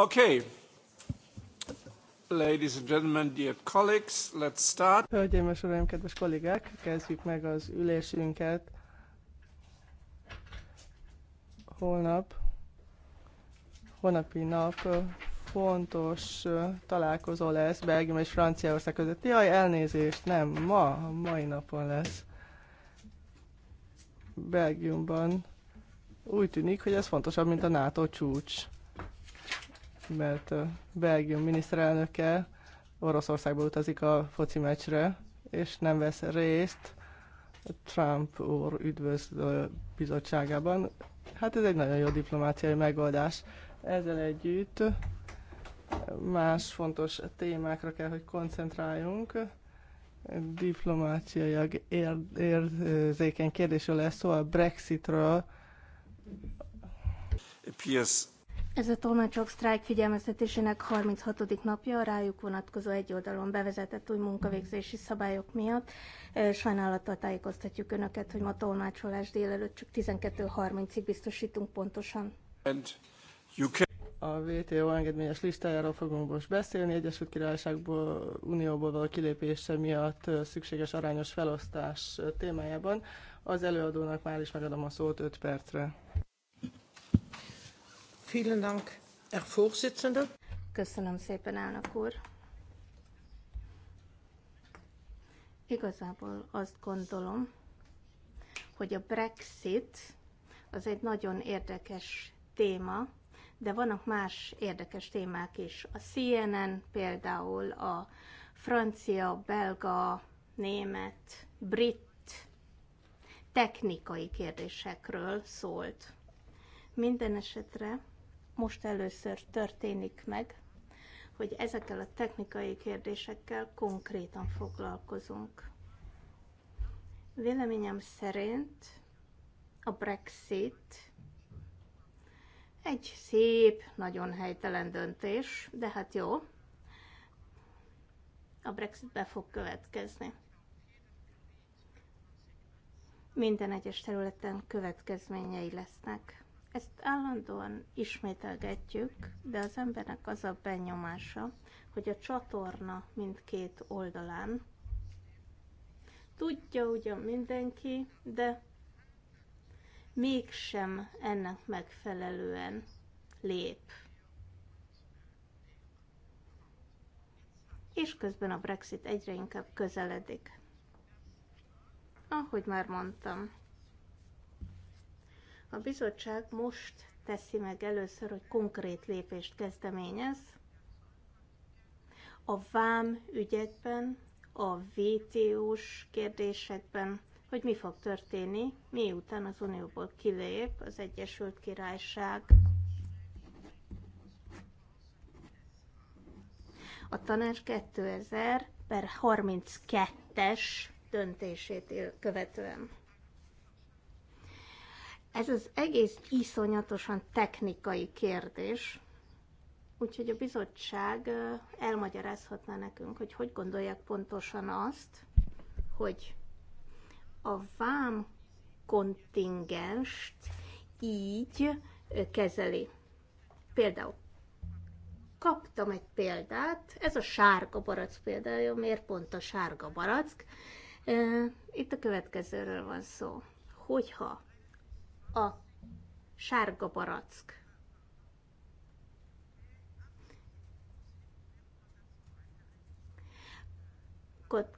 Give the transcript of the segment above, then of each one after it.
Okay. Ladies and gentlemen, dear colleagues, let's start. Hölgyeim és uraim, kedves kollégák, kezdjük meg az ülésünket. Holnap, holnapi nap fontos találkozó lesz Belgium és Franciaország között. Jaj, elnézést, nem, ma, mai napon lesz. Belgiumban úgy tűnik, hogy ez fontosabb, mint a NATO csúcs mert Belgium miniszterelnöke Oroszországba utazik a foci meccsre, és nem vesz részt Trump úr üdvözlő bizottságában. Hát ez egy nagyon jó diplomáciai megoldás. Ezzel együtt más fontos témákra kell, hogy koncentráljunk. Diplomáciai ér, érzékeny kérdésről lesz szó, a Brexitről. PS ez a tolmácsok sztrájk figyelmeztetésének 36. napja a rájuk vonatkozó egyoldalon bevezetett új munkavégzési szabályok miatt. Sajnálattal tájékoztatjuk Önöket, hogy ma tolmácsolás délelőtt csak 12.30-ig biztosítunk pontosan. A WTO engedményes listájáról fogunk most beszélni. Egyesült Királyságból, Unióból való kilépése miatt szükséges arányos felosztás témájában. Az előadónak már is megadom a szót 5 percre. Vielen Dank, Herr Vorsitzender. Köszönöm szépen, elnök úr. Igazából azt gondolom, hogy a Brexit az egy nagyon érdekes téma, de vannak más érdekes témák is. A CNN például a francia, belga, német, brit technikai kérdésekről szólt. Minden esetre most először történik meg, hogy ezekkel a technikai kérdésekkel konkrétan foglalkozunk. Véleményem szerint a Brexit egy szép, nagyon helytelen döntés, de hát jó, a Brexit be fog következni. Minden egyes területen következményei lesznek. Ezt állandóan ismételgetjük, de az embernek az a benyomása, hogy a csatorna mindkét oldalán tudja ugyan mindenki, de mégsem ennek megfelelően lép. És közben a Brexit egyre inkább közeledik. Ahogy már mondtam, a bizottság most teszi meg először, hogy konkrét lépést kezdeményez. A vám ügyekben, a VTO-s kérdésekben, hogy mi fog történni, miután az Unióból kilép az Egyesült Királyság. A tanács 2000 per 32-es döntését követően. Ez az egész iszonyatosan technikai kérdés, úgyhogy a bizottság elmagyarázhatná nekünk, hogy hogy gondolják pontosan azt, hogy a vám kontingenst így kezeli. Például kaptam egy példát, ez a sárga barack példája, miért pont a sárga barack? Itt a következőről van szó. Hogyha a sárga barack.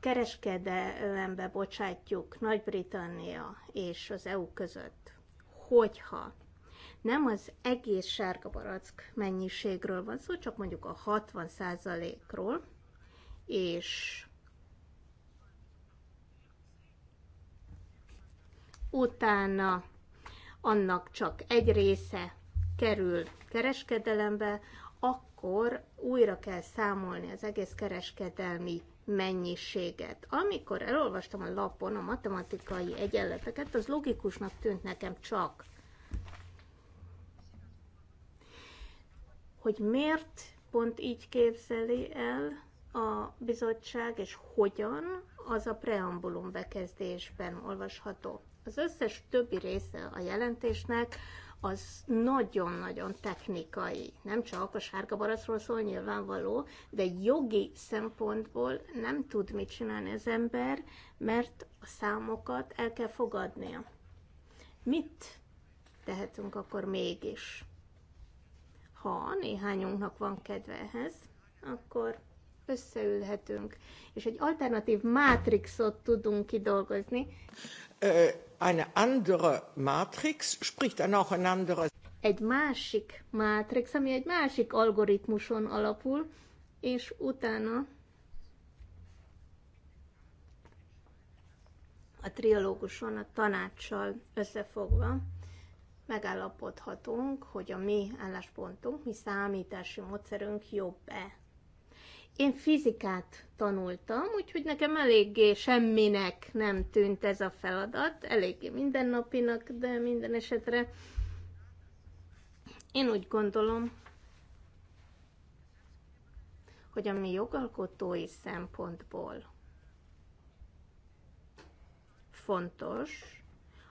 kereskedelembe bocsátjuk Nagy-Britannia és az EU között, hogyha nem az egész sárga barack mennyiségről van szó, csak mondjuk a 60%-ról, és utána annak csak egy része kerül kereskedelembe, akkor újra kell számolni az egész kereskedelmi mennyiséget. Amikor elolvastam a lapon a matematikai egyenleteket, az logikusnak tűnt nekem csak, hogy miért pont így képzeli el a bizottság, és hogyan, az a preambulum bekezdésben olvasható. Az összes többi része a jelentésnek az nagyon-nagyon technikai, nem csak a sárga baracról szól nyilvánvaló, de jogi szempontból nem tud mit csinálni az ember, mert a számokat el kell fogadnia. Mit tehetünk akkor mégis? Ha néhányunknak van kedve ehhez, akkor összeülhetünk, és egy alternatív mátrixot tudunk kidolgozni eine andere Matrix, spricht dann auch ein anderes. Egy másik mátrix, ami egy másik algoritmuson alapul, és utána a triológuson a tanácssal összefogva megállapodhatunk, hogy a mi álláspontunk, mi számítási módszerünk jobb-e. Én fizikát tanultam, úgyhogy nekem eléggé semminek nem tűnt ez a feladat, eléggé mindennapinak, de minden esetre én úgy gondolom, hogy a mi jogalkotói szempontból fontos,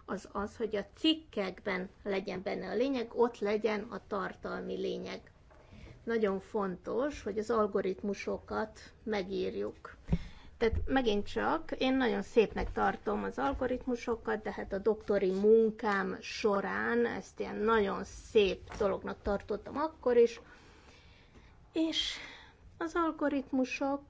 az az, hogy a cikkekben legyen benne a lényeg, ott legyen a tartalmi lényeg nagyon fontos, hogy az algoritmusokat megírjuk. Tehát megint csak, én nagyon szépnek tartom az algoritmusokat, de hát a doktori munkám során ezt ilyen nagyon szép dolognak tartottam akkor is, és az algoritmusok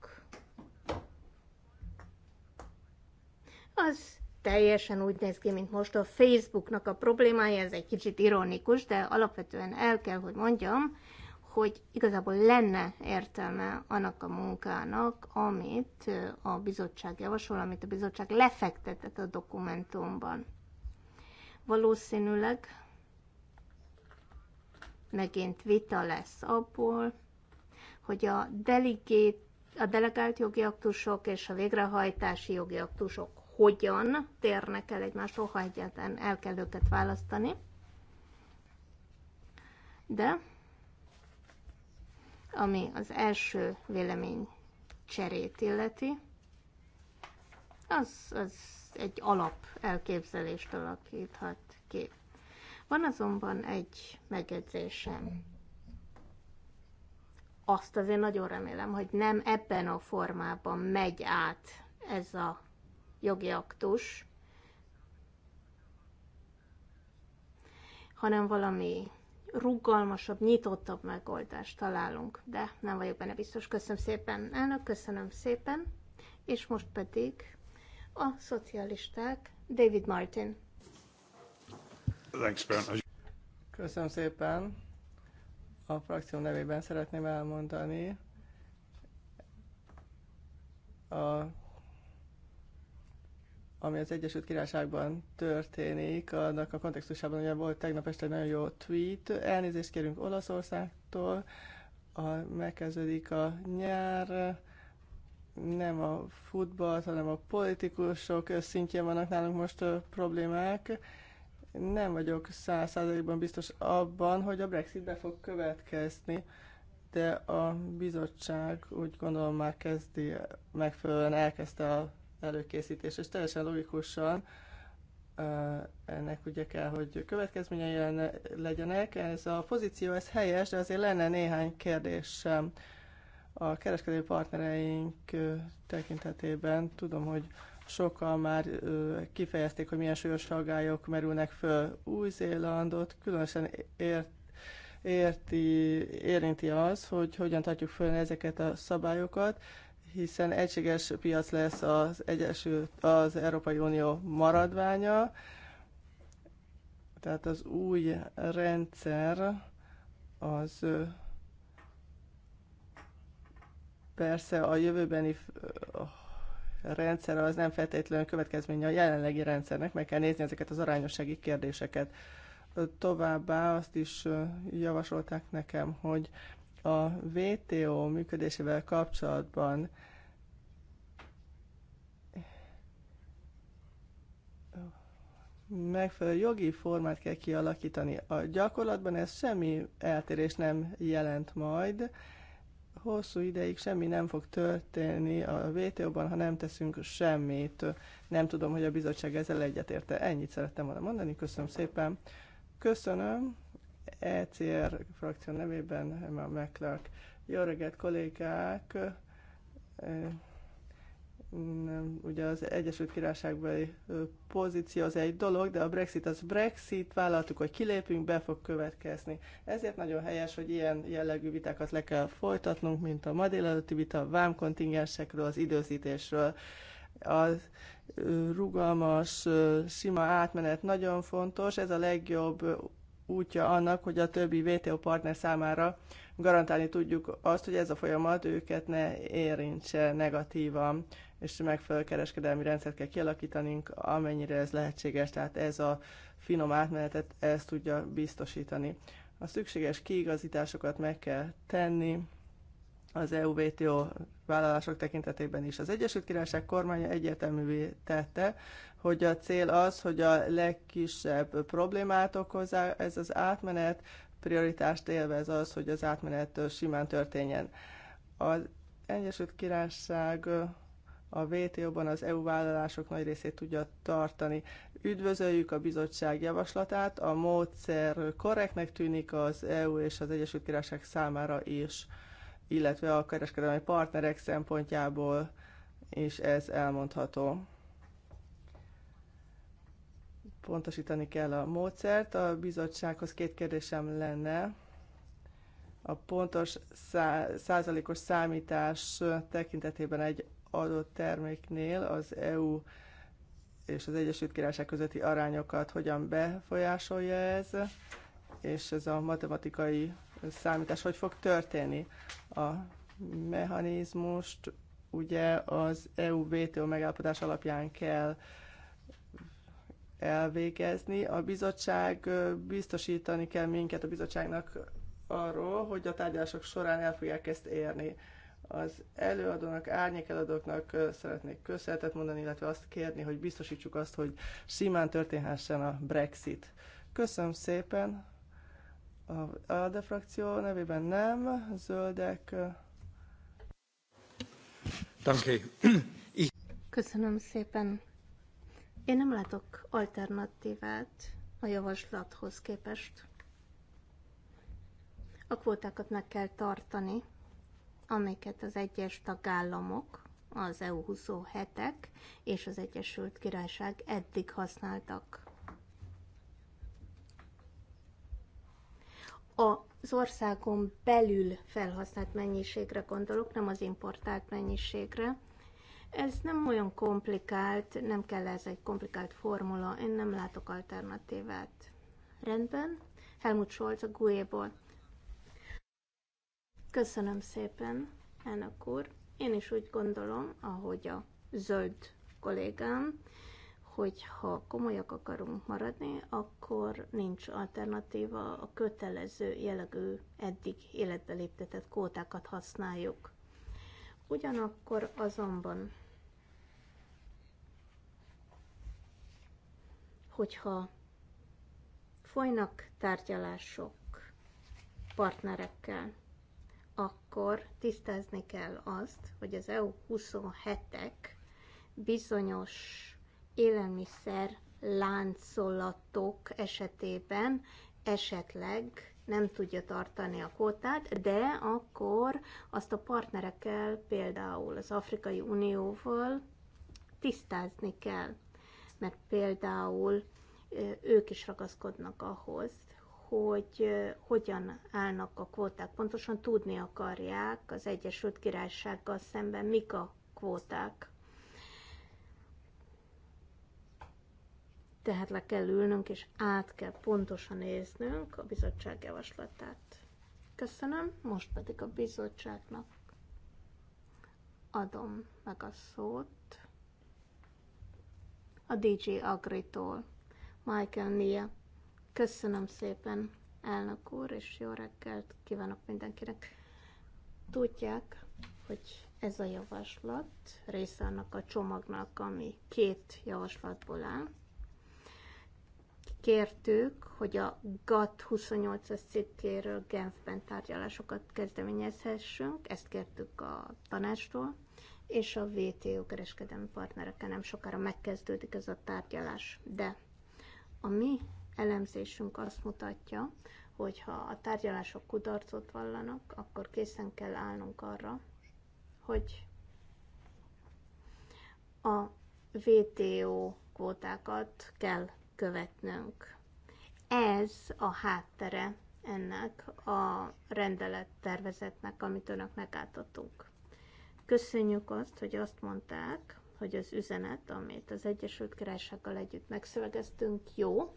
az teljesen úgy néz ki, mint most a Facebooknak a problémája, ez egy kicsit ironikus, de alapvetően el kell, hogy mondjam, hogy igazából lenne értelme annak a munkának, amit a bizottság javasol, amit a bizottság lefektetett a dokumentumban. Valószínűleg megint vita lesz abból, hogy a, delegét, a delegált jogi aktusok és a végrehajtási jogi aktusok hogyan térnek el egymástól, ha egyáltalán el kell őket választani. De ami az első vélemény cserét illeti, az, az egy alap elképzelést alakíthat ki. Van azonban egy megjegyzésem. Azt azért nagyon remélem, hogy nem ebben a formában megy át ez a jogi aktus, hanem valami rugalmasabb, nyitottabb megoldást találunk, de nem vagyok benne biztos. Köszönöm szépen, elnök, köszönöm szépen, és most pedig a szocialisták, David Martin. Thanks, ben. Köszönöm szépen. A frakció nevében szeretném elmondani a ami az Egyesült Királyságban történik, annak a kontextusában ugye volt tegnap este egy nagyon jó tweet. Elnézést kérünk Olaszországtól, a, megkezdődik a nyár, nem a futball, hanem a politikusok szintjén vannak nálunk most problémák. Nem vagyok száz biztos abban, hogy a Brexit be fog következni, de a bizottság úgy gondolom már kezdi, megfelelően elkezdte a előkészítés, és teljesen logikusan ennek ugye kell, hogy következményei legyenek. Ez a pozíció, ez helyes, de azért lenne néhány kérdésem a kereskedő partnereink tekintetében. Tudom, hogy sokan már kifejezték, hogy milyen súlyos aggályok merülnek föl Új-Zélandot, különösen ért érti, érinti az, hogy hogyan tartjuk föl ezeket a szabályokat, hiszen egységes piac lesz az, Egyesült, az Európai Unió maradványa, tehát az új rendszer az persze a jövőbeni rendszer az nem feltétlenül következménye a jelenlegi rendszernek, meg kell nézni ezeket az arányossági kérdéseket. Továbbá azt is javasolták nekem, hogy a VTO működésével kapcsolatban megfelelő jogi formát kell kialakítani. A gyakorlatban ez semmi eltérés nem jelent majd. Hosszú ideig semmi nem fog történni a WTO-ban, ha nem teszünk semmit. Nem tudom, hogy a bizottság ezzel egyetérte. Ennyit szerettem volna mondani. Köszönöm szépen. Köszönöm. ECR frakció nevében Emma McClark. Jó reggelt, kollégák! ugye az Egyesült Királyságbeli pozíció az egy dolog, de a Brexit az Brexit, vállaltuk, hogy kilépünk, be fog következni. Ezért nagyon helyes, hogy ilyen jellegű vitákat le kell folytatnunk, mint a ma délelőtti vita a vámkontingensekről, az időzítésről. A rugalmas, sima átmenet nagyon fontos, ez a legjobb útja annak, hogy a többi WTO partner számára garantálni tudjuk azt, hogy ez a folyamat őket ne érintse negatívan és megfelelő kereskedelmi rendszert kell kialakítanunk, amennyire ez lehetséges. Tehát ez a finom átmenetet ezt tudja biztosítani. A szükséges kiigazításokat meg kell tenni, az eu vállalások tekintetében is. Az Egyesült Királyság kormánya egyértelművé tette, hogy a cél az, hogy a legkisebb problémát okozza ez az átmenet, prioritást élvez az, hogy az átmenet simán történjen. Az Egyesült Királyság a WTO-ban az EU vállalások nagy részét tudja tartani. Üdvözöljük a bizottság javaslatát, a módszer korrektnek tűnik az EU és az Egyesült Királyság számára is, illetve a kereskedelmi partnerek szempontjából és ez elmondható. Pontosítani kell a módszert. A bizottsághoz két kérdésem lenne a pontos szá százalékos számítás tekintetében egy adott terméknél az EU és az Egyesült Királyság közötti arányokat hogyan befolyásolja ez, és ez a matematikai számítás hogy fog történni. A mechanizmust ugye az EU-WTO megállapodás alapján kell elvégezni. A bizottság biztosítani kell minket a bizottságnak arról, hogy a tárgyalások során el fogják ezt érni. Az előadónak, árnyékeladóknak szeretnék köszönetet mondani, illetve azt kérni, hogy biztosítsuk azt, hogy simán történhessen a Brexit. Köszönöm szépen. A ALDE frakció nevében nem, zöldek. Köszönöm szépen. Én nem látok alternatívát a javaslathoz képest. A kvótákat meg kell tartani, amiket az egyes tagállamok, az EU27-ek és az Egyesült Királyság eddig használtak. Az országon belül felhasznált mennyiségre gondolok, nem az importált mennyiségre. Ez nem olyan komplikált, nem kell ez egy komplikált formula, én nem látok alternatívát. Rendben, Helmut Scholz a GUE-ból. Köszönöm szépen, elnök úr. Én is úgy gondolom, ahogy a zöld kollégám, hogy ha komolyak akarunk maradni, akkor nincs alternatíva, a kötelező jellegű eddig életbe léptetett kótákat használjuk. Ugyanakkor azonban, hogyha folynak tárgyalások partnerekkel, akkor tisztázni kell azt, hogy az EU27-ek bizonyos élelmiszer láncolatok esetében esetleg nem tudja tartani a kótát, de akkor azt a partnerekkel, például az Afrikai Unióval tisztázni kell, mert például ők is ragaszkodnak ahhoz, hogy hogyan állnak a kvóták. Pontosan tudni akarják az Egyesült Királysággal szemben, mik a kvóták. Tehát le kell ülnünk, és át kell pontosan néznünk a bizottság javaslatát. Köszönöm, most pedig a bizottságnak adom meg a szót a DJ Agritól, Michael Nia. Köszönöm szépen, elnök úr, és jó reggelt kívánok mindenkinek. Tudják, hogy ez a javaslat része annak a csomagnak, ami két javaslatból áll. Kértük, hogy a GATT 28-as cikkéről Genfben tárgyalásokat kezdeményezhessünk, ezt kértük a tanástól, és a WTO kereskedelmi partnerekkel nem sokára megkezdődik ez a tárgyalás. De a mi elemzésünk azt mutatja, hogy ha a tárgyalások kudarcot vallanak, akkor készen kell állnunk arra, hogy a VTO kvótákat kell követnünk. Ez a háttere ennek a rendelettervezetnek, amit önöknek átadtunk. Köszönjük azt, hogy azt mondták, hogy az üzenet, amit az Egyesült Királysággal együtt megszövegeztünk, jó,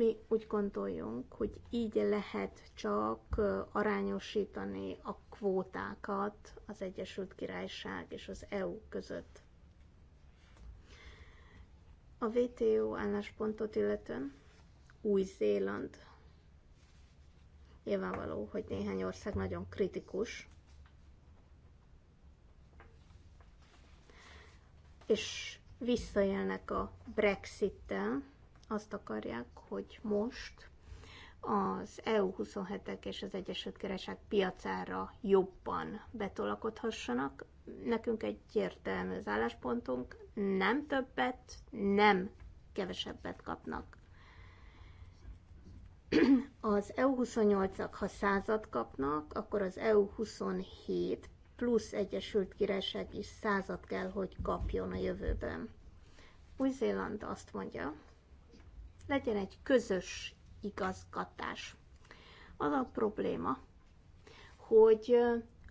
mi úgy gondoljunk, hogy így lehet csak arányosítani a kvótákat az Egyesült Királyság és az EU között. A WTO álláspontot illetően Új-Zéland. Nyilvánvaló, hogy néhány ország nagyon kritikus, és visszaélnek a Brexit-tel, azt akarják, hogy most az EU27-ek és az Egyesült Királyság piacára jobban betolakodhassanak. Nekünk egyértelmű az álláspontunk, nem többet, nem kevesebbet kapnak. Az EU28-ak, ha százat kapnak, akkor az EU27 plusz Egyesült Királyság is százat kell, hogy kapjon a jövőben. Új-Zéland azt mondja, legyen egy közös igazgatás. Az a probléma, hogy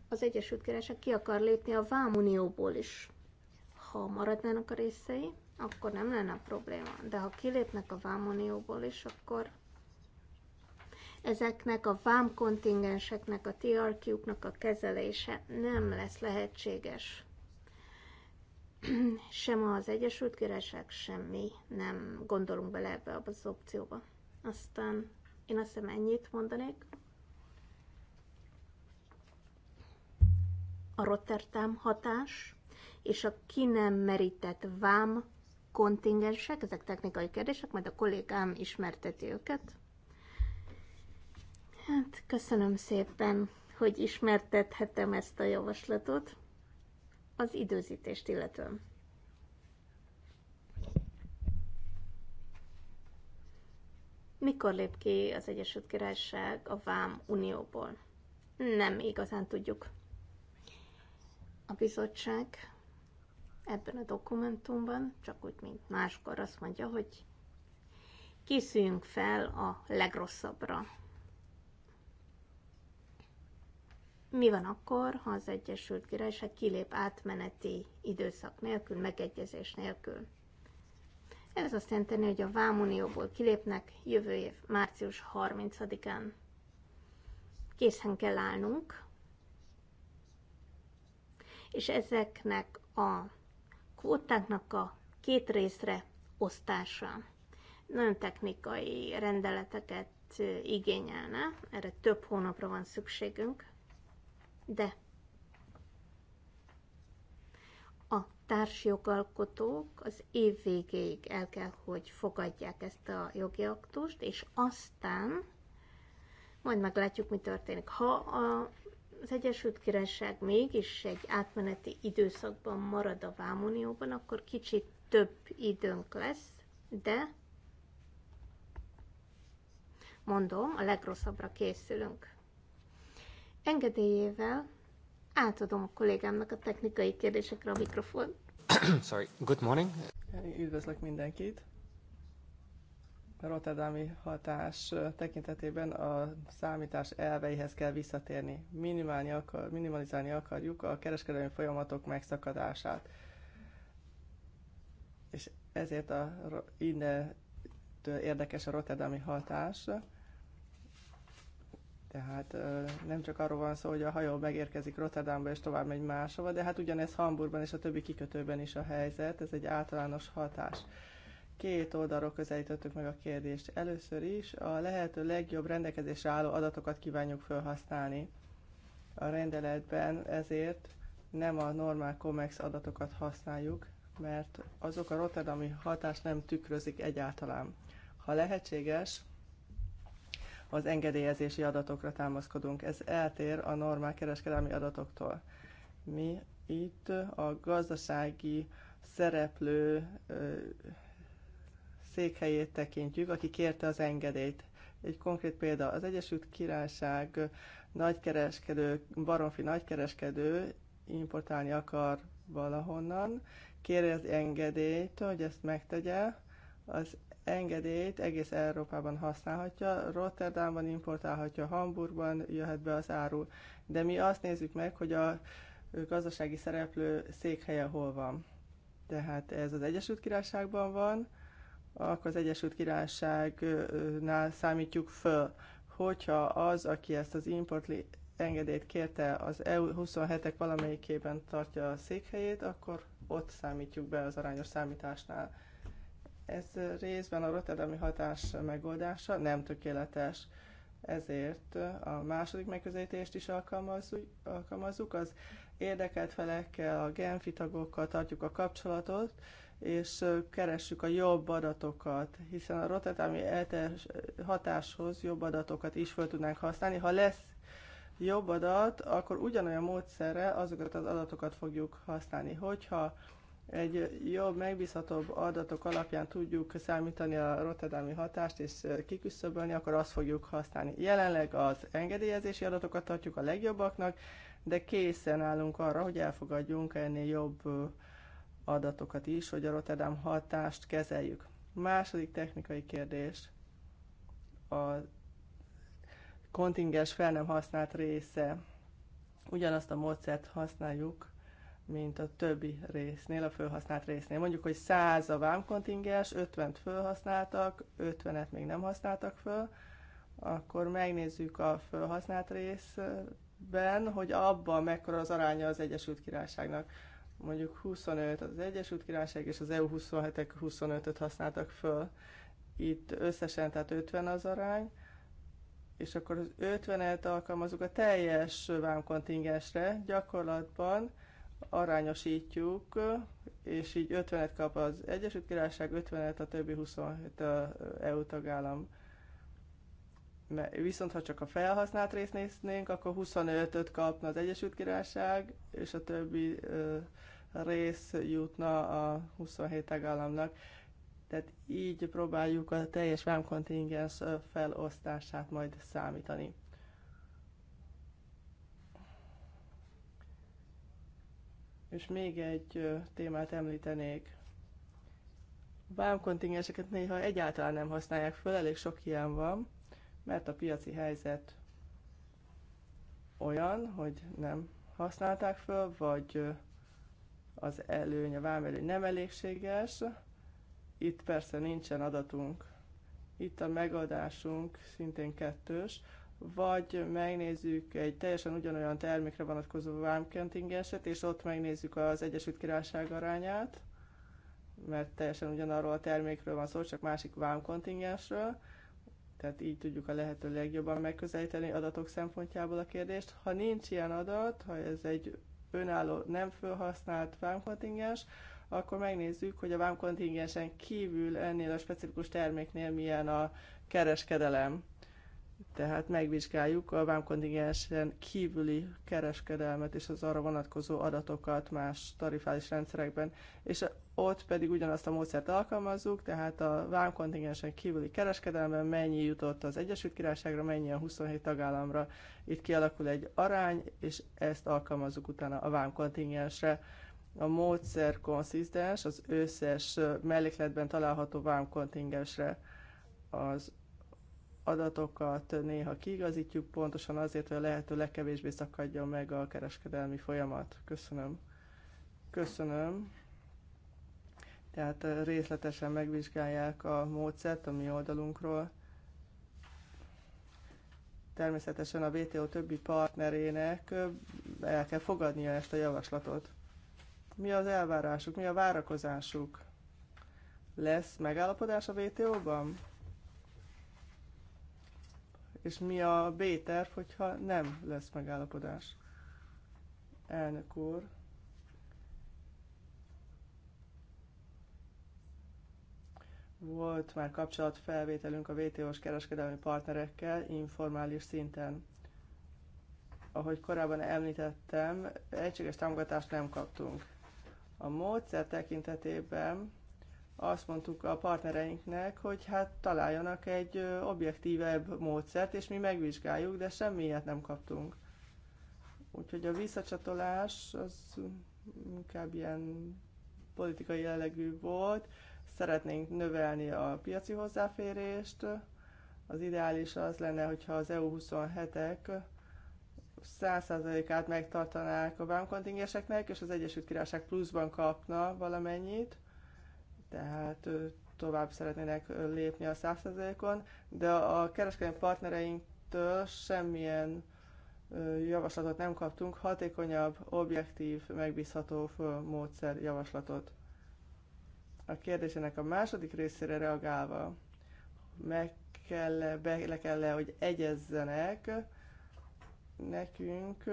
az Egyesült Királyság ki akar lépni a Vámunióból is. Ha maradnának a részei, akkor nem lenne probléma. De ha kilépnek a Vámunióból is, akkor ezeknek a vámkontingenseknek, a TRQ-knak a kezelése nem lesz lehetséges. sem az Egyesült Királyság, semmi, nem gondolunk bele ebbe abba az opcióba. Aztán én azt hiszem ennyit mondanék. A Rotterdam hatás és a ki nem merített vám kontingensek, ezek technikai kérdések, majd a kollégám ismerteti őket. Hát, köszönöm szépen, hogy ismertethetem ezt a javaslatot az időzítést illetően. Mikor lép ki az Egyesült Királyság a Vám Unióból? Nem igazán tudjuk. A bizottság ebben a dokumentumban, csak úgy, mint máskor azt mondja, hogy készüljünk fel a legrosszabbra. mi van akkor, ha az Egyesült Királyság kilép átmeneti időszak nélkül, megegyezés nélkül. Ez azt jelenti, hogy a Vámunióból kilépnek jövő év március 30-án. Készen kell állnunk, és ezeknek a kvótáknak a két részre osztása nagyon technikai rendeleteket igényelne, erre több hónapra van szükségünk, de a társjogalkotók az év végéig el kell, hogy fogadják ezt a jogi aktust, és aztán majd meglátjuk, mi történik. Ha a, az Egyesült Királyság mégis egy átmeneti időszakban marad a Vámunióban, akkor kicsit több időnk lesz, de mondom, a legrosszabbra készülünk. Engedélyével átadom a kollégámnak a technikai kérdésekre a mikrofon. Sorry, good morning. Üdvözlök mindenkit. A rotterdami hatás tekintetében a számítás elveihez kell visszatérni. Minimálni akar, minimalizálni akarjuk a kereskedelmi folyamatok megszakadását. És ezért a, innen érdekes a rotterdami hatás, tehát nem csak arról van szó, hogy a hajó megérkezik Rotterdamba és tovább megy máshova, de hát ugyanez Hamburgban és a többi kikötőben is a helyzet, ez egy általános hatás. Két oldalról közelítettük meg a kérdést. Először is a lehető legjobb rendelkezésre álló adatokat kívánjuk felhasználni. A rendeletben ezért nem a normál COMEX adatokat használjuk, mert azok a rotterdami hatást nem tükrözik egyáltalán. Ha lehetséges, az engedélyezési adatokra támaszkodunk. Ez eltér a normál kereskedelmi adatoktól. Mi itt a gazdasági szereplő székhelyét tekintjük, aki kérte az engedélyt. Egy konkrét példa, az Egyesült Királyság nagykereskedő, baromfi nagykereskedő importálni akar valahonnan, kérje az engedélyt, hogy ezt megtegye, az engedélyt egész Európában használhatja, Rotterdamban importálhatja, Hamburgban jöhet be az áru. De mi azt nézzük meg, hogy a gazdasági szereplő székhelye hol van. Tehát ez az Egyesült Királyságban van, akkor az Egyesült Királyságnál számítjuk föl, hogyha az, aki ezt az import engedélyt kérte, az EU 27-ek valamelyikében tartja a székhelyét, akkor ott számítjuk be az arányos számításnál ez részben a rotterdami hatás megoldása nem tökéletes, ezért a második megközelítést is alkalmazzuk. Az érdekelt felekkel, a genfi tagokkal tartjuk a kapcsolatot, és keressük a jobb adatokat, hiszen a rotterdami hatáshoz jobb adatokat is fel tudnánk használni. Ha lesz jobb adat, akkor ugyanolyan módszerrel azokat az adatokat fogjuk használni. Hogyha egy jobb, megbízhatóbb adatok alapján tudjuk számítani a rotterdami hatást és kiküszöbölni, akkor azt fogjuk használni. Jelenleg az engedélyezési adatokat tartjuk a legjobbaknak, de készen állunk arra, hogy elfogadjunk ennél jobb adatokat is, hogy a Rotterdam hatást kezeljük. Második technikai kérdés. A kontingens fel nem használt része. Ugyanazt a módszert használjuk, mint a többi résznél, a felhasznált résznél. Mondjuk, hogy 100 a vámkontingens, 50-t felhasználtak, 50-et még nem használtak föl, akkor megnézzük a felhasznált részben, hogy abban mekkora az aránya az Egyesült Királyságnak. Mondjuk 25 az Egyesült Királyság, és az EU 27-ek 25-öt használtak föl. Itt összesen, tehát 50 az arány, és akkor az 50-et alkalmazunk a teljes vámkontingensre, gyakorlatban arányosítjuk, és így 50-et kap az Egyesült Királyság, 50-et a többi 27 a EU tagállam. Viszont ha csak a felhasznált részt néznénk, akkor 25-öt kapna az Egyesült Királyság, és a többi ö, rész jutna a 27 tagállamnak. Tehát így próbáljuk a teljes vámkontingens felosztását majd számítani. És még egy témát említenék. A vámkontingenseket néha egyáltalán nem használják föl, elég sok ilyen van, mert a piaci helyzet olyan, hogy nem használták föl, vagy az előny, a vámelőny nem elégséges. Itt persze nincsen adatunk. Itt a megadásunk szintén kettős vagy megnézzük egy teljesen ugyanolyan termékre vonatkozó eset, és ott megnézzük az Egyesült Királyság arányát, mert teljesen ugyanarról a termékről van szó, csak másik vámkontingensről, tehát így tudjuk a lehető legjobban megközelíteni adatok szempontjából a kérdést. Ha nincs ilyen adat, ha ez egy önálló, nem felhasznált vámkontingens, akkor megnézzük, hogy a vámkontingensen kívül ennél a specifikus terméknél milyen a kereskedelem tehát megvizsgáljuk a vámkontingensen kívüli kereskedelmet és az arra vonatkozó adatokat más tarifális rendszerekben, és ott pedig ugyanazt a módszert alkalmazzuk, tehát a vámkontingensen kívüli kereskedelemben mennyi jutott az Egyesült Királyságra, mennyi a 27 tagállamra. Itt kialakul egy arány, és ezt alkalmazzuk utána a vámkontingensre. A módszer konszisztens az összes mellékletben található vámkontingensre az adatokat néha kiigazítjuk, pontosan azért, hogy a lehető legkevésbé szakadjon meg a kereskedelmi folyamat. Köszönöm. Köszönöm. Tehát eh, részletesen megvizsgálják a módszert a mi oldalunkról. Természetesen a WTO többi partnerének eh, el kell fogadnia ezt a javaslatot. Mi az elvárásuk, mi a várakozásuk? Lesz megállapodás a WTO-ban? és mi a B-terv, hogyha nem lesz megállapodás. Elnök úr. Volt már kapcsolatfelvételünk a WTO-s kereskedelmi partnerekkel informális szinten. Ahogy korábban említettem, egységes támogatást nem kaptunk. A módszer tekintetében azt mondtuk a partnereinknek, hogy hát találjanak egy objektívebb módszert, és mi megvizsgáljuk, de semmilyet nem kaptunk. Úgyhogy a visszacsatolás az inkább ilyen politikai jellegű volt. Szeretnénk növelni a piaci hozzáférést. Az ideális az lenne, hogyha az EU27-ek 100%-át megtartanák a vámkontingenseknek, és az Egyesült Királyság pluszban kapna valamennyit tehát tovább szeretnének lépni a 100%-on, de a kereskedelmi partnereinktől semmilyen javaslatot nem kaptunk, hatékonyabb, objektív, megbízható módszer javaslatot. A kérdésének a második részére reagálva, meg kell, be le kell le, hogy egyezzenek nekünk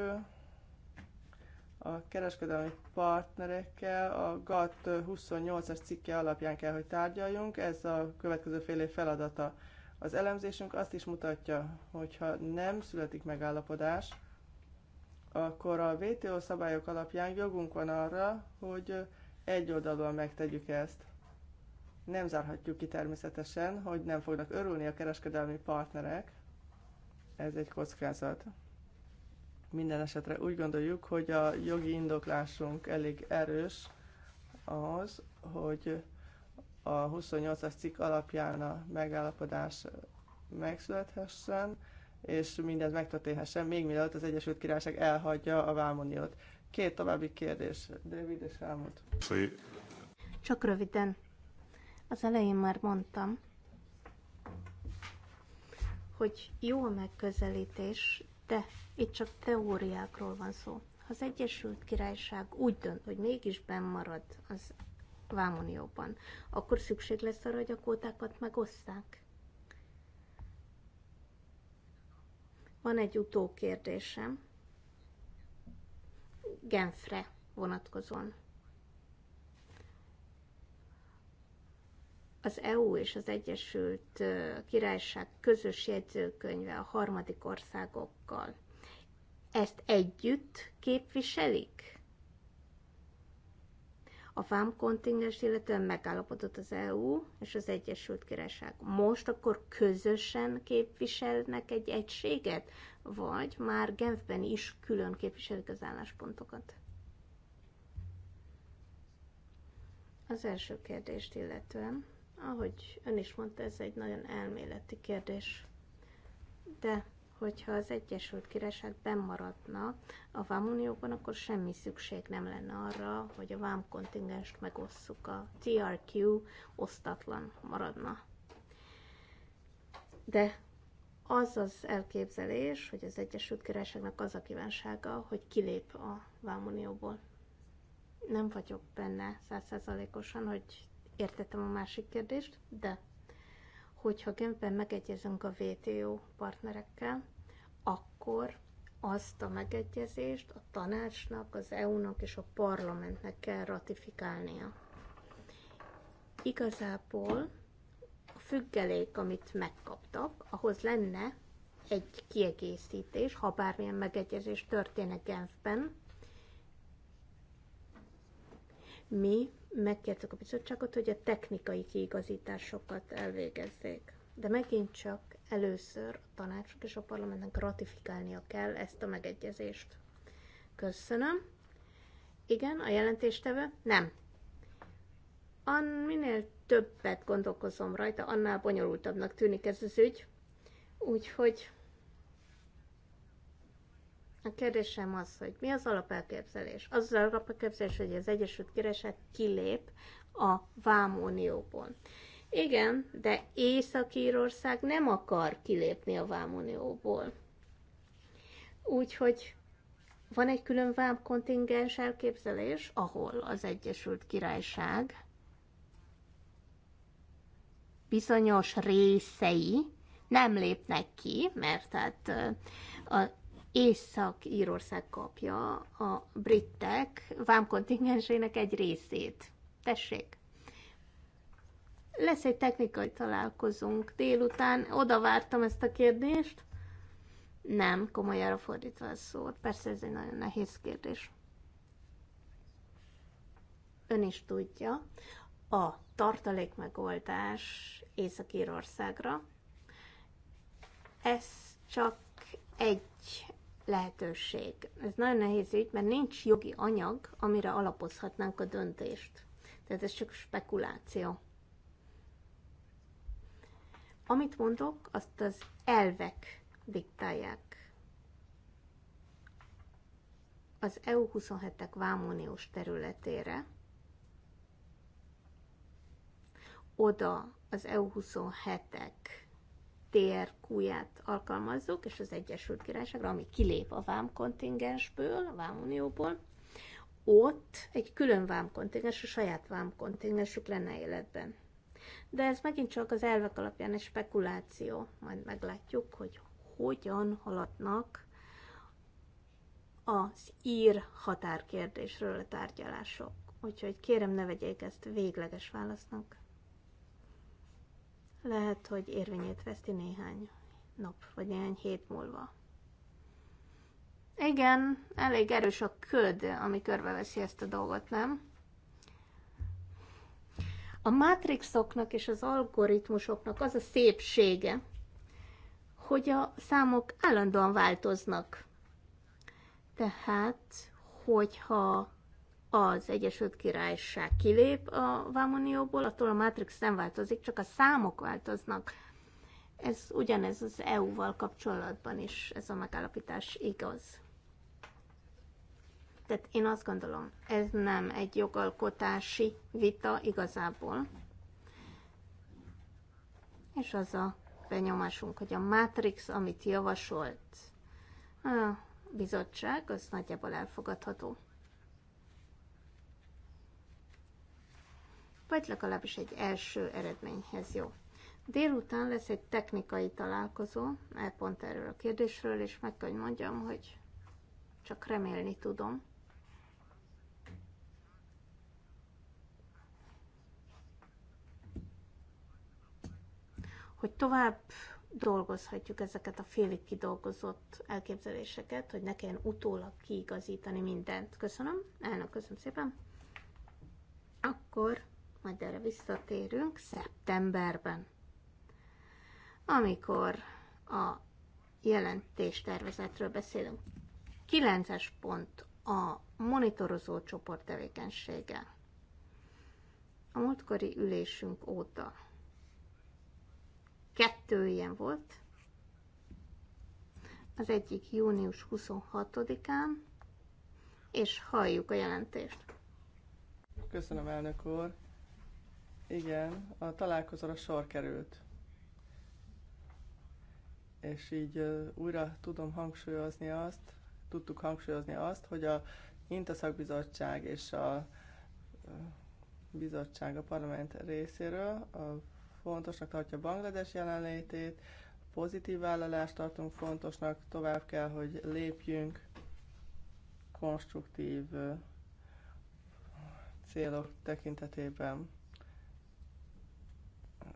a kereskedelmi partnerekkel a GATT 28-as cikke alapján kell, hogy tárgyaljunk. Ez a következő fél év feladata. Az elemzésünk azt is mutatja, ha nem születik megállapodás, akkor a WTO szabályok alapján jogunk van arra, hogy egy oldalon megtegyük ezt. Nem zárhatjuk ki természetesen, hogy nem fognak örülni a kereskedelmi partnerek. Ez egy kockázat. Minden esetre úgy gondoljuk, hogy a jogi indoklásunk elég erős ahhoz, hogy a 28-as cikk alapján a megállapodás megszülethessen, és mindez megtörténhessen, még mielőtt az Egyesült Királyság elhagyja a Vámoniót. Két további kérdés, David és Helmut. Csak röviden. Az elején már mondtam, hogy jó a megközelítés, de itt csak teóriákról van szó. Ha az Egyesült Királyság úgy dönt, hogy mégis marad az Vámonióban, akkor szükség lesz arra, hogy a kótákat megosszák. Van egy utókérdésem. Genfre vonatkozóan. az EU és az Egyesült Királyság közös jegyzőkönyve a harmadik országokkal, ezt együtt képviselik? A FAM kontingens, illetően megállapodott az EU és az Egyesült Királyság. Most akkor közösen képviselnek egy egységet, vagy már Genfben is külön képviselik az álláspontokat? Az első kérdést illetően. Ahogy ön is mondta, ez egy nagyon elméleti kérdés. De hogyha az Egyesült Királyság bemaradna a Vámunióban, akkor semmi szükség nem lenne arra, hogy a Vám kontingenst megosszuk. A TRQ osztatlan maradna. De az az elképzelés, hogy az Egyesült Királyságnak az a kívánsága, hogy kilép a Vámunióból. Nem vagyok benne százszerzalékosan, hogy értettem a másik kérdést, de hogyha Genfben megegyezünk a WTO partnerekkel, akkor azt a megegyezést a tanácsnak, az EU-nak és a parlamentnek kell ratifikálnia. Igazából a függelék, amit megkaptak, ahhoz lenne egy kiegészítés, ha bármilyen megegyezés történik Genfben, mi megkértük a bizottságot, hogy a technikai kiigazításokat elvégezzék. De megint csak először a tanácsnak és a parlamentnek ratifikálnia kell ezt a megegyezést. Köszönöm. Igen, a jelentéstevő? Nem. An, minél többet gondolkozom rajta, annál bonyolultabbnak tűnik ez az ügy. Úgyhogy a kérdésem az, hogy mi az alapelképzelés? Az az alapelképzelés, hogy az Egyesült Királyság kilép a Vámunióból. Igen, de Észak-Írország nem akar kilépni a Vámunióból. Úgyhogy van egy külön kontingens elképzelés, ahol az Egyesült Királyság bizonyos részei nem lépnek ki, mert tehát a Észak-Írország kapja a britek vámkontingensének egy részét. Tessék! Lesz egy technikai találkozunk délután, oda vártam ezt a kérdést. Nem, komolyára fordítva a szót. Persze ez egy nagyon nehéz kérdés. Ön is tudja, a tartalék megoldás Észak-Írországra, ez csak egy lehetőség. Ez nagyon nehéz ügy, mert nincs jogi anyag, amire alapozhatnánk a döntést. Tehát ez csak spekuláció. Amit mondok, azt az elvek diktálják. Az EU27-ek vámoniós területére, oda az EU27-ek TRQ-ját alkalmazzuk, és az Egyesült Királyságra, ami kilép a vámkontingensből, a vámunióból, ott egy külön vámkontingens, a saját vámkontingensük lenne életben. De ez megint csak az elvek alapján egy spekuláció, majd meglátjuk, hogy hogyan haladnak az ír határkérdésről a tárgyalások. Úgyhogy kérem, ne vegyék ezt végleges válasznak lehet, hogy érvényét veszti néhány nap, vagy néhány hét múlva. Igen, elég erős a köd, ami körbeveszi ezt a dolgot, nem? A mátrixoknak és az algoritmusoknak az a szépsége, hogy a számok állandóan változnak. Tehát, hogyha az Egyesült Királyság kilép a vámonióból, attól a Matrix nem változik, csak a számok változnak. Ez ugyanez az EU-val kapcsolatban is, ez a megállapítás igaz. Tehát én azt gondolom, ez nem egy jogalkotási vita igazából. És az a benyomásunk, hogy a Matrix, amit javasolt a bizottság, az nagyjából elfogadható. vagy legalábbis egy első eredményhez jó. Délután lesz egy technikai találkozó, e pont erről a kérdésről, és meg kell, hogy mondjam, hogy csak remélni tudom. Hogy tovább dolgozhatjuk ezeket a félig kidolgozott elképzeléseket, hogy ne kelljen utólag kiigazítani mindent. Köszönöm, elnök, köszönöm szépen. Akkor majd erre visszatérünk szeptemberben, amikor a jelentéstervezetről beszélünk. 9-es pont a monitorozó csoport tevékenysége. A múltkori ülésünk óta kettő ilyen volt. Az egyik június 26-án, és halljuk a jelentést. Köszönöm, elnök úr. Igen, a találkozóra sor került. És így újra tudom hangsúlyozni azt, tudtuk hangsúlyozni azt, hogy a Intaszakbizottság és a bizottság a parlament részéről fontosnak tartja Banglades jelenlétét, pozitív vállalást tartunk fontosnak, tovább kell, hogy lépjünk konstruktív célok tekintetében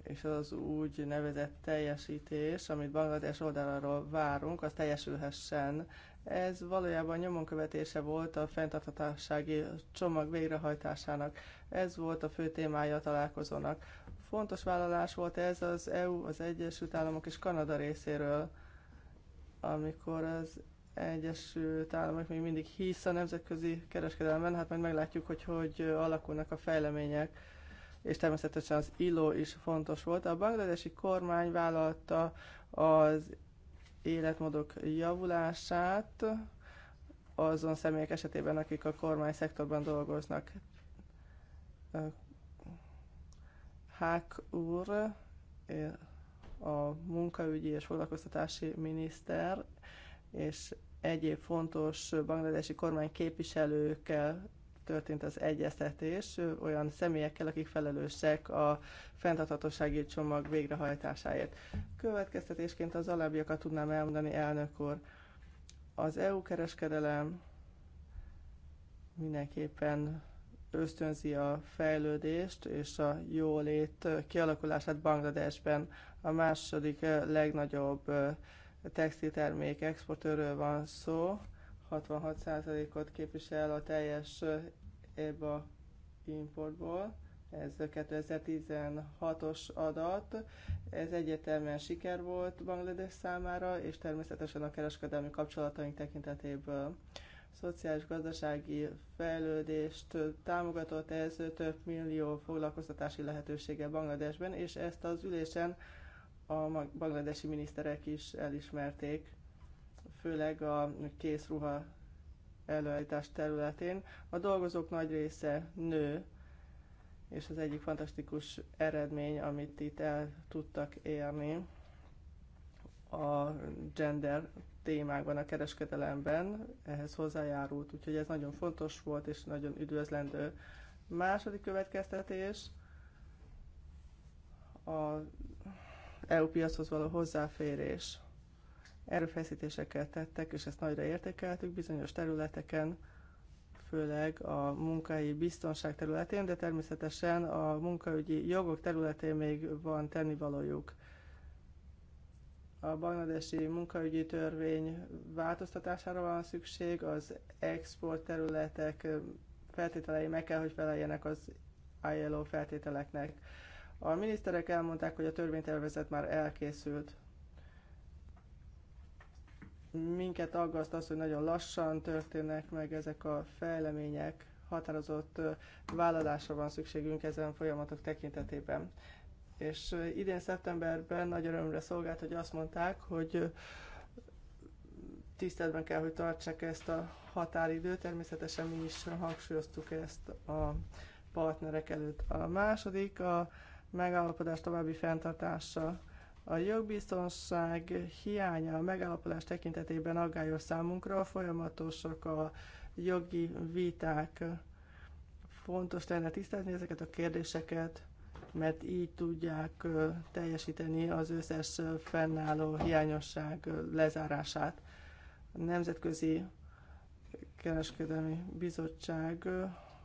és az úgy nevezett teljesítés, amit Banglades oldaláról várunk, az teljesülhessen. Ez valójában nyomon követése volt a fenntarthatósági csomag végrehajtásának. Ez volt a fő témája a találkozónak. Fontos vállalás volt ez az EU, az Egyesült Államok és Kanada részéről, amikor az Egyesült Államok még mindig hisz a nemzetközi kereskedelemben, hát majd meglátjuk, hogy hogy alakulnak a fejlemények és természetesen az illó is fontos volt. A bangladesi kormány vállalta az életmódok javulását azon személyek esetében, akik a kormány szektorban dolgoznak. Hák úr, a munkaügyi és foglalkoztatási miniszter, és egyéb fontos bangladesi kormány képviselőkkel történt az egyeztetés olyan személyekkel, akik felelősek a fenntarthatósági csomag végrehajtásáért. Következtetésként az alábbiakat tudnám elmondani, elnök úr. Az EU kereskedelem mindenképpen ösztönzi a fejlődést és a jólét kialakulását Bangladesben. A második legnagyobb textiltermék exportőről van szó, 66%-ot képvisel a teljes EBA importból, ez 2016-os adat, ez egyértelműen siker volt Banglades számára, és természetesen a kereskedelmi kapcsolataink tekintetéből szociális-gazdasági fejlődést támogatott ez több millió foglalkoztatási lehetősége Bangladesben, és ezt az ülésen a bangladesi miniszterek is elismerték, főleg a készruha előállítás területén. A dolgozók nagy része nő, és az egyik fantasztikus eredmény, amit itt el tudtak érni a gender témákban, a kereskedelemben ehhez hozzájárult, úgyhogy ez nagyon fontos volt és nagyon üdvözlendő. Második következtetés a EU piachoz való hozzáférés erőfeszítéseket tettek, és ezt nagyra értékeltük bizonyos területeken, főleg a munkai biztonság területén, de természetesen a munkaügyi jogok területén még van tennivalójuk. A bangladesi munkaügyi törvény változtatására van szükség, az export területek feltételei meg kell, hogy feleljenek az ILO feltételeknek. A miniszterek elmondták, hogy a törvénytervezet már elkészült minket aggaszt az, hogy nagyon lassan történnek meg ezek a fejlemények, határozott vállalásra van szükségünk ezen folyamatok tekintetében. És idén szeptemberben nagy örömre szolgált, hogy azt mondták, hogy tiszteletben kell, hogy tartsák ezt a határidőt, természetesen mi is hangsúlyoztuk ezt a partnerek előtt. A második a megállapodás további fenntartása a jogbiztonság hiánya a megállapodás tekintetében aggályos számunkra, folyamatosak a jogi viták. Fontos lenne tisztázni ezeket a kérdéseket, mert így tudják teljesíteni az összes fennálló hiányosság lezárását. A Nemzetközi Kereskedelmi Bizottság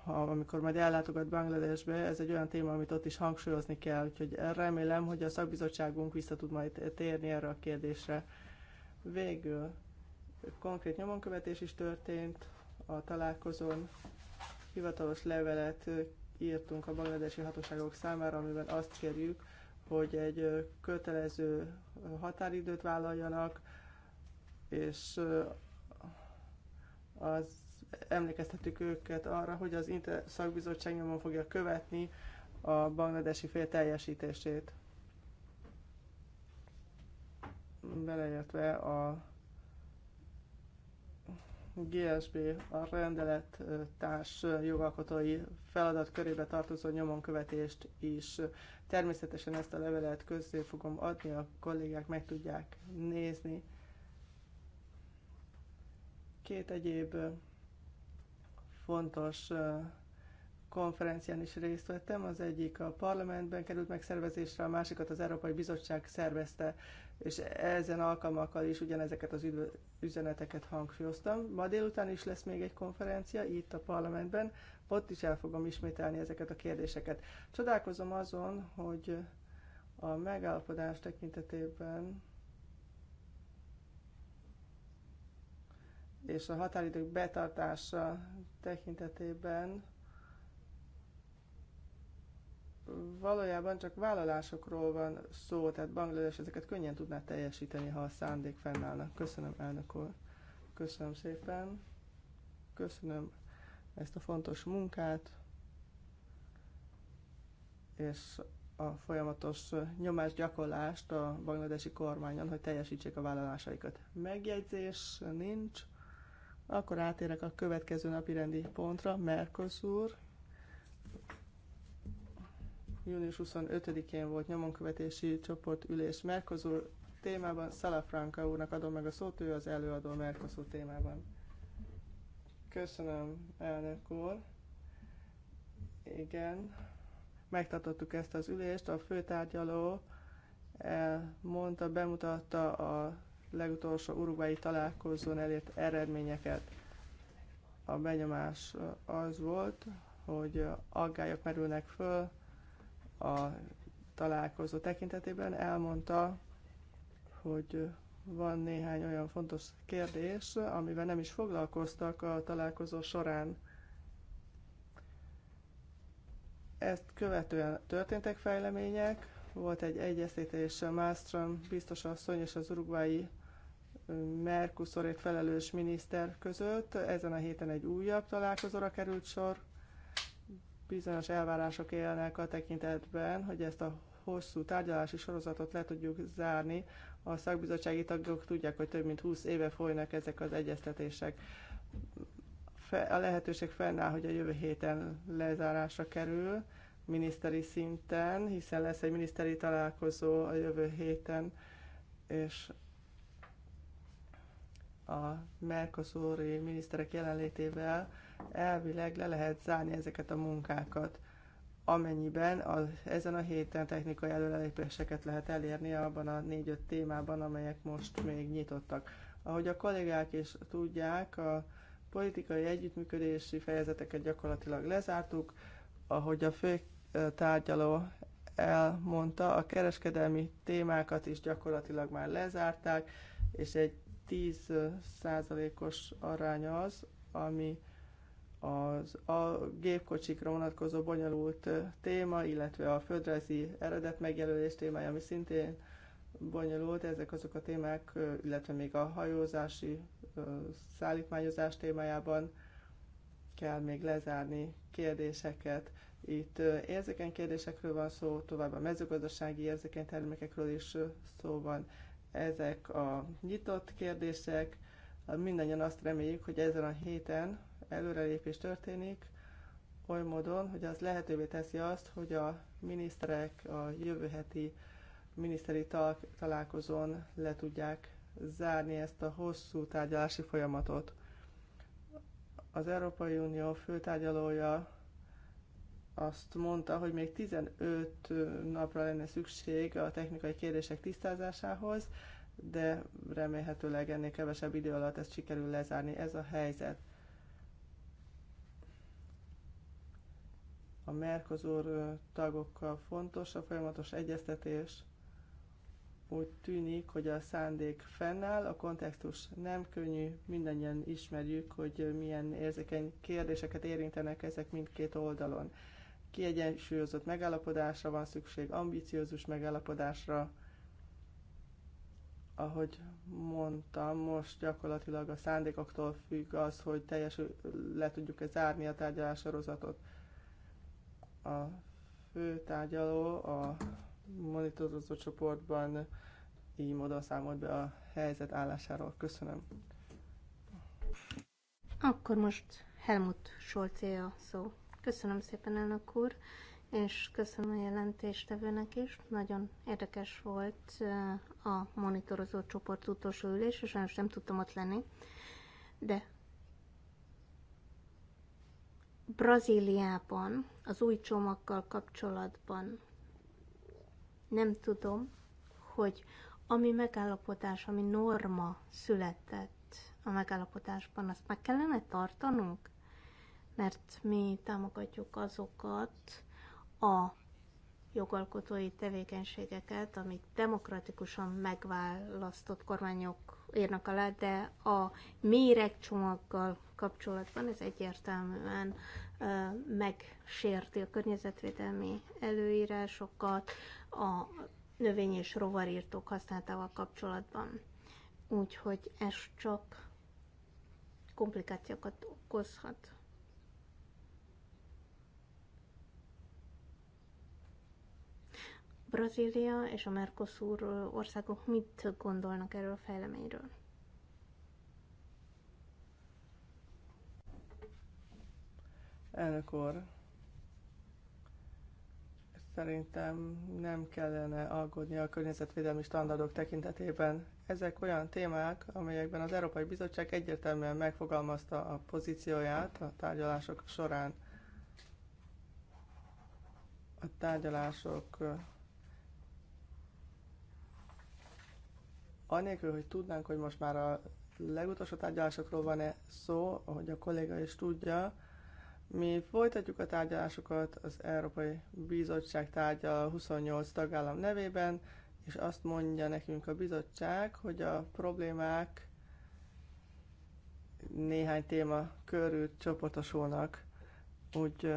ha, amikor majd ellátogat Bangladesbe, ez egy olyan téma, amit ott is hangsúlyozni kell, úgyhogy remélem, hogy a szakbizottságunk vissza tud majd térni erre a kérdésre. Végül konkrét nyomonkövetés is történt a találkozón. Hivatalos levelet írtunk a bangladesi hatóságok számára, amiben azt kérjük, hogy egy kötelező határidőt vállaljanak, és az emlékeztetük őket arra, hogy az Inter szakbizottság nyomon fogja követni a bangladesi fél teljesítését. Beleértve a GSB, a rendelet társ jogalkotói feladat körébe tartozó nyomonkövetést is. Természetesen ezt a levelet közzé fogom adni, a kollégák meg tudják nézni. Két egyéb fontos konferencián is részt vettem. Az egyik a parlamentben került megszervezésre, a másikat az Európai Bizottság szervezte, és ezen alkalmakkal is ugyanezeket az üzeneteket hangsúlyoztam. Ma délután is lesz még egy konferencia itt a parlamentben, ott is el fogom ismételni ezeket a kérdéseket. Csodálkozom azon, hogy a megállapodás tekintetében és a határidők betartása tekintetében valójában csak vállalásokról van szó, tehát Banglades ezeket könnyen tudná teljesíteni, ha a szándék fennállna. Köszönöm, elnök úr. Köszönöm szépen. Köszönöm ezt a fontos munkát, és a folyamatos nyomásgyakorlást a bangladesi kormányon, hogy teljesítsék a vállalásaikat. Megjegyzés nincs. Akkor átérek a következő napi rendi pontra, Mercosur. Június 25-én volt nyomonkövetési csoportülés Mercosur témában. Franka úrnak adom meg a szót, ő az előadó Mercosur témában. Köszönöm, elnök úr. Igen, megtartottuk ezt az ülést. A főtárgyaló elmondta, bemutatta a legutolsó uruguayi találkozón elért eredményeket. A benyomás az volt, hogy aggályok merülnek föl a találkozó tekintetében. Elmondta, hogy van néhány olyan fontos kérdés, amivel nem is foglalkoztak a találkozó során. Ezt követően történtek fejlemények, volt egy egyeztetés Malmström biztos asszony és az urugvái Mercosurért felelős miniszter között. Ezen a héten egy újabb találkozóra került sor. Bizonyos elvárások élnek a tekintetben, hogy ezt a hosszú tárgyalási sorozatot le tudjuk zárni. A szakbizottsági tagok tudják, hogy több mint 20 éve folynak ezek az egyeztetések. A lehetőség fennáll, hogy a jövő héten lezárásra kerül miniszteri szinten, hiszen lesz egy miniszteri találkozó a jövő héten, és a Mercosuri miniszterek jelenlétével elvileg le lehet zárni ezeket a munkákat, amennyiben az, ezen a héten technikai előrelépéseket lehet elérni abban a négy-öt témában, amelyek most még nyitottak. Ahogy a kollégák is tudják, a politikai együttműködési fejezeteket gyakorlatilag lezártuk, ahogy a fő tárgyaló elmondta, a kereskedelmi témákat is gyakorlatilag már lezárták, és egy 10 százalékos arány az, ami az a gépkocsikra vonatkozó bonyolult téma, illetve a földrajzi eredet megjelölés témája, ami szintén bonyolult, ezek azok a témák, illetve még a hajózási szállítmányozás témájában kell még lezárni kérdéseket. Itt érzékeny kérdésekről van szó, tovább a mezőgazdasági érzékeny termékekről is szó van. Ezek a nyitott kérdések, hát mindannyian azt reméljük, hogy ezen a héten előrelépés történik, oly módon, hogy az lehetővé teszi azt, hogy a miniszterek a jövő heti miniszteri találkozón le tudják zárni ezt a hosszú tárgyalási folyamatot. Az Európai Unió főtárgyalója azt mondta, hogy még 15 napra lenne szükség a technikai kérdések tisztázásához, de remélhetőleg ennél kevesebb idő alatt ezt sikerül lezárni. Ez a helyzet. A Mercosur tagokkal fontos a folyamatos egyeztetés. Úgy tűnik, hogy a szándék fennáll, a kontextus nem könnyű, mindannyian ismerjük, hogy milyen érzékeny kérdéseket érintenek ezek mindkét oldalon kiegyensúlyozott megállapodásra van szükség, ambiciózus megállapodásra. Ahogy mondtam, most gyakorlatilag a szándékoktól függ az, hogy teljesen le tudjuk-e zárni a tárgyalás sorozatot. A fő tárgyaló a monitorozó csoportban így módon számolt be a helyzet állásáról. Köszönöm. Akkor most Helmut Scholz a szó. Köszönöm szépen, elnök úr, és köszönöm a jelentéstevőnek is. Nagyon érdekes volt eh, a monitorozó csoport utolsó ülés, és sajnos nem tudtam ott lenni, de Brazíliában az új csomagkal kapcsolatban nem tudom, hogy ami megállapodás, ami norma született a megállapodásban, azt meg kellene tartanunk? mert mi támogatjuk azokat a jogalkotói tevékenységeket, amit demokratikusan megválasztott kormányok írnak alá, de a méregcsomaggal kapcsolatban ez egyértelműen ö, megsérti a környezetvédelmi előírásokat, a növény és rovarírtók használatával kapcsolatban. Úgyhogy ez csak komplikációkat okozhat. Brazília és a Mercosur országok mit gondolnak erről a fejleményről? Elnök úr, szerintem nem kellene aggódni a környezetvédelmi standardok tekintetében. Ezek olyan témák, amelyekben az Európai Bizottság egyértelműen megfogalmazta a pozícióját a tárgyalások során. A tárgyalások anélkül, hogy tudnánk, hogy most már a legutolsó tárgyalásokról van-e szó, ahogy a kolléga is tudja, mi folytatjuk a tárgyalásokat, az Európai Bizottság tárgyal 28 tagállam nevében, és azt mondja nekünk a bizottság, hogy a problémák néhány téma körül csoportosulnak. Úgy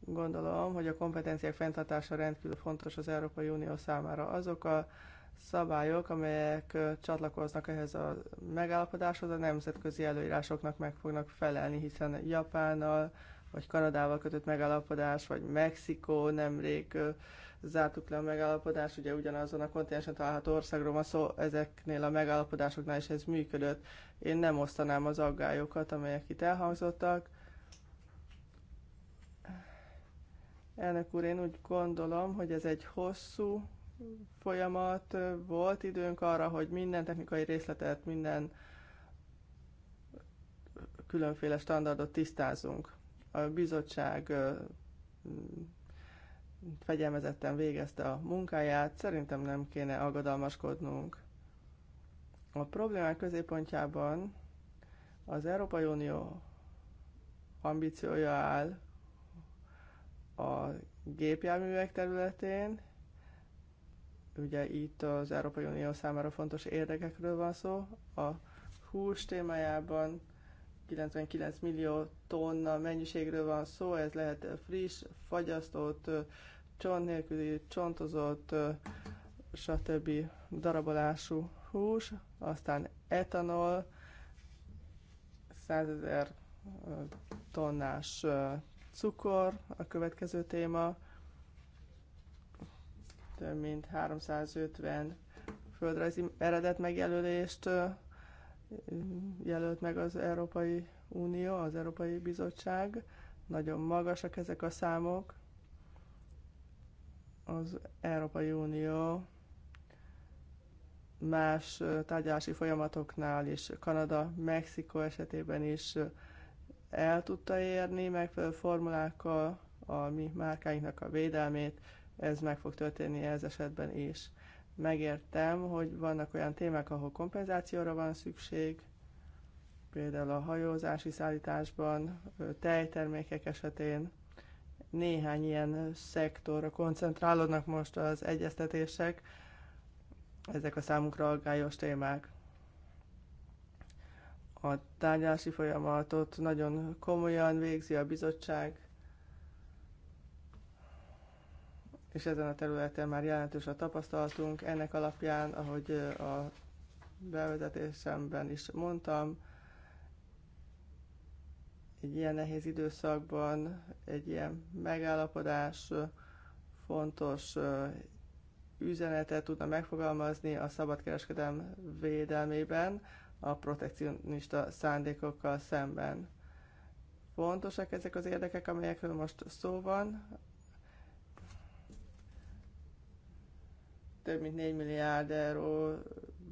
gondolom, hogy a kompetenciák fenntartása rendkívül fontos az Európai Unió számára. Azok a szabályok, amelyek csatlakoznak ehhez a megállapodáshoz, a nemzetközi előírásoknak meg fognak felelni, hiszen Japánnal vagy Kanadával kötött megállapodás, vagy Mexikó nemrég zártuk le a megállapodást, ugye ugyanazon a kontinensen található országról van szó, ezeknél a megállapodásoknál is ez működött. Én nem osztanám az aggályokat, amelyek itt elhangzottak. Elnök úr, én úgy gondolom, hogy ez egy hosszú folyamat, volt időnk arra, hogy minden technikai részletet, minden különféle standardot tisztázunk. A bizottság fegyelmezetten végezte a munkáját, szerintem nem kéne aggodalmaskodnunk. A problémák középpontjában az Európai Unió ambíciója áll a gépjárművek területén, ugye itt az Európai Unió számára fontos érdekekről van szó. A hús témájában 99 millió tonna mennyiségről van szó, ez lehet friss, fagyasztott, csont nélküli, csontozott, stb. darabolású hús, aztán etanol, 100 ezer tonnás cukor a következő téma, több mint 350 földrajzi eredet megjelölést jelölt meg az Európai Unió, az Európai Bizottság. Nagyon magasak ezek a számok. Az Európai Unió más tárgyalási folyamatoknál is, Kanada, Mexikó esetében is el tudta érni megfelelő formulákkal a mi márkáinknak a védelmét, ez meg fog történni ez esetben is. Megértem, hogy vannak olyan témák, ahol kompenzációra van szükség, például a hajózási szállításban, tejtermékek esetén. Néhány ilyen szektorra koncentrálódnak most az egyeztetések, ezek a számunkra aggályos témák. A tárgyalási folyamatot nagyon komolyan végzi a bizottság, és ezen a területen már jelentős a tapasztalatunk. Ennek alapján, ahogy a bevezetésemben is mondtam, egy ilyen nehéz időszakban egy ilyen megállapodás fontos üzenetet tudna megfogalmazni a szabadkereskedelm védelmében a protekcionista szándékokkal szemben. Fontosak ezek az érdekek, amelyekről most szó van, több mint 4 milliárd euró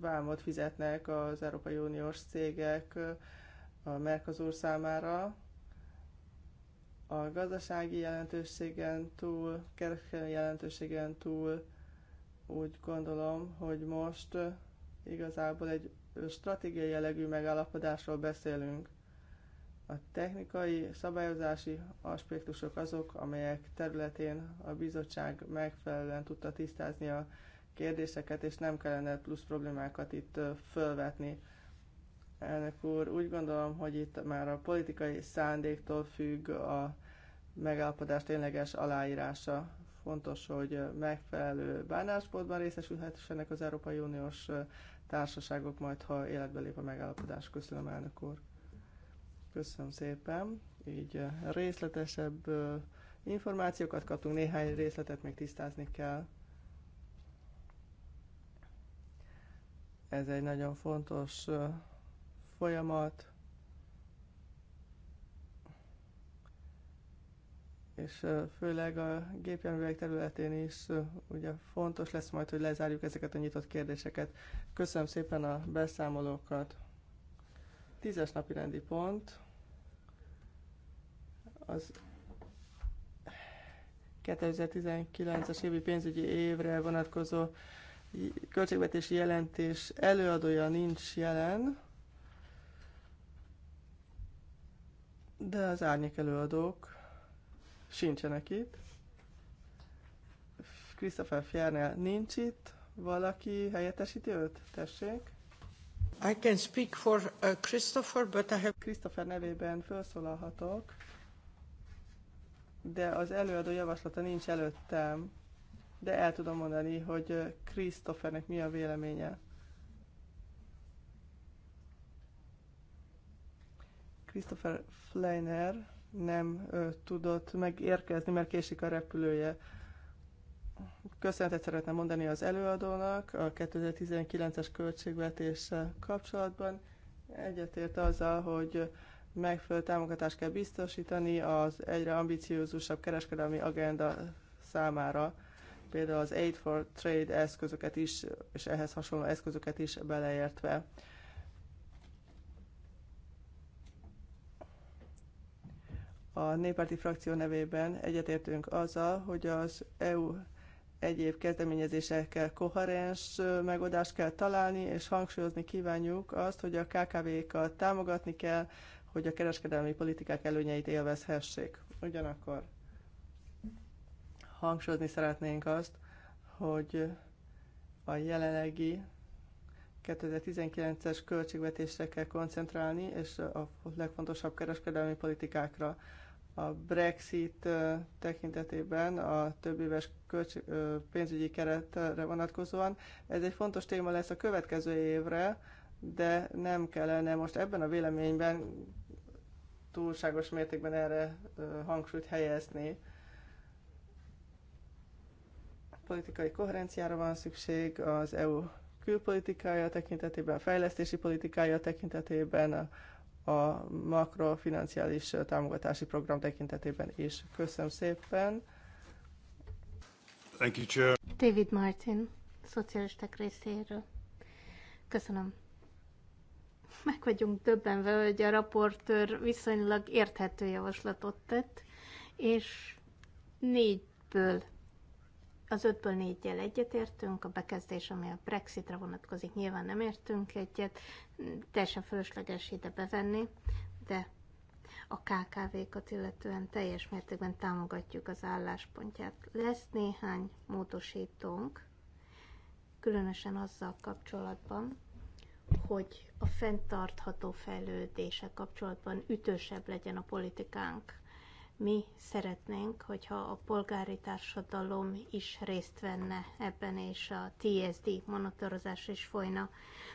vámot fizetnek az Európai Uniós cégek a Mercosur számára. A gazdasági jelentőségen túl, kereskedelmi jelentőségen túl úgy gondolom, hogy most igazából egy stratégiai jellegű megállapodásról beszélünk. A technikai, szabályozási aspektusok azok, amelyek területén a bizottság megfelelően tudta tisztázni a kérdéseket, és nem kellene plusz problémákat itt fölvetni. Elnök úr, úgy gondolom, hogy itt már a politikai szándéktól függ a megállapodás tényleges aláírása. Fontos, hogy megfelelő bánásmódban részesülhessenek az Európai Uniós társaságok majd, ha életbe lép a megállapodás. Köszönöm, elnök úr. Köszönöm szépen. Így részletesebb információkat kaptunk, néhány részletet még tisztázni kell. Ez egy nagyon fontos folyamat, és főleg a gépjárművek területén is ugye fontos lesz majd, hogy lezárjuk ezeket a nyitott kérdéseket. Köszönöm szépen a beszámolókat. Tízes napi rendi pont az 2019-es évi pénzügyi évre vonatkozó költségvetési jelentés előadója nincs jelen, de az árnyék előadók sincsenek itt. Christopher Fjernel nincs itt, valaki helyettesíti őt? Tessék. I can speak for uh, Christopher, but I have... Christopher nevében felszólalhatok, de az előadó javaslata nincs előttem de el tudom mondani, hogy Christophernek mi a véleménye. Christopher Fleiner nem ö, tudott megérkezni, mert késik a repülője. Köszönetet szeretném mondani az előadónak a 2019-es költségvetés kapcsolatban. Egyetért azzal, hogy megfelelő támogatást kell biztosítani az egyre ambiciózusabb kereskedelmi agenda számára például az Aid for Trade eszközöket is, és ehhez hasonló eszközöket is beleértve. A néppárti frakció nevében egyetértünk azzal, hogy az EU egyéb kezdeményezésekkel koherens megoldást kell találni, és hangsúlyozni kívánjuk azt, hogy a KKV-kat támogatni kell, hogy a kereskedelmi politikák előnyeit élvezhessék. Ugyanakkor hangsúlyozni szeretnénk azt, hogy a jelenlegi 2019-es költségvetésre kell koncentrálni, és a legfontosabb kereskedelmi politikákra. A Brexit tekintetében a több éves költség, pénzügyi keretre vonatkozóan ez egy fontos téma lesz a következő évre, de nem kellene most ebben a véleményben túlságos mértékben erre hangsúlyt helyezni politikai koherenciára van szükség az EU külpolitikája tekintetében, fejlesztési politikája tekintetében, a makrofinanciális támogatási program tekintetében is. Köszönöm szépen. Thank you, Chair. David Martin, szocialistek részéről. Köszönöm. Meg vagyunk döbbenve, hogy a raportőr viszonylag érthető javaslatot tett, és négyből az ötből négyel egyetértünk, a bekezdés, ami a Brexitre vonatkozik, nyilván nem értünk egyet, teljesen fölösleges ide bevenni, de a KKV-kat illetően teljes mértékben támogatjuk az álláspontját. Lesz néhány módosítónk, különösen azzal kapcsolatban, hogy a fenntartható fejlődése kapcsolatban ütősebb legyen a politikánk. Mi szeretnénk, hogyha a polgári társadalom is részt venne ebben, és a TSD monitorozás is folyna.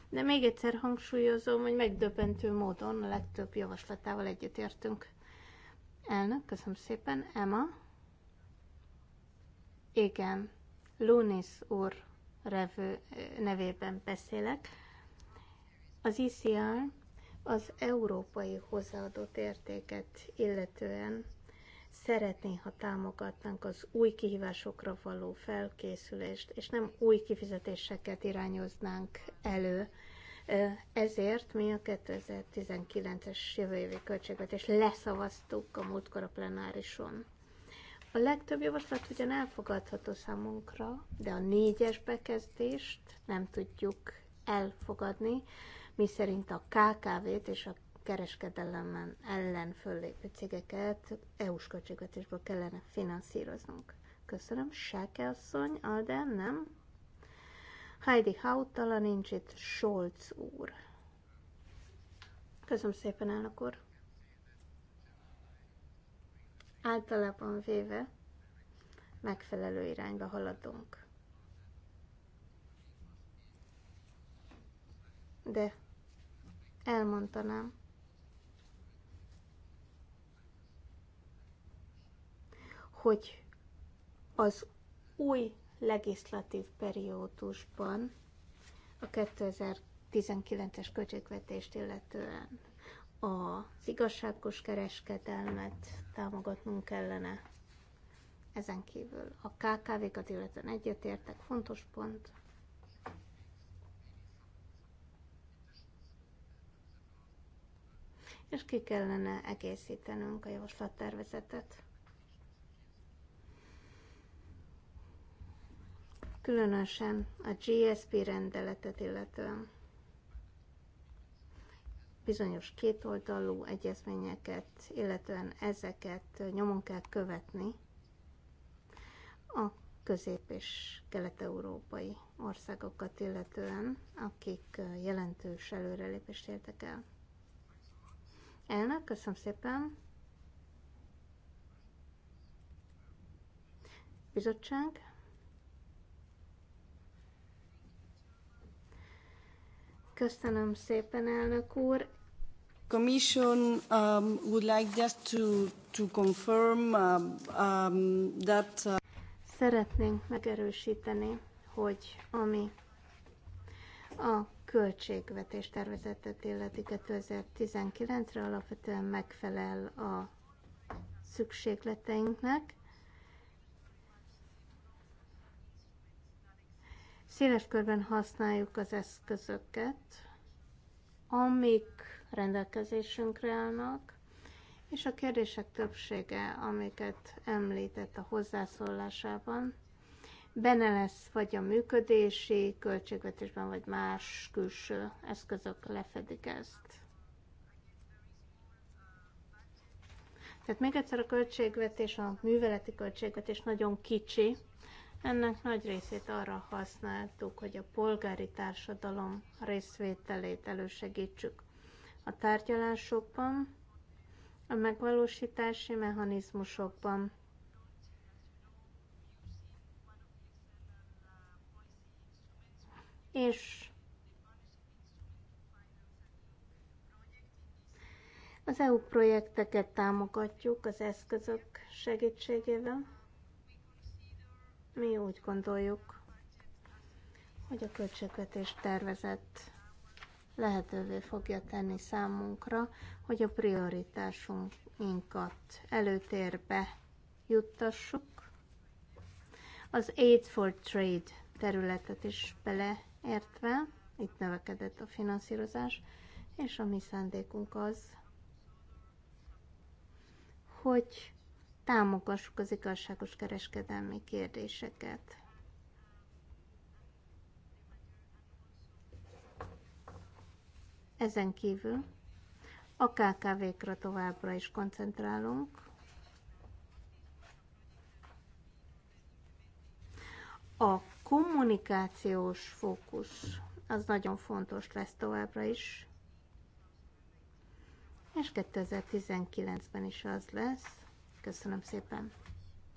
De még egyszer hangsúlyozom, hogy megdöbbentő módon a legtöbb javaslatával egyetértünk. Elnök, köszönöm szépen. Emma? Igen, Lunis úr revő, eh, nevében beszélek. Az ICR e az európai hozzáadott értéket illetően szeretné, ha támogatnánk az új kihívásokra való felkészülést, és nem új kifizetéseket irányoznánk elő. Ezért mi a 2019-es jövő évi költségvetést leszavaztuk a múltkor a plenárison. A legtöbb javaslat ugyan elfogadható számunkra, de a négyes bekezdést nem tudjuk elfogadni, mi szerint a KKV-t és a kereskedelemen ellen föllépő cégeket EU-s költségvetésből kellene finanszíroznunk. Köszönöm. Sáke asszony, de nem? Heidi Hautala nincs itt, Scholz úr. Köszönöm szépen, elnök úr. Általában véve megfelelő irányba haladunk. De elmondanám, hogy az új legislatív periódusban a 2019-es költségvetést illetően az igazságos kereskedelmet támogatnunk kellene. Ezen kívül a KKV-kat illetően egyetértek, fontos pont. És ki kellene egészítenünk a javaslattervezetet. különösen a GSP rendeletet illetően bizonyos kétoldalú egyezményeket, illetően ezeket nyomon kell követni a közép- és kelet-európai országokat illetően, akik jelentős előrelépést értek el. Elnök, köszönöm szépen! Bizottság! Köszönöm szépen, elnök úr. Commission um, would like just to, to confirm um, um, that. Uh... Szeretnénk megerősíteni, hogy ami a költségvetés tervezetet illeti 2019-re alapvetően megfelel a szükségleteinknek, Széles körben használjuk az eszközöket, amik rendelkezésünkre állnak, és a kérdések többsége, amiket említett a hozzászólásában, benne lesz vagy a működési költségvetésben, vagy más külső eszközök lefedik ezt. Tehát még egyszer a költségvetés, a műveleti költségvetés nagyon kicsi, ennek nagy részét arra használtuk, hogy a polgári társadalom részvételét elősegítsük. A tárgyalásokban, a megvalósítási mechanizmusokban. És az EU projekteket támogatjuk az eszközök segítségével. Mi úgy gondoljuk, hogy a költségvetés tervezett lehetővé fogja tenni számunkra, hogy a prioritásunkat előtérbe juttassuk. Az Aid for Trade területet is beleértve, itt növekedett a finanszírozás, és a mi szándékunk az, hogy támogassuk az igazságos kereskedelmi kérdéseket. Ezen kívül a KKV-kra továbbra is koncentrálunk. A kommunikációs fókusz az nagyon fontos lesz továbbra is, és 2019-ben is az lesz, Köszönöm szépen.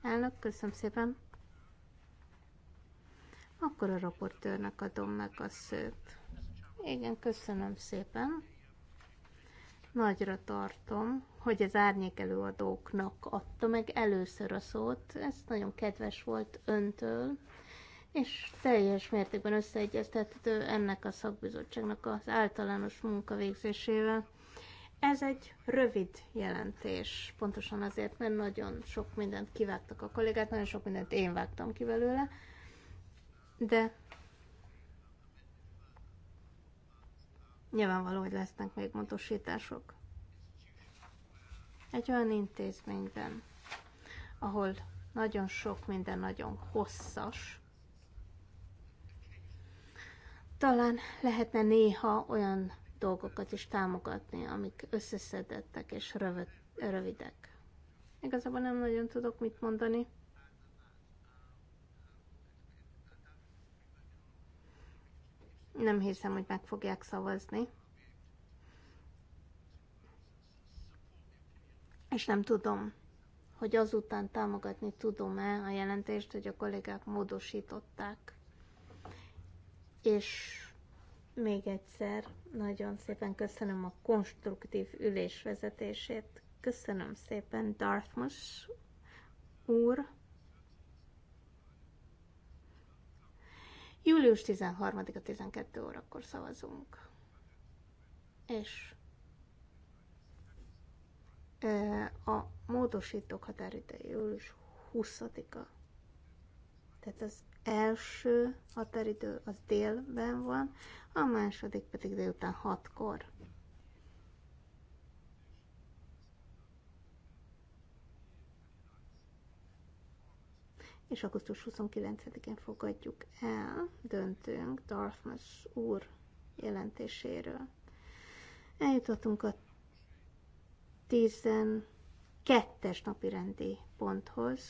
Elnök, köszönöm szépen. Akkor a raportőrnek adom meg a szőt. Igen, köszönöm szépen. Nagyra tartom, hogy az árnyék előadóknak adta meg először a szót. Ez nagyon kedves volt öntől, és teljes mértékben összeegyeztethető ennek a szakbizottságnak az általános munkavégzésével. Ez egy rövid jelentés, pontosan azért, mert nagyon sok mindent kivágtak a kollégák, nagyon sok mindent én vágtam ki belőle, de nyilvánvaló, hogy lesznek még módosítások. Egy olyan intézményben, ahol nagyon sok minden nagyon hosszas, talán lehetne néha olyan dolgokat is támogatni, amik összeszedettek és rövid, rövidek. Igazából nem nagyon tudok mit mondani. Nem hiszem, hogy meg fogják szavazni. És nem tudom, hogy azután támogatni tudom-e a jelentést, hogy a kollégák módosították. És még egyszer nagyon szépen köszönöm a konstruktív ülés vezetését. Köszönöm szépen, Dartmouth úr. Július 13-a 12 órakor szavazunk. És a módosítók határideje július 20-a. Tehát az első határidő az délben van, a második pedig délután hatkor. és augusztus 29-én fogadjuk el, döntünk Dartmouth úr jelentéséről. Eljutottunk a 12-es napi rendi ponthoz,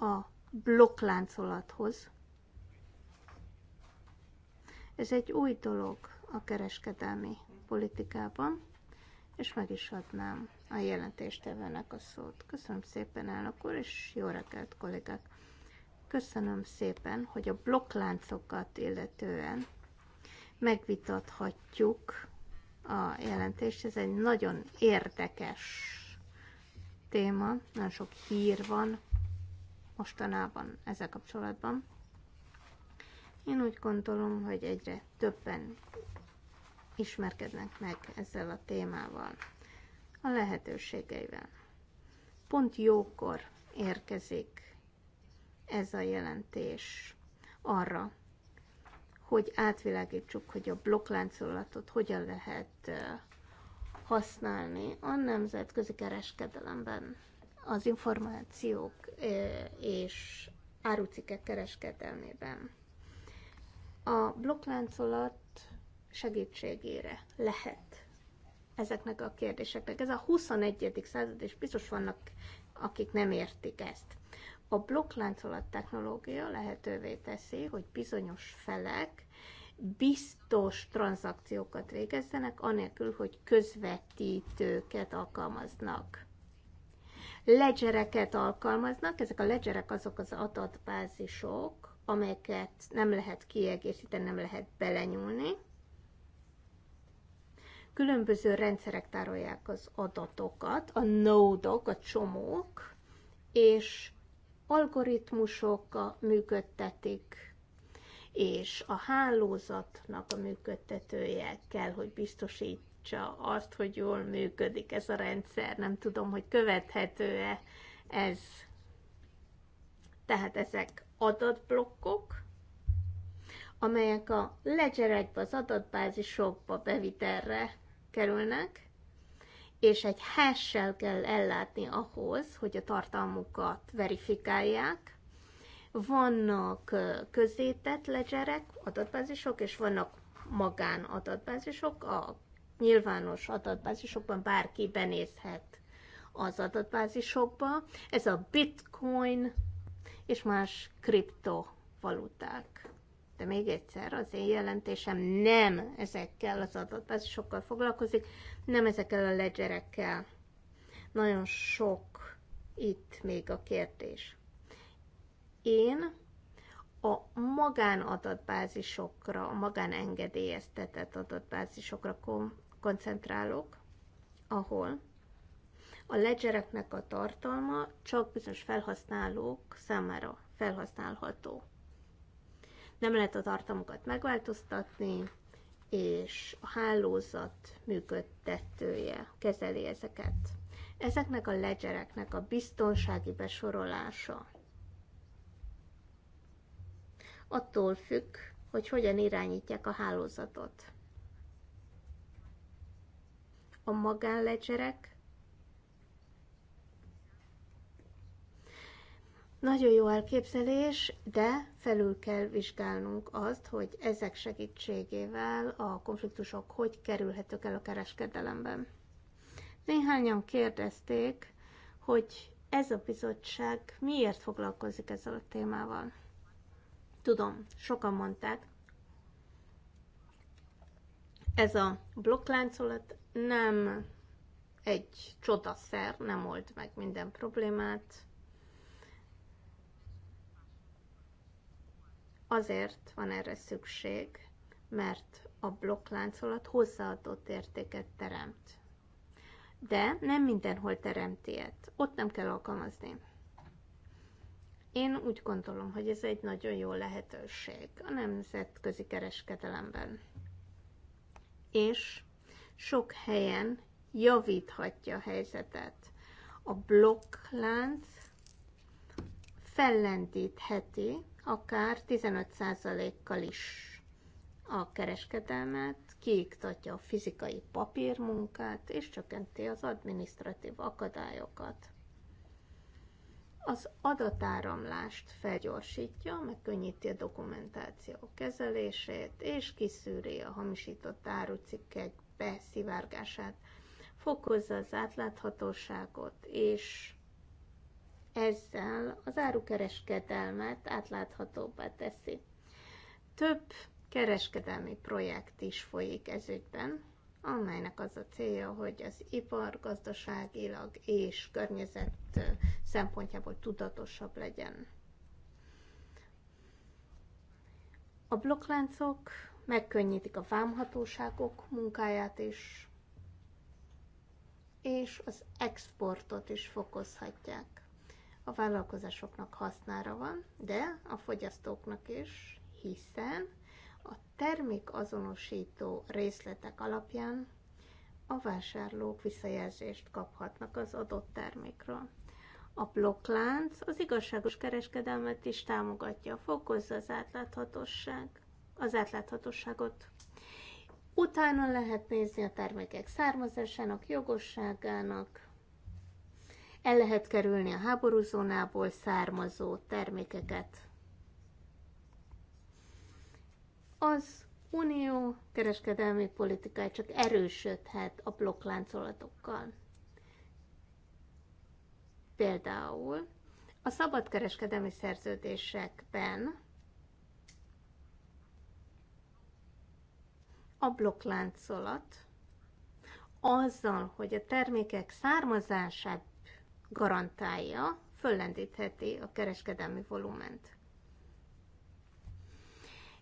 a blokkláncolathoz, ez egy új dolog a kereskedelmi politikában, és meg is adnám a jelentéstevőnek a szót. Köszönöm szépen, elnök úr, és jó reggelt, kollégák! Köszönöm szépen, hogy a blokkláncokat illetően megvitathatjuk a jelentést. Ez egy nagyon érdekes téma, nagyon sok hír van mostanában ezzel kapcsolatban. Én úgy gondolom, hogy egyre többen ismerkednek meg ezzel a témával, a lehetőségeivel. Pont jókor érkezik ez a jelentés arra, hogy átvilágítsuk, hogy a blokkláncolatot hogyan lehet használni a nemzetközi kereskedelemben. Az információk és árucikkek kereskedelmében a blokkláncolat segítségére lehet ezeknek a kérdéseknek. Ez a 21. század, és biztos vannak, akik nem értik ezt. A blokkláncolat technológia lehetővé teszi, hogy bizonyos felek biztos tranzakciókat végezzenek, anélkül, hogy közvetítőket alkalmaznak. Ledgereket alkalmaznak, ezek a ledgerek azok az adatbázisok, amelyeket nem lehet kiegészíteni, nem lehet belenyúlni. Különböző rendszerek tárolják az adatokat, a nódok, a csomók, és algoritmusok működtetik, és a hálózatnak a működtetője kell, hogy biztosítsa azt, hogy jól működik ez a rendszer. Nem tudom, hogy követhető-e ez. Tehát ezek adatblokkok, amelyek a Ledger 1 az adatbázisokba bevitelre kerülnek, és egy hash kell ellátni ahhoz, hogy a tartalmukat verifikálják. Vannak közétett ledgerek, adatbázisok, és vannak magán adatbázisok. A nyilvános adatbázisokban bárki benézhet az adatbázisokba. Ez a Bitcoin és más kriptovaluták. De még egyszer, az én jelentésem nem ezekkel az adatbázisokkal foglalkozik, nem ezekkel a ledgerekkel. Nagyon sok itt még a kérdés. Én a magánadatbázisokra, a magánengedélyeztetett adatbázisokra koncentrálok, ahol a ledgereknek a tartalma csak bizonyos felhasználók számára felhasználható. Nem lehet a tartalmukat megváltoztatni, és a hálózat működtetője kezeli ezeket. Ezeknek a ledgereknek a biztonsági besorolása attól függ, hogy hogyan irányítják a hálózatot. A magánledzserek Nagyon jó elképzelés, de felül kell vizsgálnunk azt, hogy ezek segítségével a konfliktusok hogy kerülhetők el a kereskedelemben. Néhányan kérdezték, hogy ez a bizottság miért foglalkozik ezzel a témával. Tudom, sokan mondták, ez a blokkláncolat nem egy csodaszer, nem old meg minden problémát, Azért van erre szükség, mert a blokkláncolat hozzáadott értéket teremt. De nem mindenhol teremt ilyet. Ott nem kell alkalmazni. Én úgy gondolom, hogy ez egy nagyon jó lehetőség a nemzetközi kereskedelemben. És sok helyen javíthatja a helyzetet. A blokklánc fellendítheti akár 15%-kal is a kereskedelmet, kiiktatja a fizikai papírmunkát, és csökkenti az administratív akadályokat. Az adatáramlást felgyorsítja, megkönnyíti a dokumentáció kezelését, és kiszűri a hamisított árucikkek beszivárgását, fokozza az átláthatóságot, és ezzel az árukereskedelmet átláthatóbbá teszi. Több kereskedelmi projekt is folyik ezügyben, amelynek az a célja, hogy az ipar gazdaságilag és környezet szempontjából tudatosabb legyen. A blokkláncok megkönnyítik a vámhatóságok munkáját is, és az exportot is fokozhatják a vállalkozásoknak hasznára van, de a fogyasztóknak is, hiszen a termékazonosító részletek alapján a vásárlók visszajelzést kaphatnak az adott termékről. A blokklánc az igazságos kereskedelmet is támogatja, fokozza az átláthatóság, az átláthatóságot. Utána lehet nézni a termékek származásának, jogosságának, el lehet kerülni a háborúzónából származó termékeket. Az unió kereskedelmi politikája csak erősödhet a blokkláncolatokkal. Például a szabadkereskedelmi szerződésekben a blokkláncolat azzal, hogy a termékek származását garantálja, föllendítheti a kereskedelmi volument.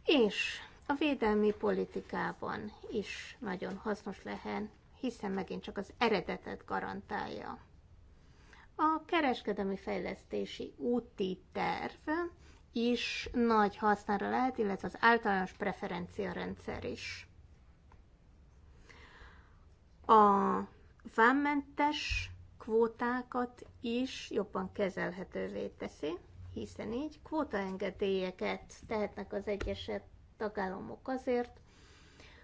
És a védelmi politikában is nagyon hasznos lehet, hiszen megint csak az eredetet garantálja. A kereskedelmi fejlesztési úti terv is nagy hasznára lehet, illetve az általános preferencia rendszer is. A vámmentes kvótákat is jobban kezelhetővé teszi, hiszen így kvótaengedélyeket tehetnek az egyeset tagállamok azért,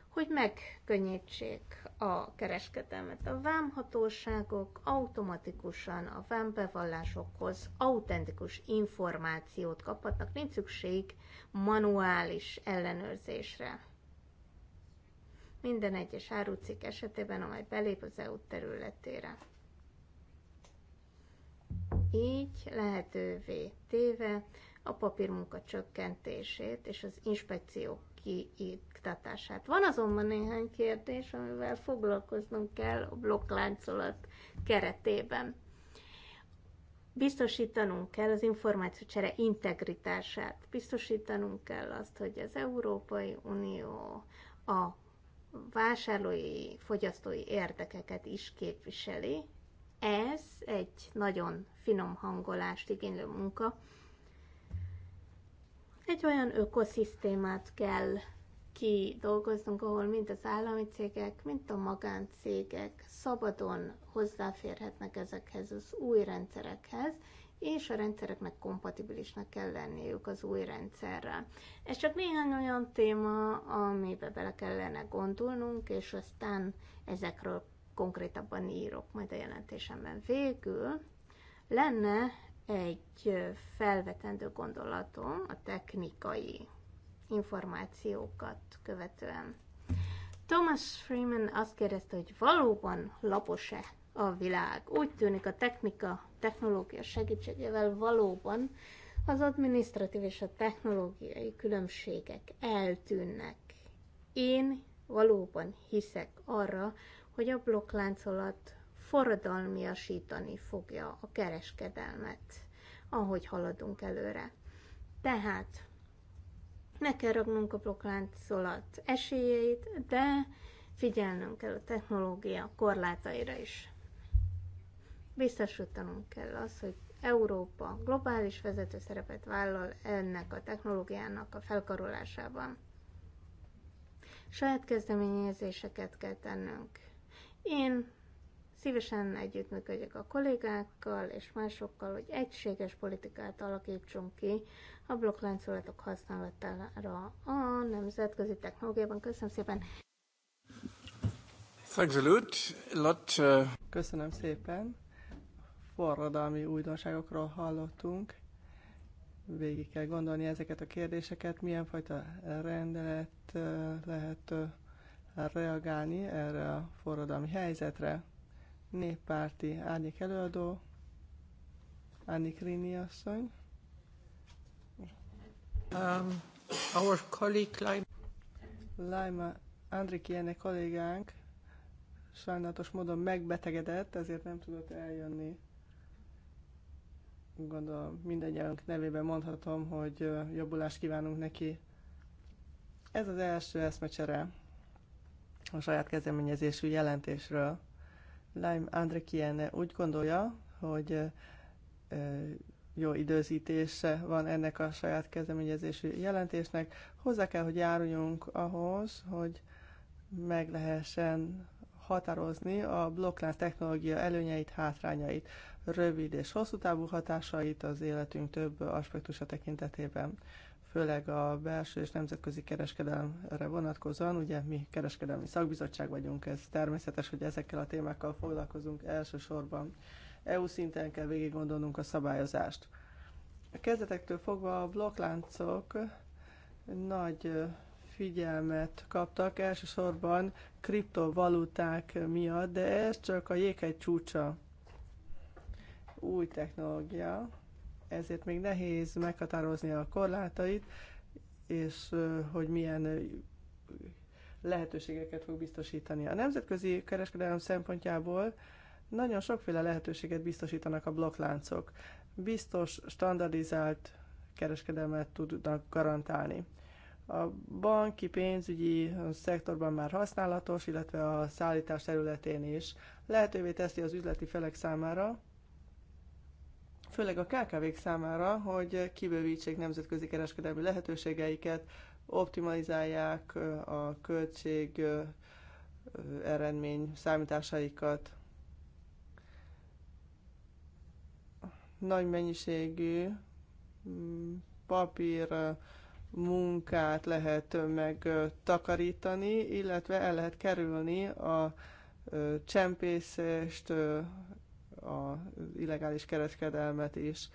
hogy megkönnyítsék a kereskedelmet. A vámhatóságok automatikusan a vámbevallásokhoz autentikus információt kaphatnak, nincs szükség manuális ellenőrzésre. Minden egyes árucik esetében, amely belép az EU területére így lehetővé téve a papírmunka csökkentését és az inspekció kiiktatását. Van azonban néhány kérdés, amivel foglalkoznunk kell a blokkláncolat keretében. Biztosítanunk kell az információcsere integritását, biztosítanunk kell azt, hogy az Európai Unió a vásárlói, fogyasztói érdekeket is képviseli, ez egy nagyon finom hangolást igénylő munka. Egy olyan ökoszisztémát kell kidolgoznunk, ahol mind az állami cégek, mind a magáncégek szabadon hozzáférhetnek ezekhez az új rendszerekhez, és a rendszereknek kompatibilisnek kell lenniük az új rendszerrel. Ez csak néhány olyan téma, amibe bele kellene gondolnunk, és aztán ezekről konkrétabban írok majd a jelentésemben. Végül lenne egy felvetendő gondolatom a technikai információkat követően. Thomas Freeman azt kérdezte, hogy valóban lapos-e a világ. Úgy tűnik a technika, technológia segítségével valóban az adminisztratív és a technológiai különbségek eltűnnek. Én valóban hiszek arra, hogy a blokkláncolat forradalmiasítani fogja a kereskedelmet, ahogy haladunk előre. Tehát meg kell ragnunk a blokkláncolat esélyeit, de figyelnünk kell a technológia korlátaira is. Biztosítanunk kell az, hogy Európa globális vezető szerepet vállal ennek a technológiának a felkarolásában. Saját kezdeményezéseket kell tennünk, én szívesen együttműködjek a kollégákkal és másokkal, hogy egységes politikát alakítsunk ki a blokkláncolatok használatára a nemzetközi technológiában. Köszönöm szépen! Thanks a lot. lot uh... Köszönöm szépen! Forradalmi újdonságokról hallottunk. Végig kell gondolni ezeket a kérdéseket, milyen fajta rendelet uh, lehet uh, reagálni erre a forradalmi helyzetre. Néppárti árnyék előadó, Annik Rini asszony. Um, our colleague Lime. Lime Andrikiene kollégánk sajnálatos módon megbetegedett, ezért nem tudott eljönni. Gondolom mindegyünk nevében mondhatom, hogy jobbulást kívánunk neki. Ez az első eszmecsere a saját kezdeményezésű jelentésről. Lime André Kiene úgy gondolja, hogy jó időzítése van ennek a saját kezdeményezésű jelentésnek. Hozzá kell, hogy járuljunk ahhoz, hogy meg lehessen határozni a blokklánc technológia előnyeit, hátrányait, rövid és hosszú távú hatásait az életünk több aspektusa tekintetében főleg a belső és nemzetközi kereskedelemre vonatkozóan, ugye mi kereskedelmi szakbizottság vagyunk, ez természetes, hogy ezekkel a témákkal foglalkozunk elsősorban. EU szinten kell végig gondolnunk a szabályozást. A kezdetektől fogva a blokkláncok nagy figyelmet kaptak, elsősorban kriptovaluták miatt, de ez csak a jéghegy csúcsa új technológia, ezért még nehéz meghatározni a korlátait, és hogy milyen lehetőségeket fog biztosítani. A nemzetközi kereskedelem szempontjából nagyon sokféle lehetőséget biztosítanak a blokkláncok. Biztos, standardizált kereskedelmet tudnak garantálni. A banki, pénzügyi szektorban már használatos, illetve a szállítás területén is lehetővé teszi az üzleti felek számára, főleg a KKV-k számára, hogy kibővítsék nemzetközi kereskedelmi lehetőségeiket, optimalizálják a költség eredmény számításaikat. Nagy mennyiségű mm, papír munkát lehet megtakarítani, illetve el lehet kerülni a csempészést, az illegális kereskedelmet is.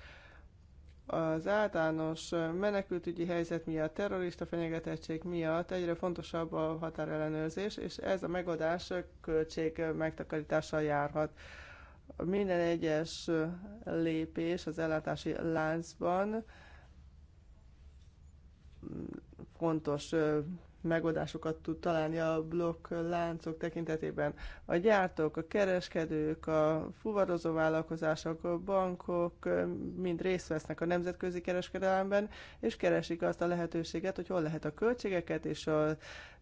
Az általános menekültügyi helyzet miatt, terrorista fenyegetettség miatt egyre fontosabb a határellenőrzés, és ez a megoldás költség megtakarítással járhat. Minden egyes lépés az ellátási láncban fontos megoldásokat tud találni a blokk láncok tekintetében. A gyártók, a kereskedők, a fuvarozó vállalkozások, a bankok mind részt vesznek a nemzetközi kereskedelemben, és keresik azt a lehetőséget, hogy hol lehet a költségeket és a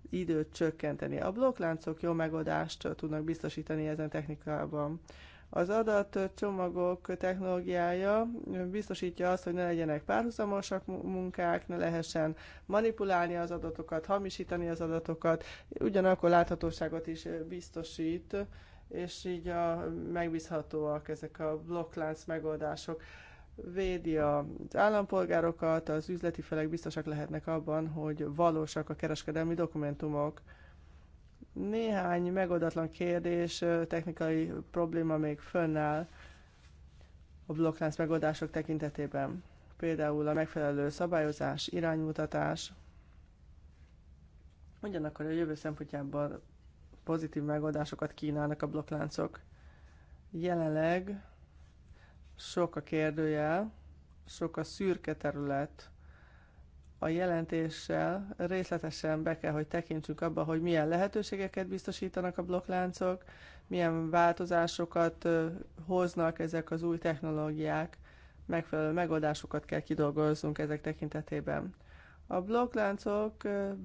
időt csökkenteni. A blokkláncok jó megoldást tudnak biztosítani ezen technikában. Az adat csomagok technológiája biztosítja azt, hogy ne legyenek párhuzamosak munkák, ne lehessen manipulálni az adatokat, hamisítani az adatokat, ugyanakkor láthatóságot is biztosít, és így a, megbízhatóak ezek a blokklánc megoldások. Védi az állampolgárokat, az üzleti felek biztosak lehetnek abban, hogy valósak a kereskedelmi dokumentumok. Néhány megoldatlan kérdés, technikai probléma még fönnáll a blokklánc megoldások tekintetében. Például a megfelelő szabályozás, iránymutatás, ugyanakkor a jövő szempontjából pozitív megoldásokat kínálnak a blokkláncok. Jelenleg sok a kérdőjel, sok a szürke terület, a jelentéssel részletesen be kell, hogy tekintsünk abba, hogy milyen lehetőségeket biztosítanak a blokkláncok, milyen változásokat hoznak ezek az új technológiák, megfelelő megoldásokat kell kidolgoznunk ezek tekintetében. A blokkláncok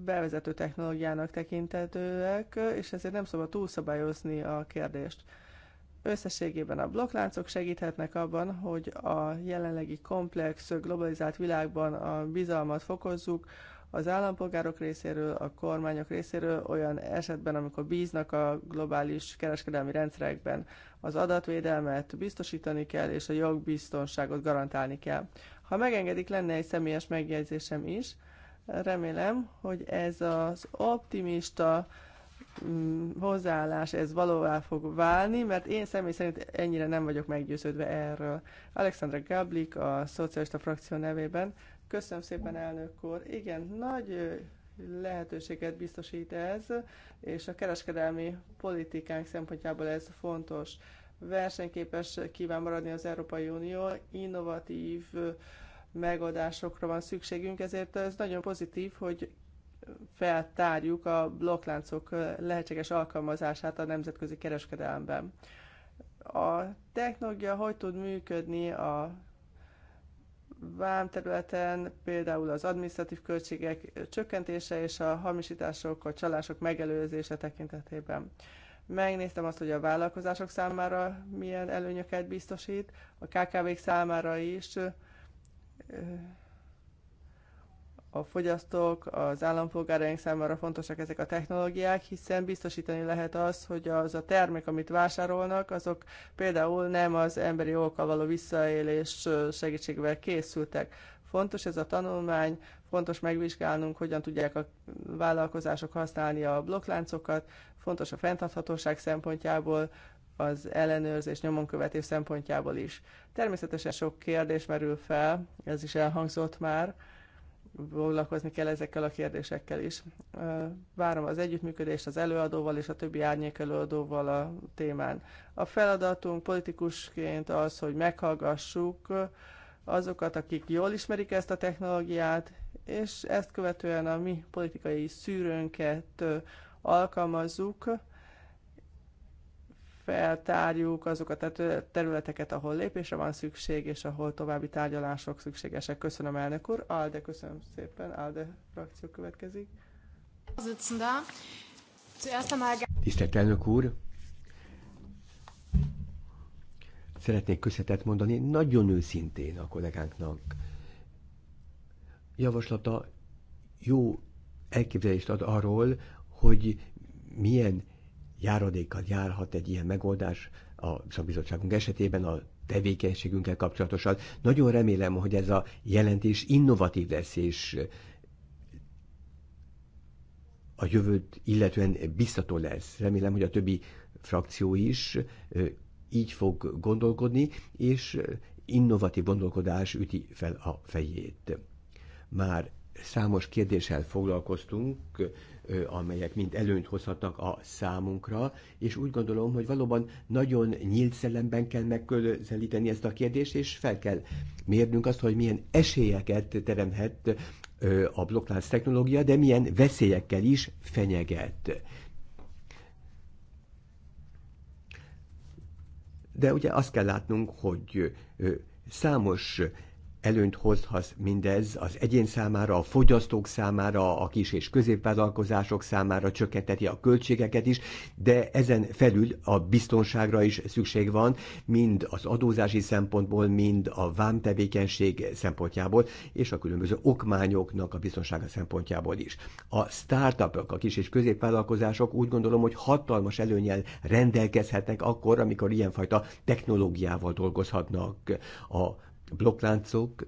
bevezető technológiának tekintetőek, és ezért nem szabad túlszabályozni a kérdést. Összességében a blokkláncok segíthetnek abban, hogy a jelenlegi komplex, globalizált világban a bizalmat fokozzuk az állampolgárok részéről, a kormányok részéről olyan esetben, amikor bíznak a globális kereskedelmi rendszerekben. Az adatvédelmet biztosítani kell, és a jogbiztonságot garantálni kell. Ha megengedik, lenne egy személyes megjegyzésem is. Remélem, hogy ez az optimista Mm, hozzáállás ez valóvá fog válni, mert én személy szerint ennyire nem vagyok meggyőződve erről. Alexandra Gablik a szocialista frakció nevében. Köszönöm szépen, elnök úr. Igen, nagy lehetőséget biztosít ez, és a kereskedelmi politikánk szempontjából ez fontos. Versenyképes kíván maradni az Európai Unió, innovatív megoldásokra van szükségünk, ezért ez nagyon pozitív, hogy feltárjuk a blokkláncok lehetséges alkalmazását a nemzetközi kereskedelemben. A technológia hogy tud működni a vámterületen, például az adminisztratív költségek csökkentése és a hamisítások, a csalások megelőzése tekintetében. Megnéztem azt, hogy a vállalkozások számára milyen előnyöket biztosít, a KKV-k számára is a fogyasztók, az állampolgáraink számára fontosak ezek a technológiák, hiszen biztosítani lehet az, hogy az a termék, amit vásárolnak, azok például nem az emberi okkal való visszaélés segítségével készültek. Fontos ez a tanulmány, fontos megvizsgálnunk, hogyan tudják a vállalkozások használni a blokkláncokat, fontos a fenntarthatóság szempontjából, az ellenőrzés nyomonkövetés szempontjából is. Természetesen sok kérdés merül fel, ez is elhangzott már, foglalkozni kell ezekkel a kérdésekkel is. Várom az együttműködést az előadóval és a többi árnyék előadóval a témán. A feladatunk politikusként az, hogy meghallgassuk azokat, akik jól ismerik ezt a technológiát, és ezt követően a mi politikai szűrőnket alkalmazzuk, feltárjuk azokat a területeket, ahol lépésre van szükség, és ahol további tárgyalások szükségesek. Köszönöm, elnök úr. Alde, köszönöm szépen. Alde frakció következik. Tisztelt elnök úr! Szeretnék köszönetet mondani nagyon őszintén a kollégánknak. Javaslata jó elképzelést ad arról, hogy milyen járadékkal járhat egy ilyen megoldás a szakbizottságunk esetében a tevékenységünkkel kapcsolatosan. Nagyon remélem, hogy ez a jelentés innovatív lesz, és a jövőt illetően biztató lesz. Remélem, hogy a többi frakció is így fog gondolkodni, és innovatív gondolkodás üti fel a fejét. Már számos kérdéssel foglalkoztunk, amelyek mind előnyt hozhatnak a számunkra, és úgy gondolom, hogy valóban nagyon nyílt szellemben kell megközelíteni ezt a kérdést, és fel kell mérnünk azt, hogy milyen esélyeket teremhet a blokklánc technológia, de milyen veszélyekkel is fenyeget. De ugye azt kell látnunk, hogy számos előnyt hozhat mindez az egyén számára, a fogyasztók számára, a kis és középvállalkozások számára csökkenteti a költségeket is, de ezen felül a biztonságra is szükség van, mind az adózási szempontból, mind a vámtevékenység szempontjából, és a különböző okmányoknak a biztonsága szempontjából is. A startupok, a kis és középvállalkozások úgy gondolom, hogy hatalmas előnyel rendelkezhetnek akkor, amikor ilyenfajta technológiával dolgozhatnak a blokkláncok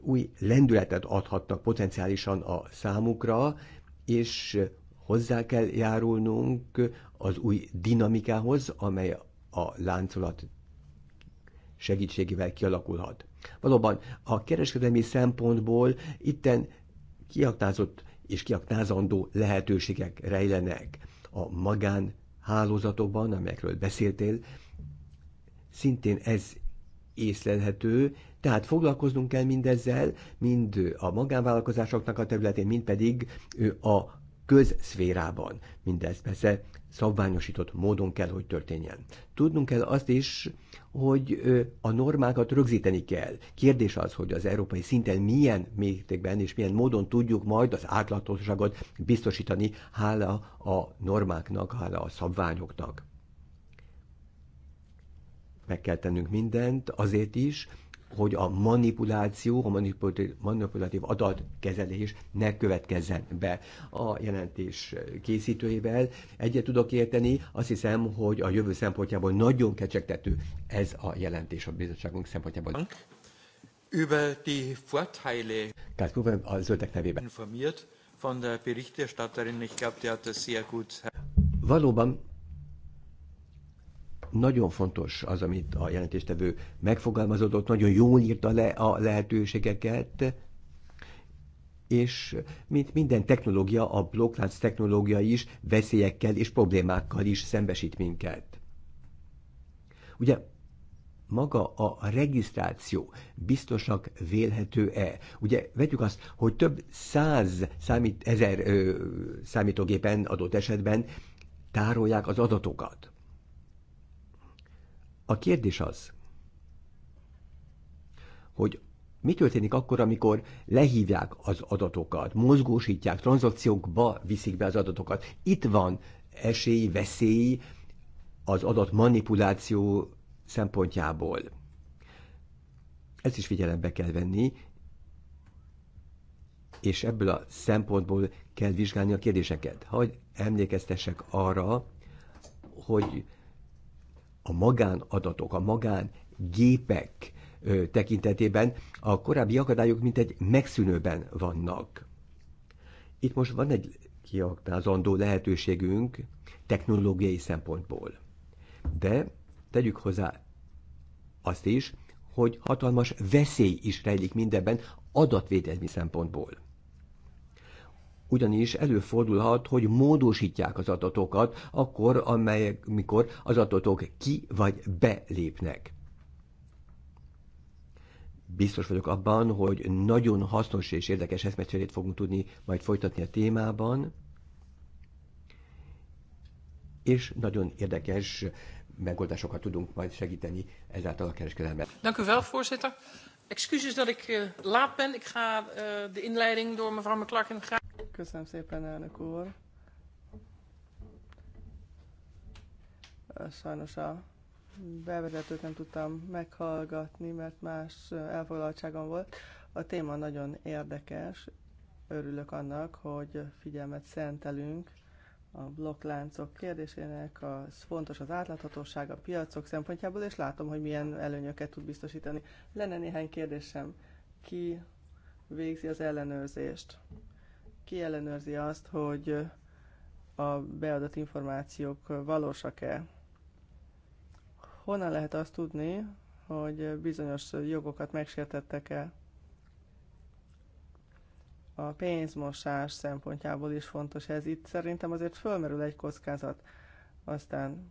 új lendületet adhatnak potenciálisan a számukra, és hozzá kell járulnunk az új dinamikához, amely a láncolat segítségével kialakulhat. Valóban a kereskedelmi szempontból itten kiaktázott és kiaktázandó lehetőségek rejlenek a magán hálózatokban, amelyekről beszéltél, szintén ez észlelhető, tehát foglalkoznunk kell mindezzel, mind a magánvállalkozásoknak a területén, mind pedig a közszférában. Mindez persze szabványosított módon kell, hogy történjen. Tudnunk kell azt is, hogy a normákat rögzíteni kell. Kérdés az, hogy az európai szinten milyen mértékben és milyen módon tudjuk majd az átláthatóságot biztosítani, hála a normáknak, hála a szabványoknak meg kell tennünk mindent azért is, hogy a manipuláció, a manipulatív, adatkezelés ne következzen be. A jelentés készítőjével egyet tudok érteni, azt hiszem, hogy a jövő szempontjából nagyon kecsegtető ez a jelentés a bizottságunk szempontjából. Über die Vorteile Kárkuven a zöldek nevében. Informiert von der Berichterstatterin, ich glaube, die hat das sehr gut. Valóban nagyon fontos az, amit a jelentéstevő megfogalmazódott, nagyon jól írta le a lehetőségeket, és mint minden technológia, a blokklánc technológia is veszélyekkel és problémákkal is szembesít minket. Ugye maga a regisztráció biztosak vélhető-e? Ugye vegyük azt, hogy több száz számít, ezer ö, számítógépen adott esetben tárolják az adatokat. A kérdés az, hogy mi történik akkor, amikor lehívják az adatokat, mozgósítják, tranzakciókba viszik be az adatokat. Itt van esély, veszély az adat manipuláció szempontjából. Ezt is figyelembe kell venni, és ebből a szempontból kell vizsgálni a kérdéseket. Hogy emlékeztessek arra, hogy a magánadatok, a magángépek tekintetében a korábbi akadályok mint egy megszűnőben vannak. Itt most van egy kiaknázandó lehetőségünk technológiai szempontból. De tegyük hozzá azt is, hogy hatalmas veszély is rejlik mindebben adatvédelmi szempontból ugyanis előfordulhat, hogy módosítják az adatokat akkor, amelyek, mikor az adatok ki vagy belépnek biztos vagyok abban, hogy nagyon hasznos és érdekes eszmecserét fogunk tudni majd folytatni a témában, és nagyon érdekes megoldásokat tudunk majd segíteni ezáltal a kereskedelmet. Dank u wel, voorzitter. Excuses dat ik uh, laat ben. Ik ga uh, de inleiding door mevrouw McClarkin graag... Köszönöm szépen, elnök úr. Sajnos a bevezetőt nem tudtam meghallgatni, mert más elfoglaltságom volt. A téma nagyon érdekes. Örülök annak, hogy figyelmet szentelünk a blokkláncok kérdésének. Az fontos az átláthatóság a piacok szempontjából, és látom, hogy milyen előnyöket tud biztosítani. Lenne néhány kérdésem. Ki végzi az ellenőrzést? Ki ellenőrzi azt, hogy a beadott információk valósak-e? Honnan lehet azt tudni, hogy bizonyos jogokat megsértettek-e? A pénzmosás szempontjából is fontos ez. Itt szerintem azért fölmerül egy kockázat. Aztán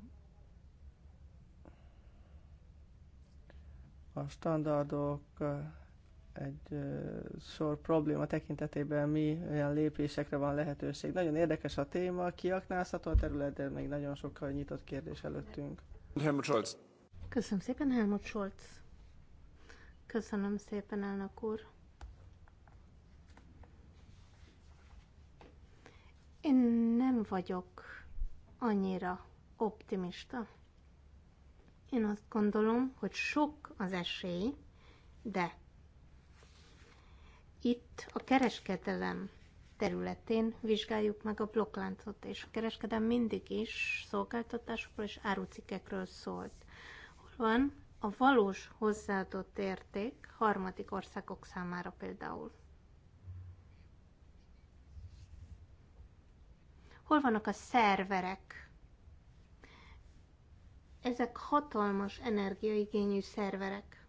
a standardok egy sor probléma tekintetében mi olyan lépésekre van lehetőség. Nagyon érdekes a téma, kiaknázható a terület, de még nagyon sokkal nyitott kérdés előttünk. Helmut Scholz. Köszönöm szépen, Helmut Scholz. Köszönöm szépen, elnök úr. Én nem vagyok annyira optimista. Én azt gondolom, hogy sok az esély, de itt a kereskedelem területén vizsgáljuk meg a blokkláncot, és a kereskedelem mindig is szolgáltatásokról és árucikekről szólt. Hol van a valós hozzáadott érték harmadik országok számára például? Hol vannak a szerverek? Ezek hatalmas energiaigényű szerverek.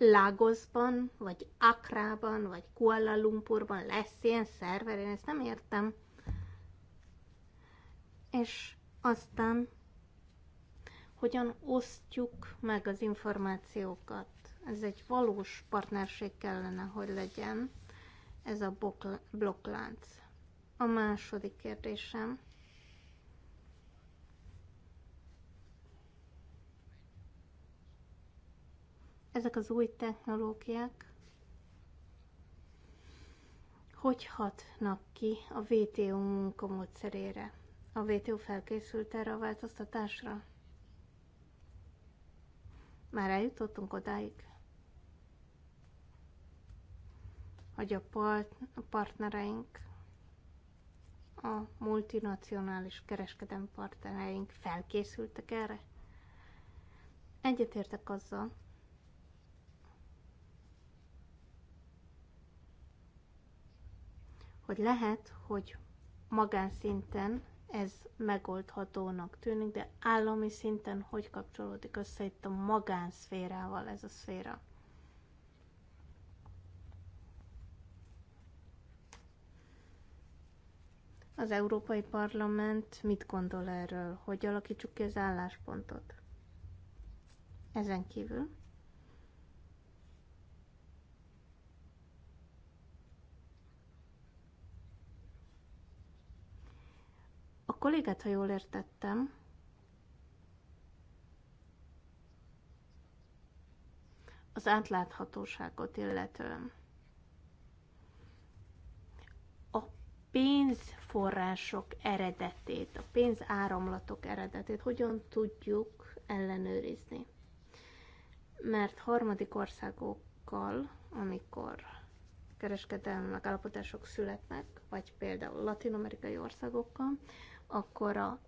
Lagosban, vagy Akrában, vagy Kuala Lumpurban lesz ilyen szerver, én ezt nem értem. És aztán hogyan osztjuk meg az információkat. Ez egy valós partnerség kellene, hogy legyen ez a blokklánc. A második kérdésem ezek az új technológiák hogy hatnak ki a VTO munkamódszerére? A VTO felkészült erre a változtatásra? Már eljutottunk odáig, hogy a, partnereink, a multinacionális kereskedelmi partnereink felkészültek erre? Egyetértek azzal, hogy lehet, hogy magánszinten ez megoldhatónak tűnik, de állami szinten hogy kapcsolódik össze itt a magánszférával ez a szféra? Az Európai Parlament mit gondol erről? Hogy alakítsuk ki az álláspontot? Ezen kívül A kollégát, ha jól értettem, az átláthatóságot illetően. A pénzforrások eredetét, a pénzáramlatok eredetét hogyan tudjuk ellenőrizni? Mert harmadik országokkal, amikor kereskedelmi megállapodások születnek, vagy például latin-amerikai országokkal, akkor a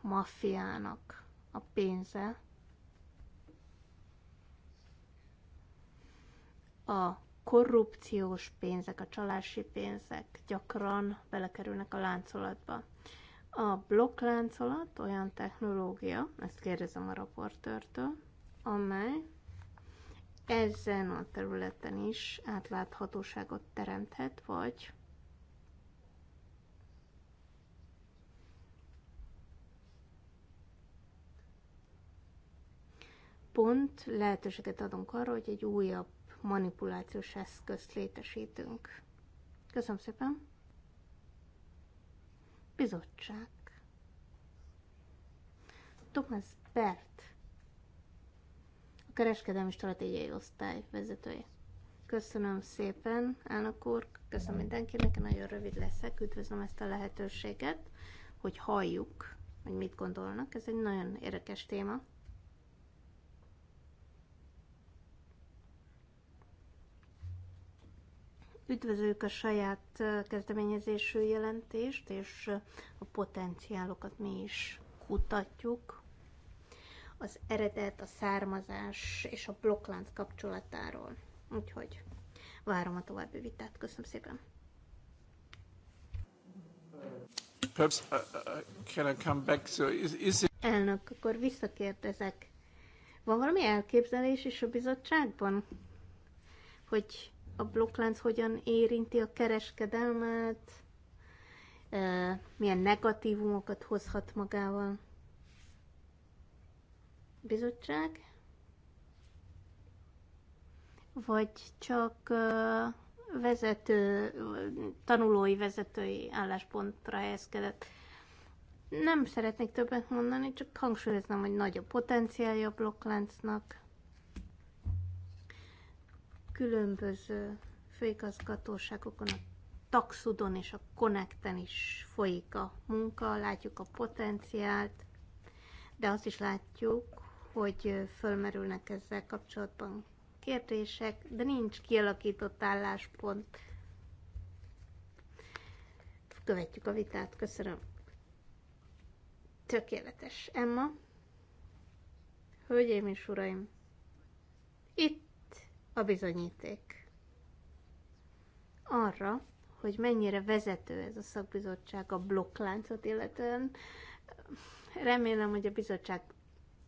maffiának a pénze a korrupciós pénzek, a csalási pénzek gyakran belekerülnek a láncolatba. A blokkláncolat olyan technológia, ezt kérdezem a raportőrtől, amely ezen a területen is átláthatóságot teremthet, vagy pont lehetőséget adunk arra, hogy egy újabb manipulációs eszközt létesítünk. Köszönöm szépen! Bizottság. Thomas Bert, a kereskedelmi stratégiai osztály vezetője. Köszönöm szépen, elnök úr, köszönöm mindenkinek, nagyon rövid leszek, üdvözlöm ezt a lehetőséget, hogy halljuk, hogy mit gondolnak. Ez egy nagyon érdekes téma. üdvözlők a saját kezdeményezésű jelentést, és a potenciálokat mi is kutatjuk. Az eredet, a származás és a blokklánc kapcsolatáról. Úgyhogy várom a további vitát. Köszönöm szépen. Perhaps, uh, uh can I come back? So is, is it... Elnök, akkor visszakérdezek. Van valami elképzelés is a bizottságban, hogy a blokklánc hogyan érinti a kereskedelmet, milyen negatívumokat hozhat magával. Bizottság? Vagy csak vezető, tanulói vezetői álláspontra helyezkedett? Nem szeretnék többet mondani, csak hangsúlyoznám, hogy nagy a potenciálja a blokkláncnak különböző főigazgatóságokon, a taxudon és a connecten is folyik a munka, látjuk a potenciált, de azt is látjuk, hogy fölmerülnek ezzel kapcsolatban kérdések, de nincs kialakított álláspont. Követjük a vitát, köszönöm. Tökéletes. Emma, hölgyeim és uraim, itt a bizonyíték arra, hogy mennyire vezető ez a szakbizottság a blokkláncot illetően. Remélem, hogy a bizottság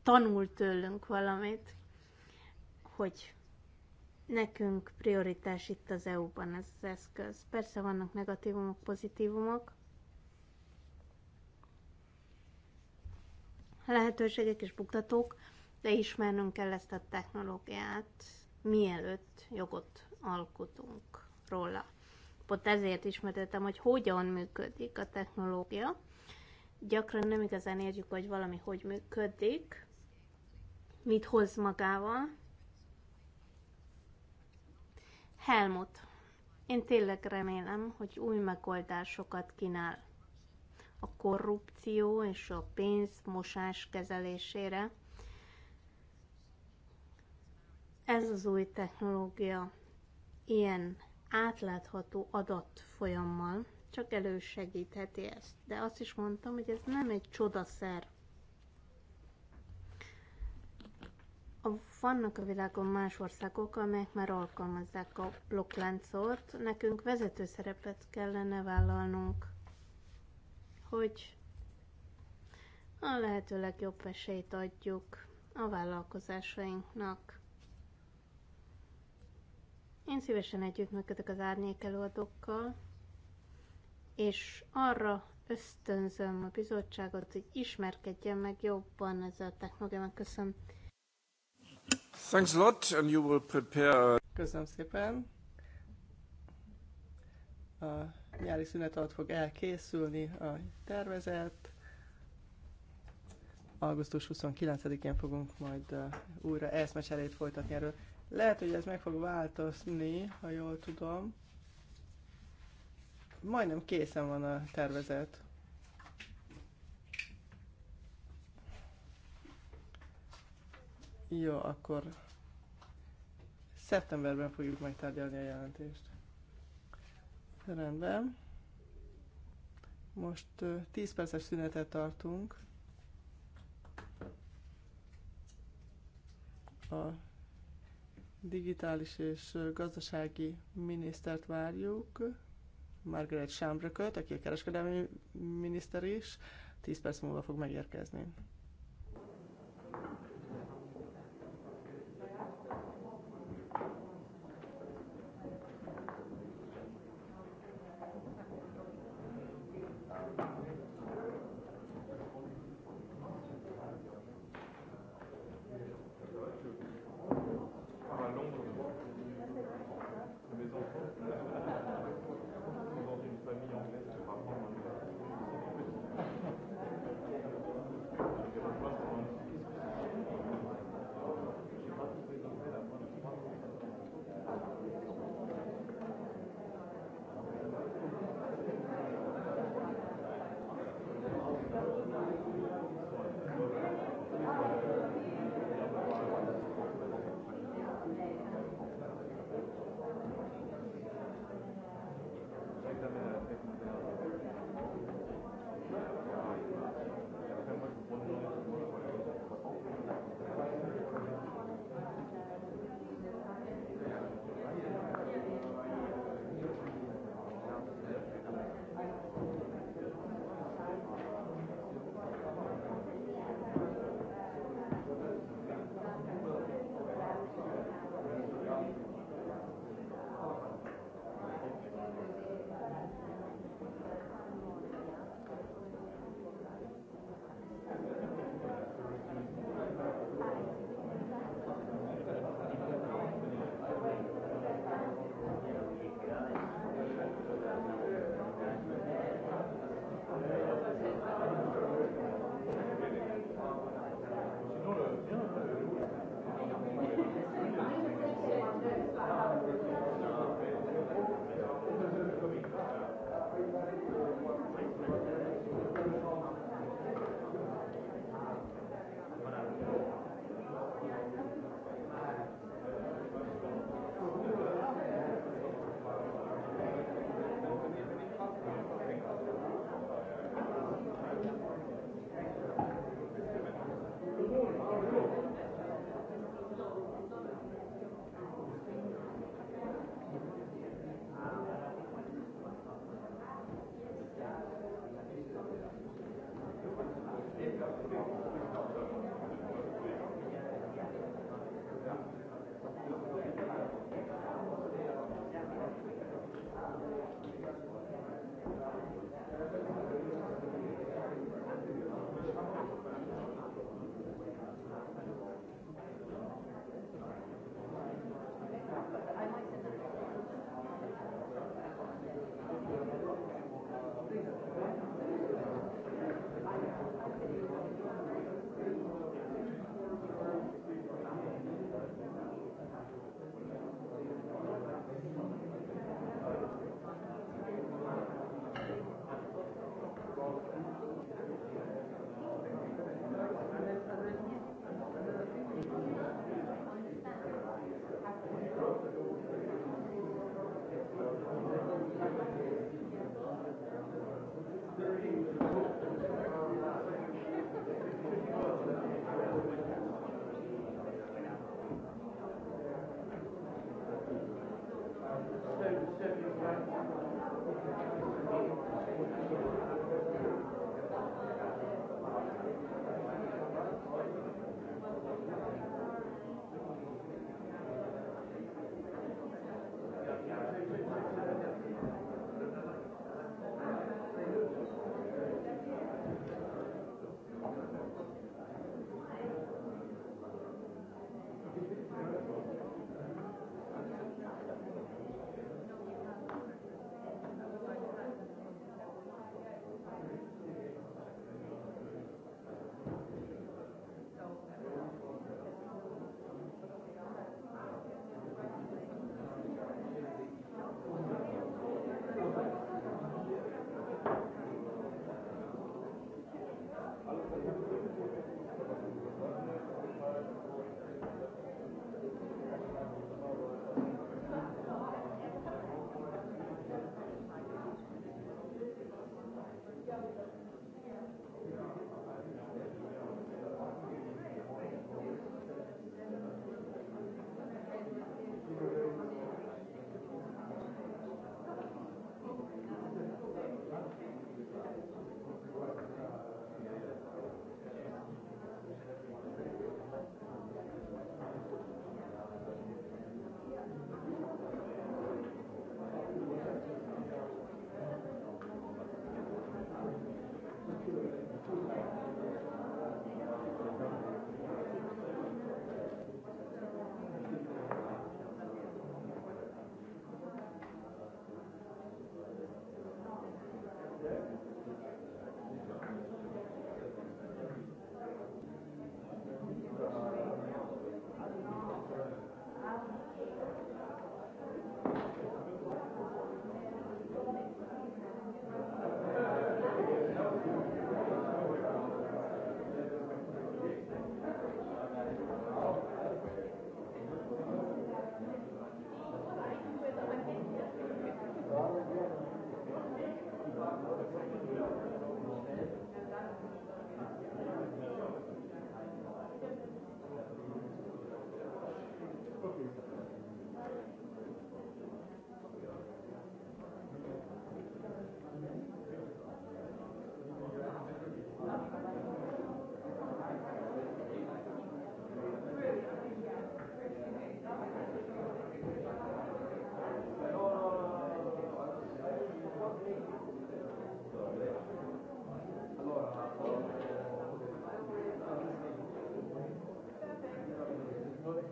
tanul tőlünk valamit, hogy nekünk prioritás itt az EU-ban ez az eszköz. Persze vannak negatívumok, pozitívumok, lehetőségek és buktatók, de ismernünk kell ezt a technológiát, mielőtt jogot alkotunk róla. Pont ezért ismertetem, hogy hogyan működik a technológia. Gyakran nem igazán értjük, hogy valami hogy működik, mit hoz magával. Helmut, én tényleg remélem, hogy új megoldásokat kínál a korrupció és a pénzmosás kezelésére, Ez az új technológia ilyen átlátható adatfolyammal csak elősegítheti ezt. De azt is mondtam, hogy ez nem egy csodaszer. A, vannak a világon más országok, amelyek már alkalmazzák a blokkláncot. Nekünk vezető szerepet kellene vállalnunk, hogy a lehető legjobb esélyt adjuk a vállalkozásainknak. Én szívesen együttműködök az árnyékelőadókkal, és arra ösztönzöm a bizottságot, hogy ismerkedjen meg jobban ezzel a technológiával. Köszönöm. Thanks a lot, and you will prepare... Köszönöm szépen. A nyári szünet alatt fog elkészülni a tervezet. Augusztus 29-én fogunk majd újra eszmecserét folytatni erről. Lehet, hogy ez meg fog változni, ha jól tudom. Majdnem készen van a tervezet. Jó, akkor szeptemberben fogjuk megtárgyalni a jelentést. Rendben. Most 10 perces szünetet tartunk. A digitális és gazdasági minisztert várjuk, Margaret Sámbrököt, aki a kereskedelmi miniszter is, 10 perc múlva fog megérkezni.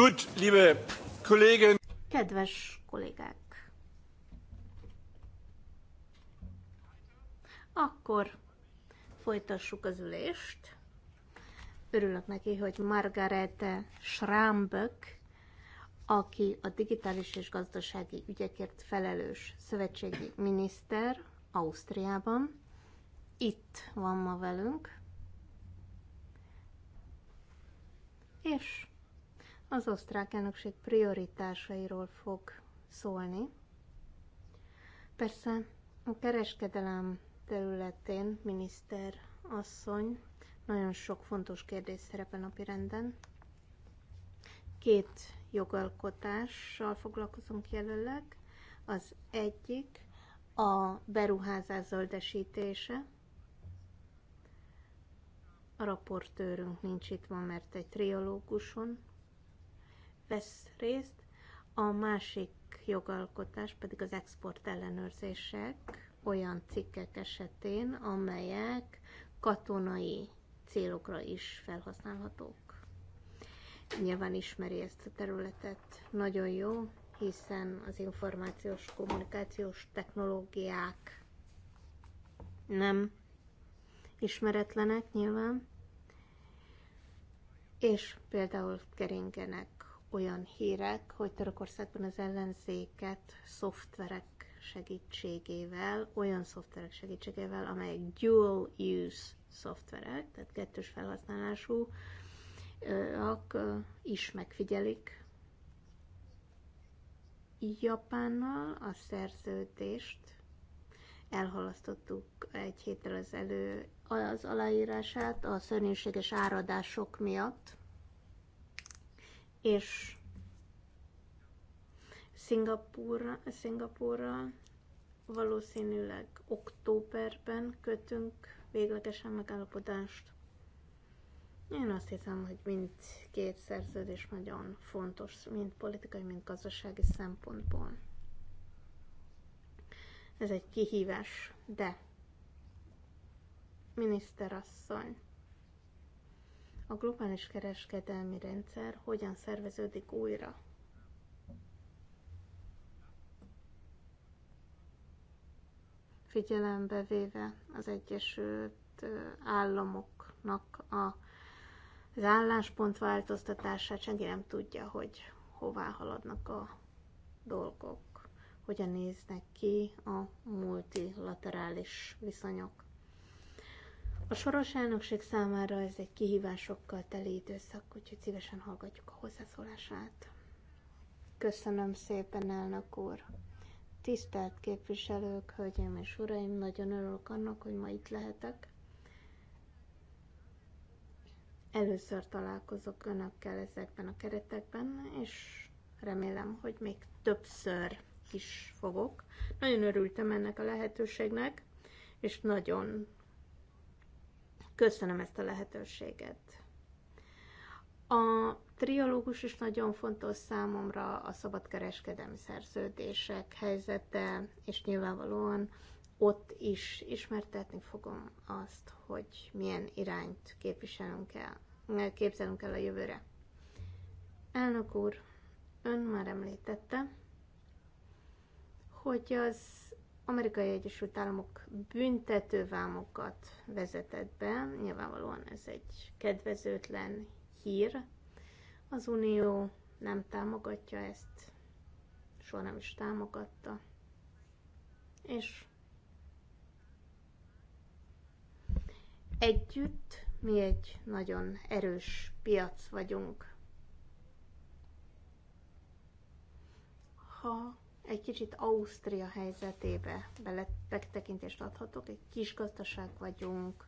Gut, liebe Kedves kollégák! Akkor folytassuk az ülést. Örülök neki, hogy Margarete Schramböck, aki a digitális és gazdasági ügyekért felelős szövetségi miniszter Ausztriában, itt van ma velünk, az osztrák elnökség prioritásairól fog szólni. Persze a kereskedelem területén miniszter asszony nagyon sok fontos kérdés szerepel napirenden. Két jogalkotással foglalkozunk jelenleg. Az egyik a beruházás zöldesítése. A raportőrünk nincs itt ma, mert egy triológuson vesz részt, a másik jogalkotás pedig az export ellenőrzések olyan cikkek esetén, amelyek katonai célokra is felhasználhatók. Nyilván ismeri ezt a területet nagyon jó, hiszen az információs kommunikációs technológiák nem ismeretlenek nyilván, és például keringenek olyan hírek, hogy Törökországban az ellenzéket szoftverek segítségével, olyan szoftverek segítségével, amelyek dual use szoftverek, tehát kettős felhasználású, is megfigyelik Japánnal a szerződést. Elhalasztottuk egy héttel az elő az aláírását a szörnyűséges áradások miatt, és Szingapúrra, Szingapúrra valószínűleg októberben kötünk véglegesen megállapodást. Én azt hiszem, hogy mindkét szerződés nagyon fontos, mind politikai, mind gazdasági szempontból. Ez egy kihívás, de miniszterasszony, a globális kereskedelmi rendszer hogyan szerveződik újra. Figyelembe véve az Egyesült Államoknak a az álláspont változtatását senki nem tudja, hogy hová haladnak a dolgok, hogyan néznek ki a multilaterális viszonyok. A soros elnökség számára ez egy kihívásokkal teli időszak, úgyhogy szívesen hallgatjuk a hozzászólását. Köszönöm szépen, elnök úr! Tisztelt képviselők, hölgyeim és uraim, nagyon örülök annak, hogy ma itt lehetek. Először találkozok önökkel ezekben a keretekben, és remélem, hogy még többször is fogok. Nagyon örültem ennek a lehetőségnek, és nagyon Köszönöm ezt a lehetőséget. A triológus is nagyon fontos számomra a szabadkereskedelmi szerződések helyzete, és nyilvánvalóan ott is ismertetni fogom azt, hogy milyen irányt képviselünk el, képzelünk el a jövőre. Elnök úr, ön már említette, hogy az Amerikai Egyesült Államok büntetővámokat vezetett be, nyilvánvalóan ez egy kedvezőtlen hír. Az Unió nem támogatja ezt, soha nem is támogatta. És együtt mi egy nagyon erős piac vagyunk. Ha egy kicsit Ausztria helyzetébe beletekintést adhatok, egy kis gazdaság vagyunk.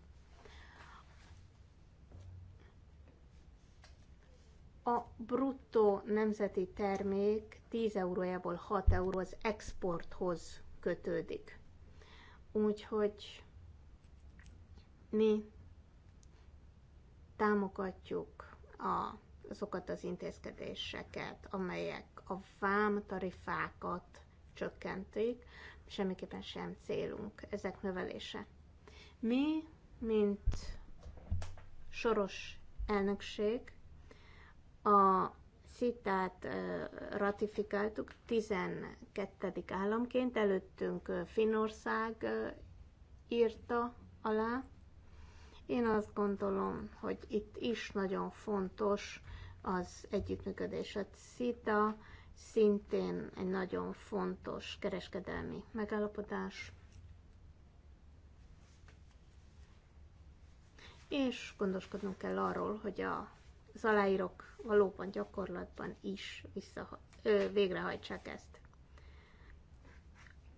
A bruttó nemzeti termék 10 eurójából 6 euró az exporthoz kötődik. Úgyhogy mi támogatjuk a, azokat az intézkedéseket, amelyek a vám tarifákat csökkentik, semmiképpen sem célunk ezek növelése. Mi, mint soros elnökség, a CITÁT ratifikáltuk 12. államként, előttünk Finország írta alá. Én azt gondolom, hogy itt is nagyon fontos az együttműködés. A CITA szintén egy nagyon fontos kereskedelmi megállapodás. És gondoskodnunk kell arról, hogy a, az valóban gyakorlatban is vissza, ö, végrehajtsák ezt.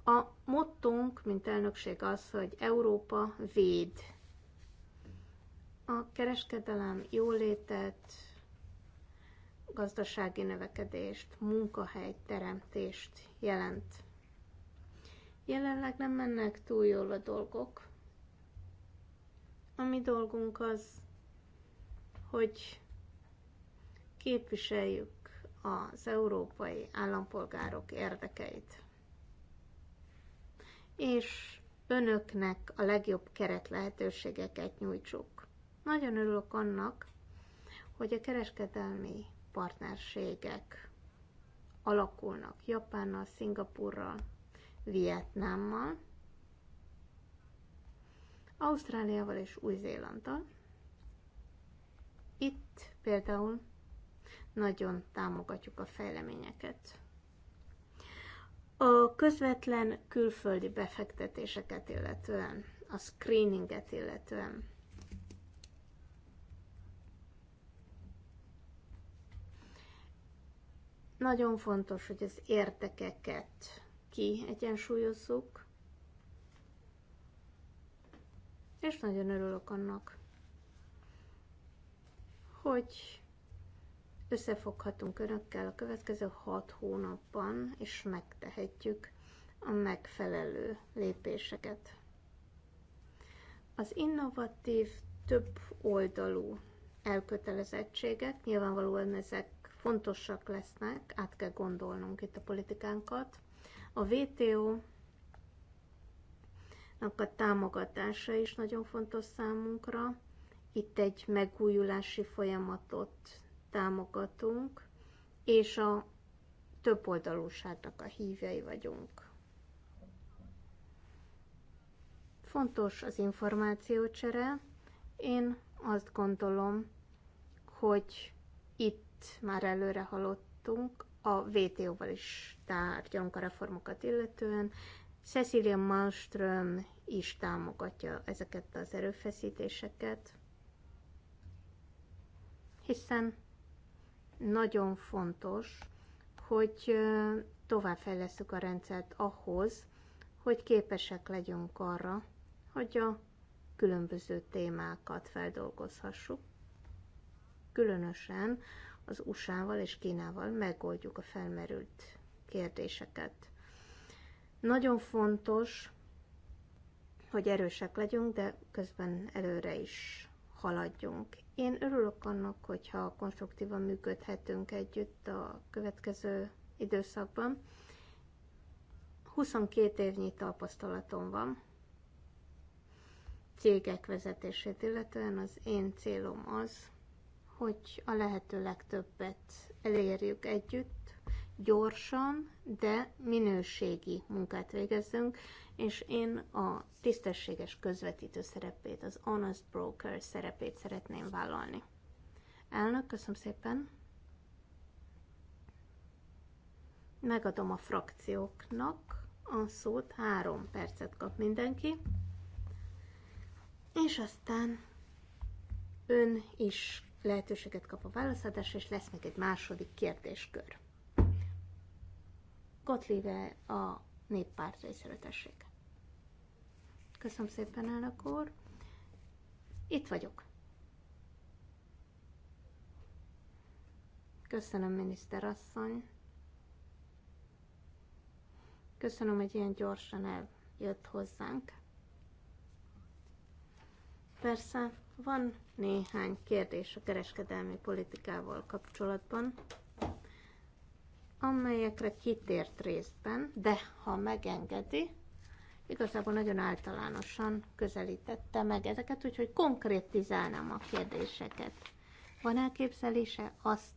A mottunk, mint elnökség az, hogy Európa véd. A kereskedelem jólétet, gazdasági növekedést, munkahely teremtést jelent. Jelenleg nem mennek túl jól a dolgok. A mi dolgunk az, hogy képviseljük az európai állampolgárok érdekeit. És önöknek a legjobb keret lehetőségeket nyújtsuk. Nagyon örülök annak, hogy a kereskedelmi partnerségek alakulnak Japánnal, Szingapurral, Vietnámmal, Ausztráliával és Új-Zélanddal. Itt például nagyon támogatjuk a fejleményeket. A közvetlen külföldi befektetéseket illetően, a screeninget illetően Nagyon fontos, hogy az értekeket kiegyensúlyozzuk, és nagyon örülök annak, hogy összefoghatunk önökkel a következő hat hónapban, és megtehetjük a megfelelő lépéseket. Az innovatív, több oldalú elkötelezettségek, nyilvánvalóan ezek fontosak lesznek, át kell gondolnunk itt a politikánkat. A VTO a támogatása is nagyon fontos számunkra. Itt egy megújulási folyamatot támogatunk, és a többoldalúságnak a hívjai vagyunk. Fontos az információcsere. Én azt gondolom, hogy itt már előre halottunk, a VTO-val is tárgyunk a reformokat illetően. Cecilia Malmström is támogatja ezeket az erőfeszítéseket, hiszen nagyon fontos, hogy továbbfejlesztjük a rendszert ahhoz, hogy képesek legyünk arra, hogy a különböző témákat feldolgozhassuk. Különösen az USA-val és Kínával megoldjuk a felmerült kérdéseket. Nagyon fontos, hogy erősek legyünk, de közben előre is haladjunk. Én örülök annak, hogyha konstruktívan működhetünk együtt a következő időszakban. 22 évnyi tapasztalatom van cégek vezetését illetően az én célom az, hogy a lehető legtöbbet elérjük együtt, gyorsan, de minőségi munkát végezzünk, és én a tisztességes közvetítő szerepét, az honest broker szerepét szeretném vállalni. Elnök, köszönöm szépen! Megadom a frakcióknak a szót, három percet kap mindenki, és aztán ön is lehetőséget kap a válaszadás, és lesz még egy második kérdéskör. Gottliebe a néppárt részéről Köszönöm szépen, elnök úr. Itt vagyok. Köszönöm, miniszterasszony. Köszönöm, hogy ilyen gyorsan eljött hozzánk. Persze, van néhány kérdés a kereskedelmi politikával kapcsolatban, amelyekre kitért részben, de ha megengedi, igazából nagyon általánosan közelítette meg ezeket, úgyhogy konkrétizálnám a kérdéseket. Van elképzelése azt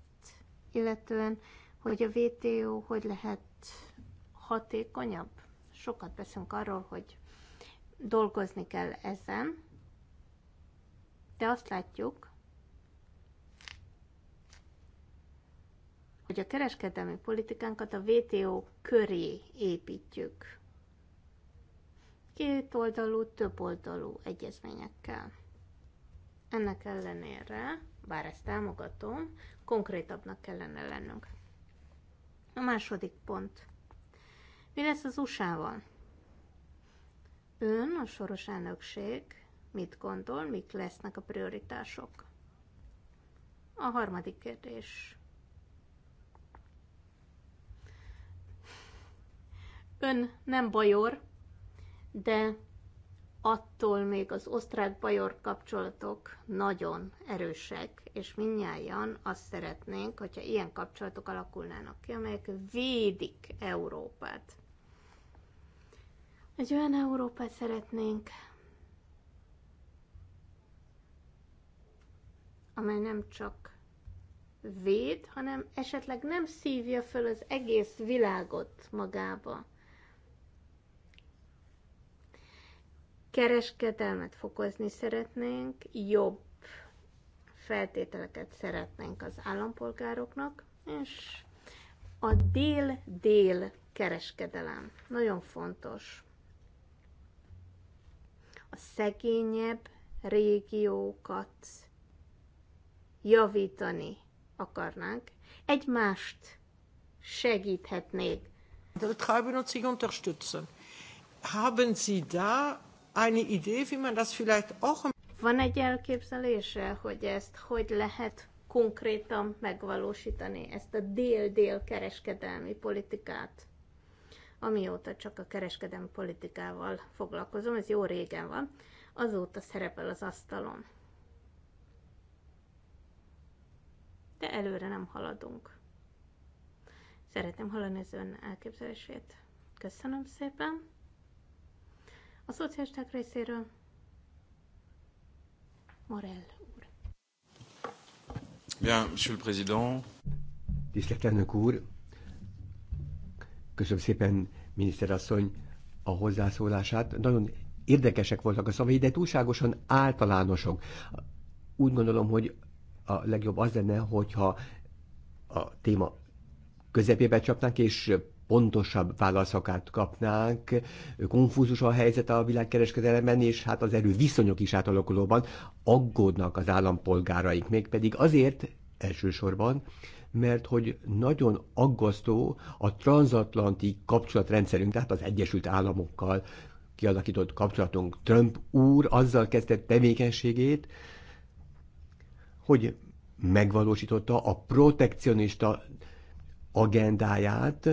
illetően, hogy a VTO hogy lehet hatékonyabb? Sokat beszünk arról, hogy dolgozni kell ezen, de azt látjuk, hogy a kereskedelmi politikánkat a WTO köré építjük. Két oldalú, több oldalú egyezményekkel. Ennek ellenére, bár ezt támogatom, konkrétabbnak kellene lennünk. A második pont. Mi lesz az USA-val? Ön, a soros elnökség Mit gondol, mik lesznek a prioritások? A harmadik kérdés. Ön nem bajor, de attól még az osztrák-bajor kapcsolatok nagyon erősek, és minnyáján azt szeretnénk, hogyha ilyen kapcsolatok alakulnának ki, amelyek védik Európát. Egy olyan Európát szeretnénk, amely nem csak véd, hanem esetleg nem szívja föl az egész világot magába. Kereskedelmet fokozni szeretnénk, jobb feltételeket szeretnénk az állampolgároknak, és a dél-dél kereskedelem nagyon fontos. A szegényebb régiókat javítani akarnánk, egymást segíthetnék. Der Treibnutz unterstützen. Haben Sie da eine Idee, wie man das vielleicht auch... Van egy elképzelése, hogy ezt hogy lehet konkrétan megvalósítani, ezt a dél-dél kereskedelmi politikát? Amióta csak a kereskedelmi politikával foglalkozom, ez jó régen van, azóta szerepel az asztalon. de előre nem haladunk. Szeretném hallani az ön elképzelését. Köszönöm szépen. A szociálisták részéről Morell úr. Bien, monsieur le président. Tisztelt elnök úr, köszönöm szépen miniszterasszony a hozzászólását. Nagyon érdekesek voltak a szavai, de túlságosan általánosok. Úgy gondolom, hogy a legjobb az lenne, hogyha a téma közepébe csapnánk, és pontosabb válaszokat kapnánk. Konfúzus a helyzet a világkereskedelemben, és hát az erő viszonyok is átalakulóban aggódnak az állampolgáraik, mégpedig azért elsősorban, mert hogy nagyon aggasztó a transatlanti kapcsolatrendszerünk, tehát az Egyesült Államokkal kialakított kapcsolatunk. Trump úr azzal kezdett tevékenységét, hogy megvalósította a protekcionista agendáját,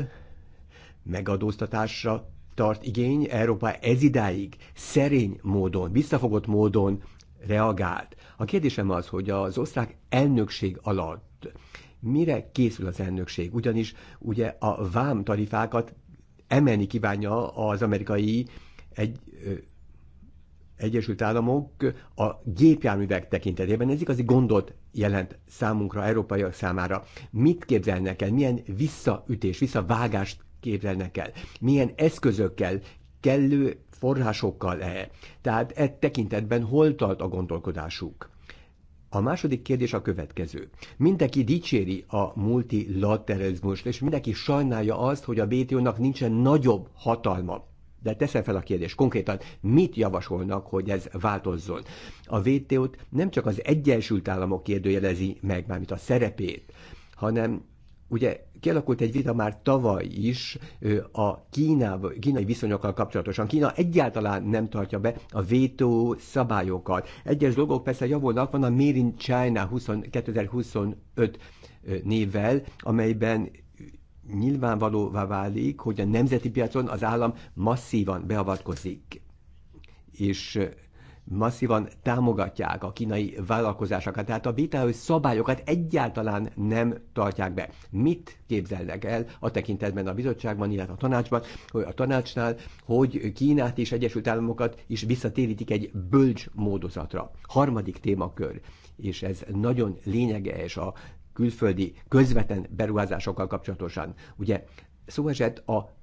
megadóztatásra tart igény, Európa ez idáig szerény módon, visszafogott módon reagált. A kérdésem az, hogy az osztrák elnökség alatt mire készül az elnökség? Ugyanis ugye a vám tarifákat emelni kívánja az amerikai egy Egyesült Államok a gépjárművek tekintetében ez igazi gondot jelent számunkra, európaiak számára. Mit képzelnek el, milyen visszaütés, visszavágást képzelnek el, milyen eszközökkel, kellő forrásokkal -e. Tehát e tekintetben hol tart a gondolkodásuk? A második kérdés a következő. Mindenki dicséri a multilateralizmust, és mindenki sajnálja azt, hogy a WTO-nak nincsen nagyobb hatalma de teszem fel a kérdést konkrétan, mit javasolnak, hogy ez változzon? A WTO-t nem csak az Egyesült Államok kérdőjelezi meg, mármint a szerepét, hanem ugye kialakult egy vita már tavaly is a Kínával, kínai viszonyokkal kapcsolatosan. Kína egyáltalán nem tartja be a vétó szabályokat. Egyes dolgok persze javulnak, van a Made in China 20, 2025 névvel, amelyben nyilvánvalóvá válik, hogy a nemzeti piacon az állam masszívan beavatkozik, és masszívan támogatják a kínai vállalkozásokat, tehát a vitához szabályokat egyáltalán nem tartják be. Mit képzelnek el a tekintetben a bizottságban, illetve a tanácsban, hogy a tanácsnál, hogy Kínát és Egyesült Államokat is visszatérítik egy bölcs módozatra. Harmadik témakör és ez nagyon lényeges a külföldi közvetlen beruházásokkal kapcsolatosan. Ugye szó esett a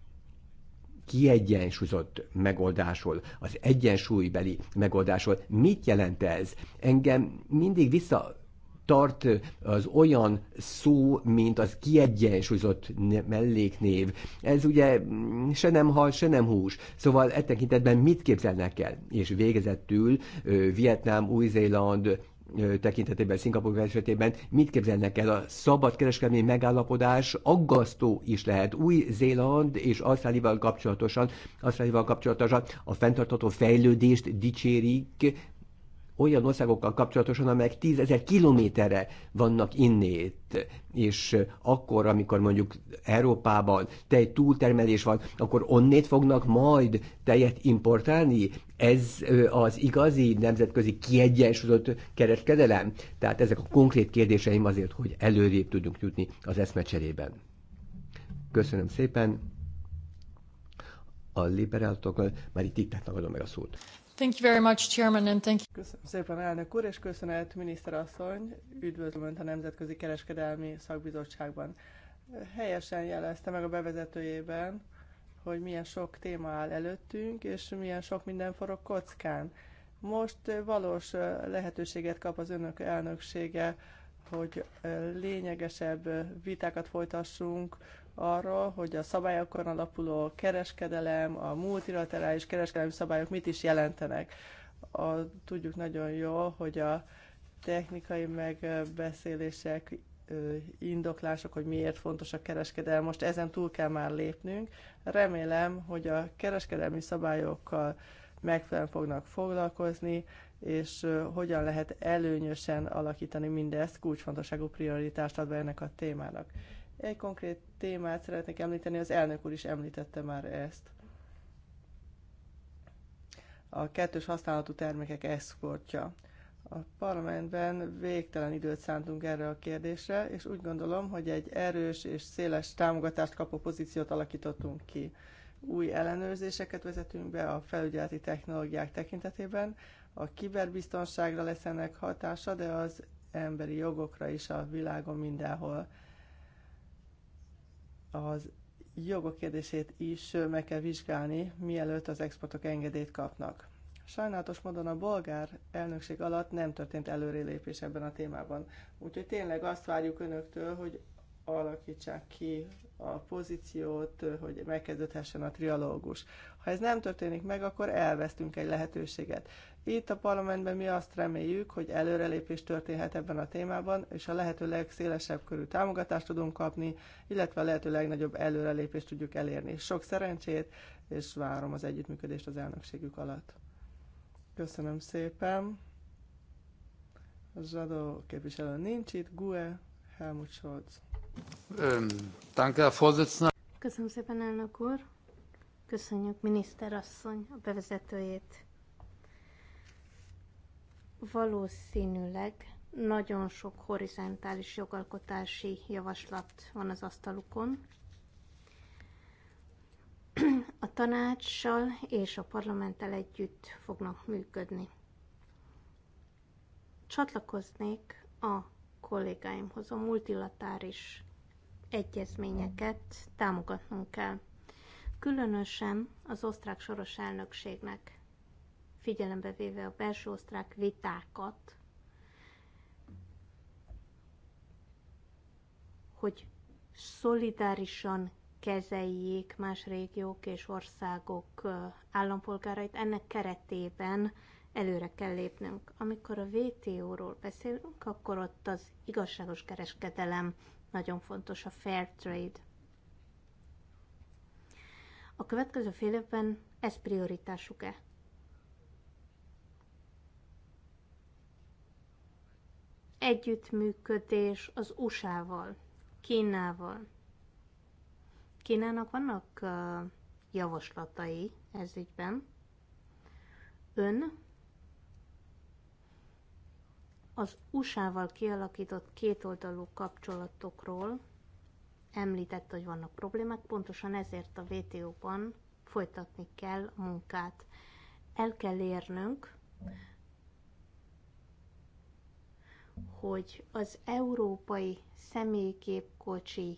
kiegyensúlyozott megoldásról, az egyensúlybeli megoldásról. Mit jelent ez? Engem mindig vissza tart az olyan szó, mint az kiegyensúlyozott melléknév. Ez ugye mm, se nem hal, se nem hús. Szóval e tekintetben mit képzelnek el? És végezetül Vietnám, Új-Zéland, tekintetében, Szingapur esetében mit képzelnek el? A kereskedelmi megállapodás aggasztó is lehet. Új-Zéland és Ausztráliával kapcsolatosan, Ausztráliával kapcsolatosan a fenntartható fejlődést dicsérik, olyan országokkal kapcsolatosan, amelyek tízezer kilométerre vannak innét, és akkor, amikor mondjuk Európában tej túltermelés van, akkor onnét fognak majd tejet importálni? Ez az igazi nemzetközi kiegyensúlyozott kereskedelem? Tehát ezek a konkrét kérdéseim azért, hogy előrébb tudjunk jutni az eszmecserében. Köszönöm szépen! a liberáltok, már itt adom meg a szót. Thank you very much, Chairman, and thank you. Köszönöm szépen, elnök úr, és köszönet, miniszterasszony. Üdvözlöm Önt a Nemzetközi Kereskedelmi Szakbizottságban. Helyesen jelezte meg a bevezetőjében, hogy milyen sok téma áll előttünk, és milyen sok minden forog kockán. Most eh, valós eh, lehetőséget kap az önök elnöksége, hogy eh, lényegesebb vitákat folytassunk arról, hogy a szabályokon alapuló kereskedelem, a multilaterális kereskedelmi szabályok mit is jelentenek. A, tudjuk nagyon jól, hogy a technikai megbeszélések, indoklások, hogy miért fontos a kereskedelem, most ezen túl kell már lépnünk. Remélem, hogy a kereskedelmi szabályokkal megfelelően fognak foglalkozni, és hogyan lehet előnyösen alakítani mindezt, kulcsfontosságú prioritást adva ennek a témának. Egy konkrét témát szeretnék említeni, az elnök úr is említette már ezt. A kettős használatú termékek eszkortja. A parlamentben végtelen időt szántunk erre a kérdésre, és úgy gondolom, hogy egy erős és széles támogatást kapó pozíciót alakítottunk ki. Új ellenőrzéseket vezetünk be a felügyeleti technológiák tekintetében, a kiberbiztonságra lesz ennek hatása, de az emberi jogokra is a világon mindenhol az jogok kérdését is meg kell vizsgálni, mielőtt az exportok engedélyt kapnak. Sajnálatos módon a bolgár elnökség alatt nem történt előrelépés ebben a témában. Úgyhogy tényleg azt várjuk önöktől, hogy alakítsák ki a pozíciót, hogy megkezdődhessen a trialógus. Ha ez nem történik meg, akkor elvesztünk egy lehetőséget. Itt a parlamentben mi azt reméljük, hogy előrelépés történhet ebben a témában, és a lehető legszélesebb körű támogatást tudunk kapni, illetve a lehető legnagyobb előrelépést tudjuk elérni. Sok szerencsét, és várom az együttműködést az elnökségük alatt. Köszönöm szépen. Zsadó képviselő nincs itt, Gue, Helmut Scholz. Köszönöm szépen, elnök úr. Köszönjük, miniszterasszony, a bevezetőjét. Valószínűleg nagyon sok horizontális jogalkotási javaslat van az asztalukon. A tanácssal és a parlamenttel együtt fognak működni. Csatlakoznék a kollégáimhoz, a multilatáris egyezményeket támogatnunk kell. Különösen az osztrák soros elnökségnek, figyelembe véve a belső osztrák vitákat, hogy szolidárisan kezeljék más régiók és országok állampolgárait. Ennek keretében Előre kell lépnünk. Amikor a WTO-ról beszélünk, akkor ott az igazságos kereskedelem nagyon fontos, a fair trade. A következő fél évben ez prioritásuk-e? Együttműködés az USA-val, Kínával. Kínának vannak javaslatai ez ügyben. Ön az USA-val kialakított kétoldalú kapcsolatokról említett, hogy vannak problémák, pontosan ezért a WTO-ban folytatni kell a munkát. El kell érnünk, hogy az európai személygépkocsi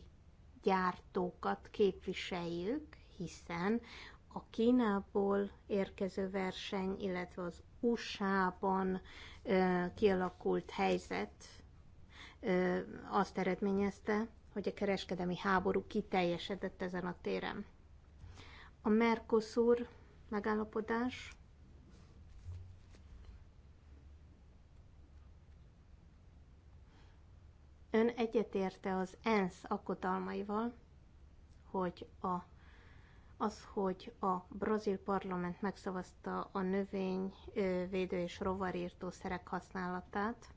gyártókat képviseljük, hiszen a Kínából érkező verseny, illetve az USA-ban kialakult helyzet azt eredményezte, hogy a kereskedemi háború kiteljesedett ezen a téren. A Mercosur megállapodás Ön egyetérte az ENSZ akotalmaival, hogy a az, hogy a brazil parlament megszavazta a növényvédő és rovarírtószerek használatát,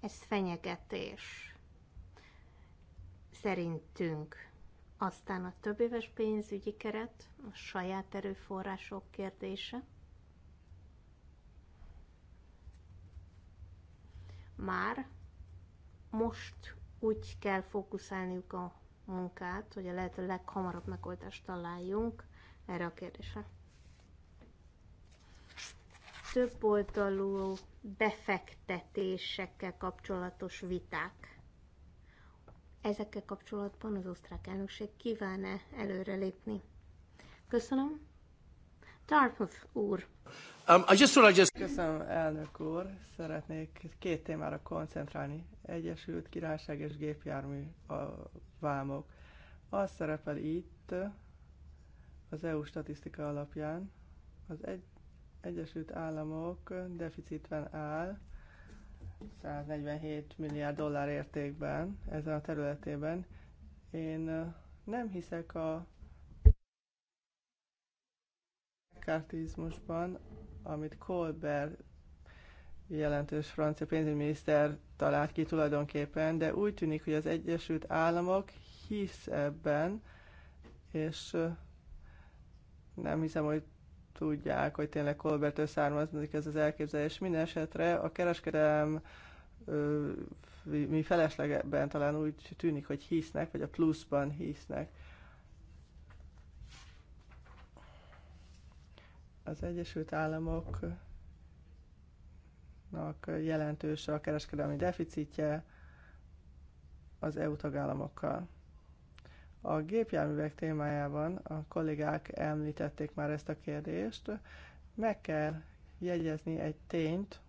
ez fenyegetés szerintünk. Aztán a többéves pénzügyi keret, a saját erőforrások kérdése. Már most úgy kell fókuszálniuk a munkát, hogy a lehető leghamarabb megoldást találjunk erre a kérdésre. Több oldalú befektetésekkel kapcsolatos viták. Ezekkel kapcsolatban az osztrák elnökség kíván-e előrelépni? Köszönöm. Dartmouth úr. Um, I just thought I just... Köszönöm, elnök úr. Szeretnék két témára koncentrálni. Egyesült Királyság és gépjármű a vámok. Az szerepel itt az EU statisztika alapján. Az egy, Egyesült Államok deficitben áll 147 milliárd dollár értékben ezen a területében. Én nem hiszek a megkártizmusban, amit Colbert jelentős francia pénzügyminiszter talált ki tulajdonképpen, de úgy tűnik, hogy az Egyesült Államok hisz ebben, és nem hiszem, hogy tudják, hogy tényleg colbert származik ez az elképzelés. Minden esetre a kereskedelem mi feleslegben talán úgy tűnik, hogy hisznek, vagy a pluszban hisznek. az Egyesült Államoknak jelentős a kereskedelmi deficitje az EU tagállamokkal. A gépjárművek témájában a kollégák említették már ezt a kérdést. Meg kell jegyezni egy tényt,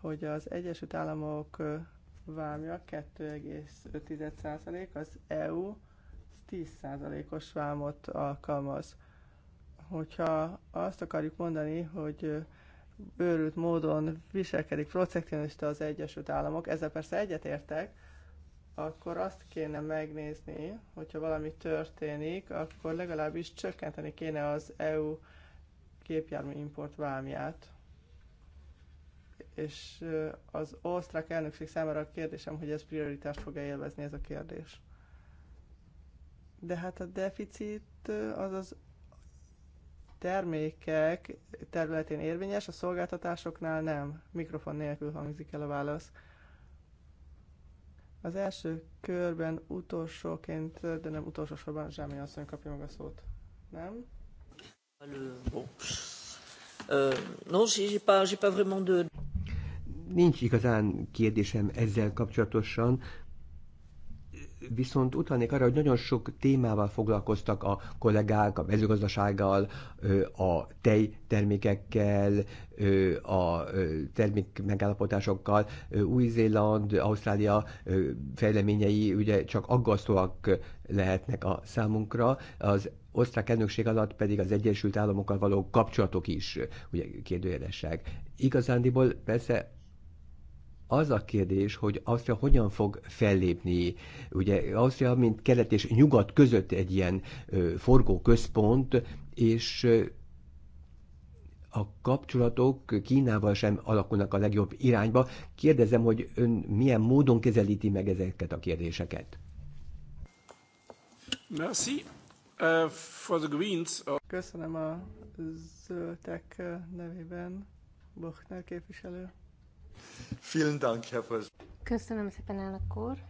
hogy az Egyesült Államok vámja 2,5%, az EU 10%-os vámot alkalmaz hogyha azt akarjuk mondani, hogy őrült módon viselkedik protekcionista az Egyesült Államok, ezzel persze egyetértek, akkor azt kéne megnézni, hogyha valami történik, akkor legalábbis csökkenteni kéne az EU képjármű import vámját. És az osztrák elnökség számára a kérdésem, hogy ez prioritást fog-e élvezni ez a kérdés. De hát a deficit az az termékek területén érvényes, a szolgáltatásoknál nem. Mikrofon nélkül hangzik el a válasz. Az első körben utolsóként, de nem utolsó sorban Zsámi asszony kapja meg a szót. Nem? Euh, Nincs igazán kérdésem ezzel kapcsolatosan viszont utalnék arra, hogy nagyon sok témával foglalkoztak a kollégák, a mezőgazdasággal, a tejtermékekkel, a termék megállapotásokkal. Új-Zéland, Ausztrália fejleményei ugye csak aggasztóak lehetnek a számunkra. Az osztrák elnökség alatt pedig az Egyesült Államokkal való kapcsolatok is ugye kérdőjelesek. Igazándiból persze az a kérdés, hogy Ausztria hogyan fog fellépni. Ugye Ausztria, mint kelet és nyugat között egy ilyen forgó központ, és a kapcsolatok Kínával sem alakulnak a legjobb irányba. Kérdezem, hogy ön milyen módon kezelíti meg ezeket a kérdéseket? Merci. Uh, for the Greens. Uh, Köszönöm a zöldek nevében, Bochner képviselő. Vielen Dank, Herr Köszönöm szépen, elnök úr.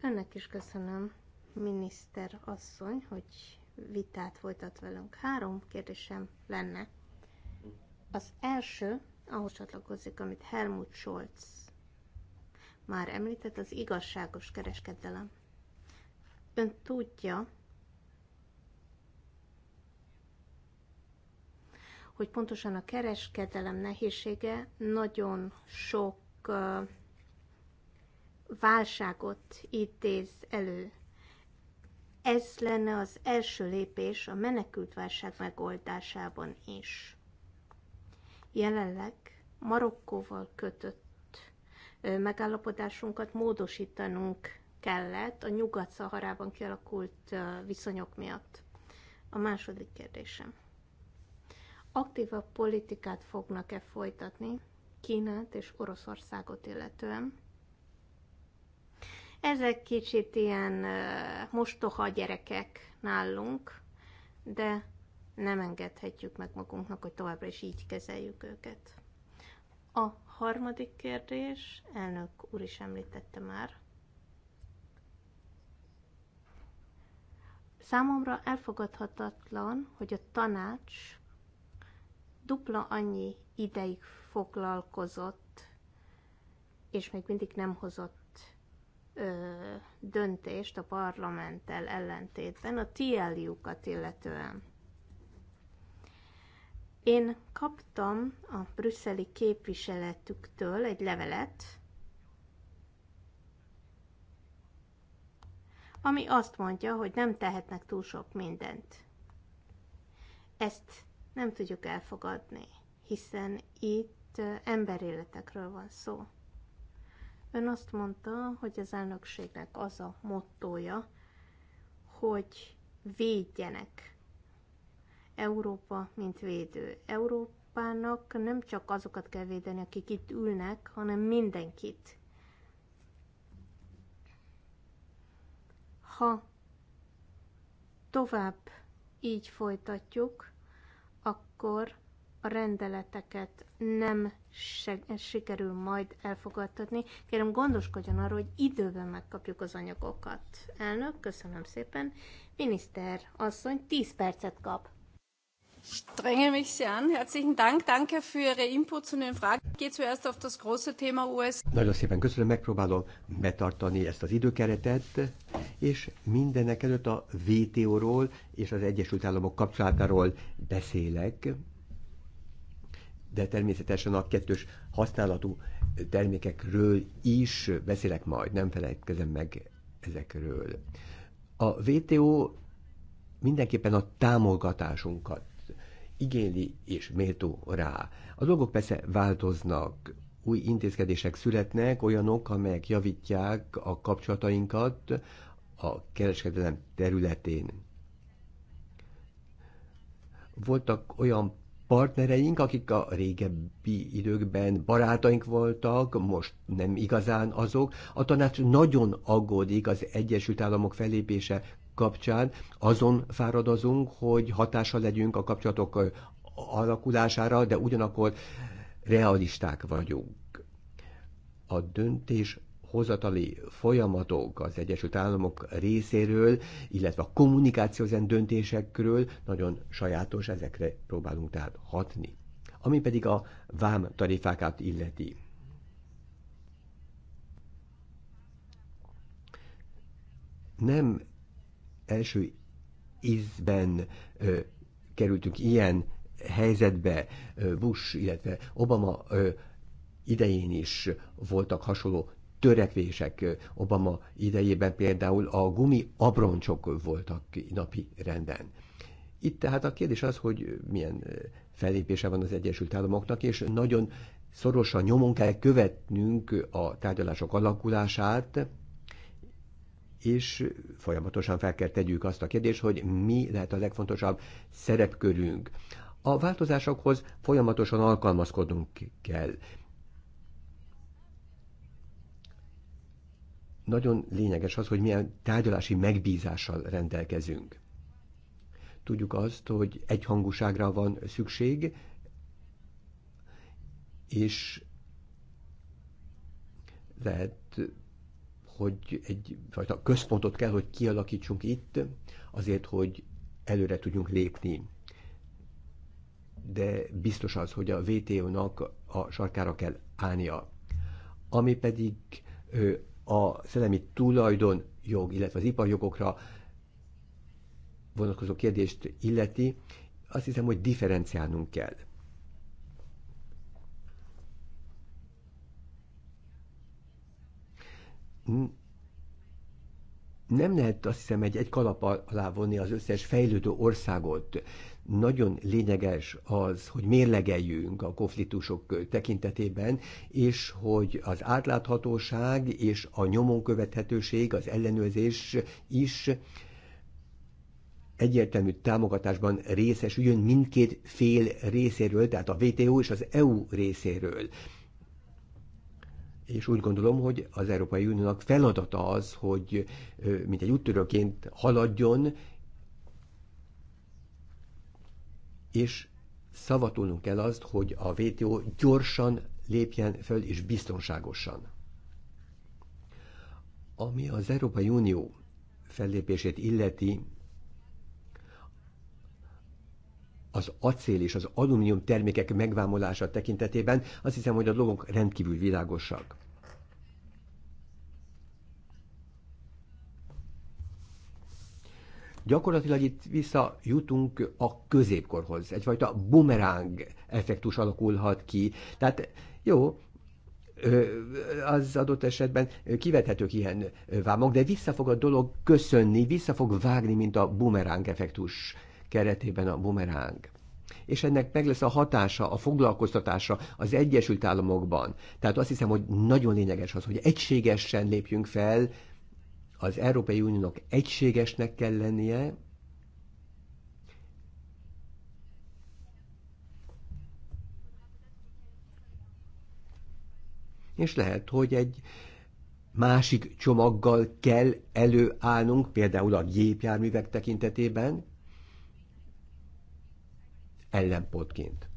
Önnek is köszönöm, miniszter asszony, hogy vitát folytat velünk. Három kérdésem lenne. Az első, ahhoz csatlakozik, amit Helmut Scholz már említett, az igazságos kereskedelem. Ön tudja, hogy pontosan a kereskedelem nehézsége nagyon sok válságot idéz elő. Ez lenne az első lépés a válság megoldásában is. Jelenleg Marokkóval kötött megállapodásunkat módosítanunk kellett a Nyugat-Szaharában kialakult viszonyok miatt. A második kérdésem aktívabb politikát fognak-e folytatni Kínát és Oroszországot illetően. Ezek kicsit ilyen mostoha gyerekek nálunk, de nem engedhetjük meg magunknak, hogy továbbra is így kezeljük őket. A harmadik kérdés, elnök úr is említette már. Számomra elfogadhatatlan, hogy a tanács dupla annyi ideig foglalkozott, és még mindig nem hozott ö, döntést a parlamenttel ellentétben a TLU-kat illetően. Én kaptam a brüsszeli képviseletüktől egy levelet, ami azt mondja, hogy nem tehetnek túl sok mindent. Ezt nem tudjuk elfogadni, hiszen itt emberéletekről van szó. Ön azt mondta, hogy az elnökségnek az a mottója, hogy védjenek. Európa, mint védő. Európának nem csak azokat kell védeni, akik itt ülnek, hanem mindenkit. Ha tovább így folytatjuk, akkor a rendeleteket nem sikerül majd elfogadtatni. Kérem, gondoskodjon arról, hogy időben megkapjuk az anyagokat. Elnök, köszönöm szépen. Miniszter asszony 10 percet kap dränge mich sehr an. Herzlichen Dank. Danke für Ihre Inputs und Ihre Fragen. Ich gehe zuerst auf das große Thema US. Nagyon szépen köszönöm, megpróbálom betartani ezt az időkeretet, és mindenek előtt a WTO-ról és az Egyesült Államok kapcsolatáról beszélek, de természetesen a kettős használatú termékekről is beszélek majd, nem felejtkezem meg ezekről. A WTO mindenképpen a támogatásunkat igényli és méltó rá. A dolgok persze változnak, új intézkedések születnek, olyanok, amelyek javítják a kapcsolatainkat a kereskedelem területén. Voltak olyan partnereink, akik a régebbi időkben barátaink voltak, most nem igazán azok. A tanács nagyon aggódik az Egyesült Államok felépése kapcsán azon fáradozunk, hogy hatása legyünk a kapcsolatok alakulására, de ugyanakkor realisták vagyunk. A döntés hozatali folyamatok az Egyesült Államok részéről, illetve a kommunikáció ezen döntésekről nagyon sajátos, ezekre próbálunk tehát hatni. Ami pedig a vám tarifákat illeti. Nem első ízben ö, kerültünk ilyen helyzetbe, ö, Bush, illetve Obama ö, idején is voltak hasonló törekvések. Obama idejében például a gumi abroncsok voltak napi renden. Itt tehát a kérdés az, hogy milyen fellépése van az Egyesült Államoknak, és nagyon szorosan nyomon kell követnünk a tárgyalások alakulását, és folyamatosan fel kell tegyük azt a kérdést, hogy mi lehet a legfontosabb szerepkörünk. A változásokhoz folyamatosan alkalmazkodnunk kell. Nagyon lényeges az, hogy milyen tárgyalási megbízással rendelkezünk. Tudjuk azt, hogy egyhangúságra van szükség, és lehet hogy egy fajta központot kell, hogy kialakítsunk itt, azért, hogy előre tudjunk lépni. De biztos az, hogy a VTO-nak a sarkára kell állnia. Ami pedig a szellemi tulajdon jog, illetve az iparjogokra vonatkozó kérdést illeti, azt hiszem, hogy differenciálnunk kell. nem lehet azt hiszem egy, egy kalap alá vonni az összes fejlődő országot. Nagyon lényeges az, hogy mérlegeljünk a konfliktusok tekintetében, és hogy az átláthatóság és a nyomon követhetőség, az ellenőrzés is egyértelmű támogatásban részesüljön mindkét fél részéről, tehát a WTO és az EU részéről és úgy gondolom, hogy az Európai Uniónak feladata az, hogy mint egy úttörőként haladjon, és szavatolnunk kell azt, hogy a WTO gyorsan lépjen föl és biztonságosan. Ami az Európai Unió fellépését illeti az acél és az alumínium termékek megvámolása tekintetében azt hiszem, hogy a dolgok rendkívül világosak. Gyakorlatilag itt visszajutunk a középkorhoz. Egyfajta bumerang effektus alakulhat ki. Tehát jó, az adott esetben kivethetők ilyen vámok, de vissza fog a dolog köszönni, vissza fog vágni, mint a bumerang effektus keretében a bumeráng és ennek meg lesz a hatása, a foglalkoztatása az Egyesült Államokban. Tehát azt hiszem, hogy nagyon lényeges az, hogy egységesen lépjünk fel, az Európai Uniónak egységesnek kell lennie, és lehet, hogy egy másik csomaggal kell előállnunk, például a gépjárművek tekintetében, ellenpontként.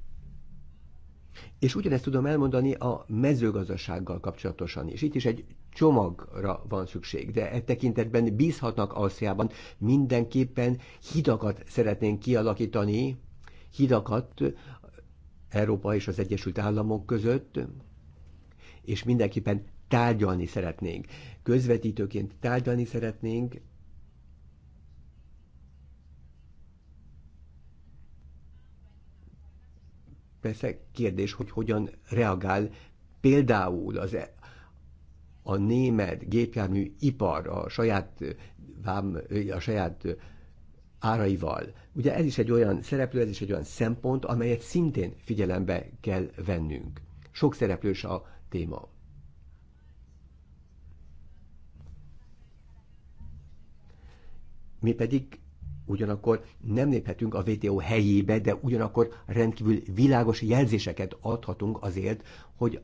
És ugyanezt tudom elmondani a mezőgazdasággal kapcsolatosan is. Itt is egy csomagra van szükség, de e tekintetben bízhatnak Ausztriában, mindenképpen hidakat szeretnénk kialakítani, hidakat Európa és az Egyesült Államok között, és mindenképpen tárgyalni szeretnénk. Közvetítőként tárgyalni szeretnénk, persze kérdés, hogy hogyan reagál például az e- a német gépjármű ipar a saját, vám, a saját áraival. Ugye ez is egy olyan szereplő, ez is egy olyan szempont, amelyet szintén figyelembe kell vennünk. Sok szereplős a téma. Mi pedig Ugyanakkor nem léphetünk a VTO helyébe, de ugyanakkor rendkívül világos jelzéseket adhatunk azért, hogy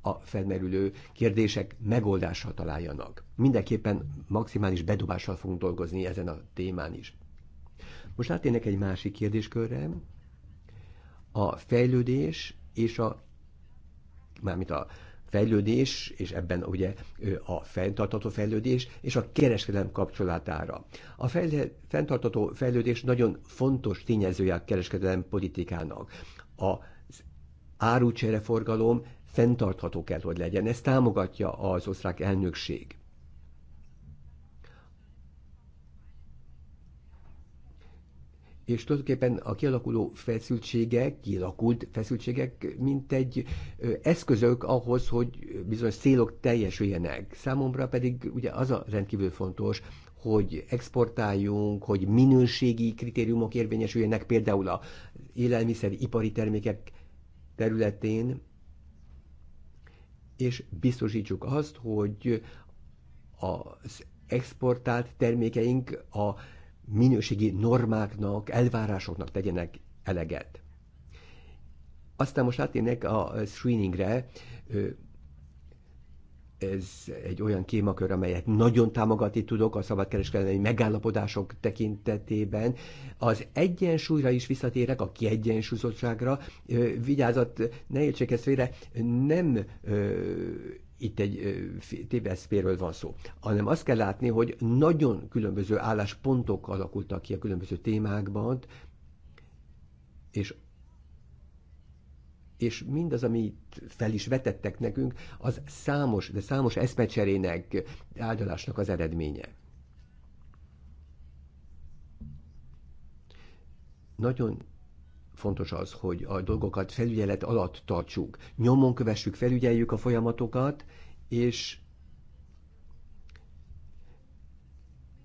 a felmerülő kérdések megoldásra találjanak. Mindenképpen maximális bedobással fogunk dolgozni ezen a témán is. Most átérnek egy másik kérdéskörre. A fejlődés és a mármint a fejlődés, és ebben ugye a fenntartató fejlődés és a kereskedelem kapcsolatára. A fejle- fenntartató fejlődés nagyon fontos tényezője a kereskedelem politikának. A árucsereforgalom fenntartható kell, hogy legyen. Ezt támogatja az osztrák elnökség. és tulajdonképpen a kialakuló feszültségek, kialakult feszültségek, mint egy eszközök ahhoz, hogy bizonyos célok teljesüljenek. Számomra pedig ugye az a rendkívül fontos, hogy exportáljunk, hogy minőségi kritériumok érvényesüljenek, például a élelmiszeripari termékek területén, és biztosítsuk azt, hogy az exportált termékeink a minőségi normáknak, elvárásoknak tegyenek eleget. Aztán most átérnek a screeningre. Ez egy olyan kémakör, amelyet nagyon támogatni tudok a szabadkereskedelmi megállapodások tekintetében. Az egyensúlyra is visszatérek, a kiegyensúlyozottságra. Vigyázat, ne értsék ezt félre, nem itt egy téveszpéről van szó, hanem azt kell látni, hogy nagyon különböző álláspontok alakultak ki a különböző témákban, és és mindaz, amit fel is vetettek nekünk, az számos, de számos eszmecserének, áldalásnak az eredménye. Nagyon fontos az, hogy a dolgokat felügyelet alatt tartsuk. Nyomon kövessük, felügyeljük a folyamatokat, és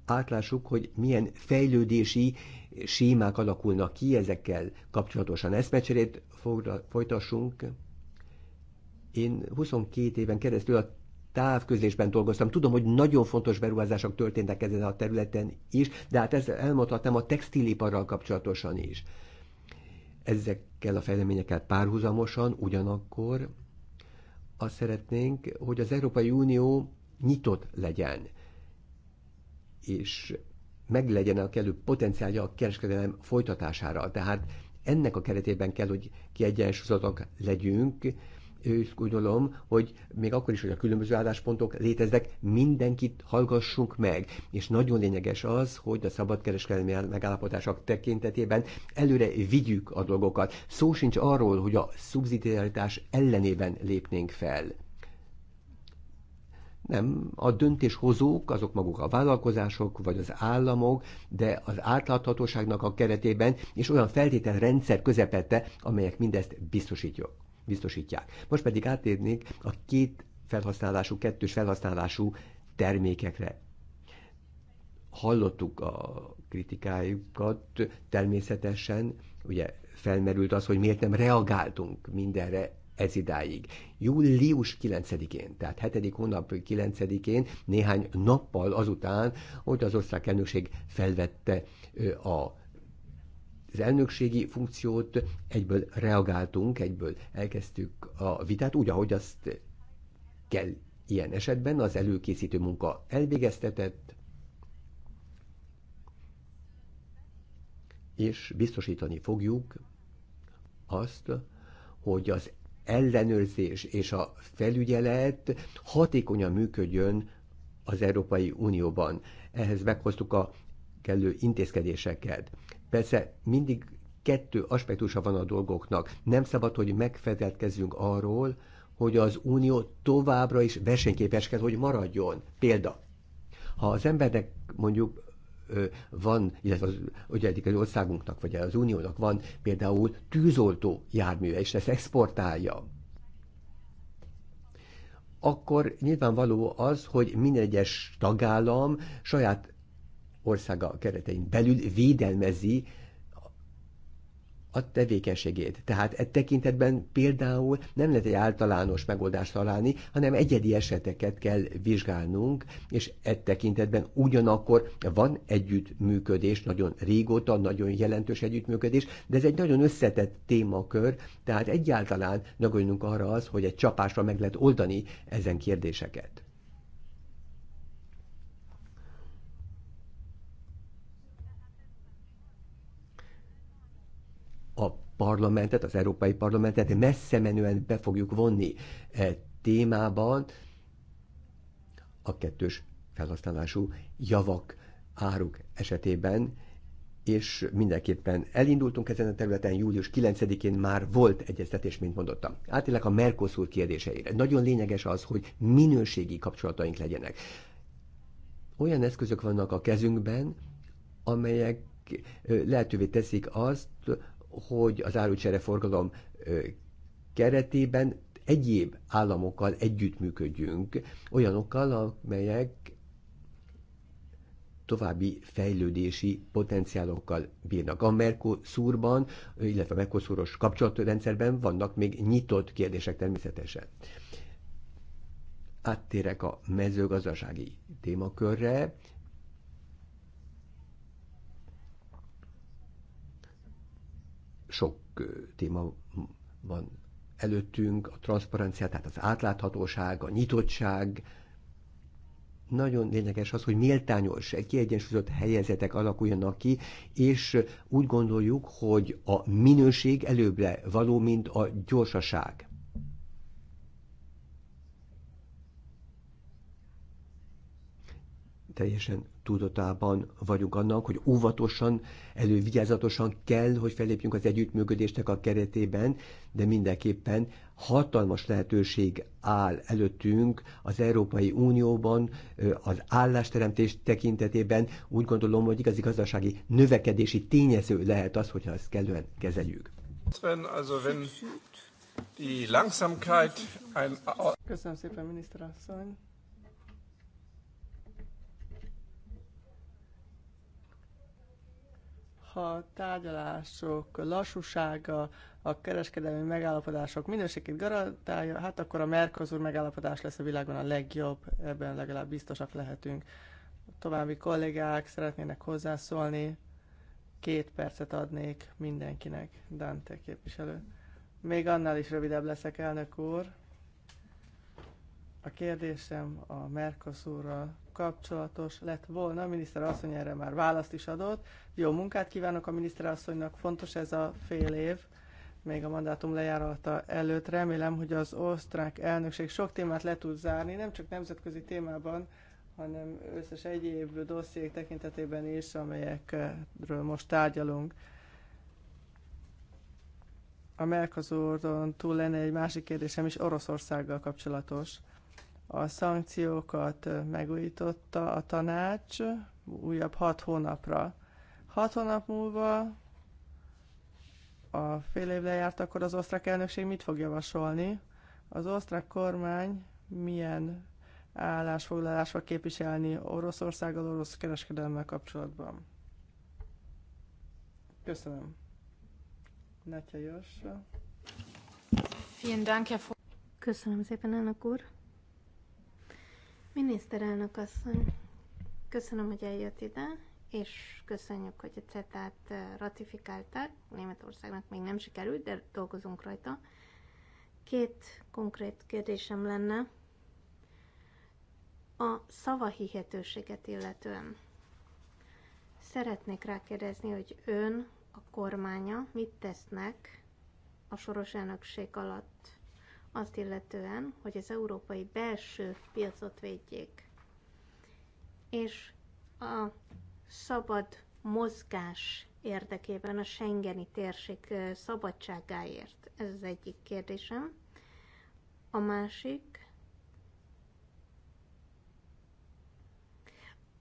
átlássuk, hogy milyen fejlődési sémák alakulnak ki, ezekkel kapcsolatosan eszmecserét folytassunk. Én 22 éven keresztül a távközlésben dolgoztam. Tudom, hogy nagyon fontos beruházások történtek ezen a területen is, de hát ezt elmondhatnám a textiliparral kapcsolatosan is. Ezekkel a fejleményekkel párhuzamosan ugyanakkor azt szeretnénk, hogy az Európai Unió nyitott legyen, és meglegyen a kellő potenciálja a kereskedelem folytatására. Tehát ennek a keretében kell, hogy kiegyensúlyozottak legyünk, úgy gondolom, hogy még akkor is, hogy a különböző álláspontok léteznek, mindenkit hallgassunk meg. És nagyon lényeges az, hogy a szabadkereskedelmi megállapodások tekintetében előre vigyük a dolgokat. Szó sincs arról, hogy a szubszidiaritás ellenében lépnénk fel. Nem, a döntéshozók, azok maguk a vállalkozások, vagy az államok, de az átláthatóságnak a keretében és olyan feltételrendszer közepette, amelyek mindezt biztosítjuk biztosítják. Most pedig átérnék a két felhasználású, kettős felhasználású termékekre. Hallottuk a kritikájukat, természetesen ugye felmerült az, hogy miért nem reagáltunk mindenre ez idáig. Július 9-én, tehát 7. hónap 9-én, néhány nappal azután, hogy az ország elnökség felvette a az elnökségi funkciót egyből reagáltunk, egyből elkezdtük a vitát, úgy, ahogy azt kell ilyen esetben, az előkészítő munka elvégeztetett, és biztosítani fogjuk azt, hogy az ellenőrzés és a felügyelet hatékonyan működjön az Európai Unióban. Ehhez meghoztuk a kellő intézkedéseket. Persze mindig kettő aspektusa van a dolgoknak. Nem szabad, hogy megfedelkezzünk arról, hogy az Unió továbbra is versenyképes kell, hogy maradjon. Példa. Ha az embernek mondjuk van, illetve az, ugye az országunknak, vagy az uniónak van például tűzoltó járműve, és ezt exportálja, akkor nyilvánvaló az, hogy minden egyes tagállam saját országa keretein belül védelmezi a tevékenységét. Tehát e tekintetben például nem lehet egy általános megoldást találni, hanem egyedi eseteket kell vizsgálnunk, és e tekintetben ugyanakkor van együttműködés, nagyon régóta, nagyon jelentős együttműködés, de ez egy nagyon összetett témakör, tehát egyáltalán nagolnunk arra az, hogy egy csapásra meg lehet oldani ezen kérdéseket. a parlamentet, az Európai Parlamentet messze menően be fogjuk vonni e témában a kettős felhasználású javak, áruk esetében, és mindenképpen elindultunk ezen a területen, július 9-én már volt egyeztetés, mint mondottam. Átélek a Mercosur kérdéseire. Nagyon lényeges az, hogy minőségi kapcsolataink legyenek. Olyan eszközök vannak a kezünkben, amelyek lehetővé teszik azt, hogy az árucsereforgalom keretében egyéb államokkal együttműködjünk, olyanokkal, amelyek további fejlődési potenciálokkal bírnak. A Mercosurban, illetve a Mercosuros kapcsolatrendszerben vannak még nyitott kérdések természetesen. Áttérek a mezőgazdasági témakörre, sok téma van előttünk, a transzparencia, tehát az átláthatóság, a nyitottság. Nagyon lényeges az, hogy méltányos, kiegyensúlyozott helyzetek alakuljanak ki, és úgy gondoljuk, hogy a minőség előbbre való, mint a gyorsaság. teljesen tudatában vagyunk annak, hogy óvatosan, elővigyázatosan kell, hogy felépjünk az együttműködésnek a keretében, de mindenképpen hatalmas lehetőség áll előttünk az Európai Unióban, az állásteremtés tekintetében. Úgy gondolom, hogy igazi gazdasági növekedési tényező lehet az, hogyha ezt kellően kezeljük. Köszönöm szépen, miniszter asszony! ha tárgyalások lassúsága, a kereskedelmi megállapodások minőségét garantálja, hát akkor a Mercosur megállapodás lesz a világon a legjobb, ebben legalább biztosak lehetünk. További kollégák szeretnének hozzászólni, két percet adnék mindenkinek, Dante képviselő. Még annál is rövidebb leszek, elnök úr. A kérdésem a Mercosurral kapcsolatos lett volna. A miniszter asszony erre már választ is adott. Jó munkát kívánok a miniszter asszonynak. Fontos ez a fél év, még a mandátum lejárata előtt. Remélem, hogy az osztrák elnökség sok témát le tud zárni, nem csak nemzetközi témában, hanem összes egyéb dossziék tekintetében is, amelyekről most tárgyalunk. A Mercosuron túl lenne egy másik kérdésem is Oroszországgal kapcsolatos. A szankciókat megújította a tanács újabb hat hónapra. Hat hónap múlva a fél év lejárt, akkor az osztrák elnökség mit fog javasolni? Az osztrák kormány milyen állásfoglalás fog képviselni Oroszországgal, orosz kereskedelemmel kapcsolatban? Köszönöm. Netja Jörs. Köszönöm szépen, elnök úr. Miniszterelnök asszony, köszönöm, hogy eljött ide, és köszönjük, hogy a CETA-t eh, ratifikálták. Németországnak még nem sikerült, de dolgozunk rajta. Két konkrét kérdésem lenne a hihetőséget illetően. Szeretnék rákérdezni, hogy ön, a kormánya mit tesznek a soros elnökség alatt azt illetően, hogy az európai belső piacot védjék, és a szabad mozgás érdekében, a Schengeni térség szabadságáért. Ez az egyik kérdésem. A másik,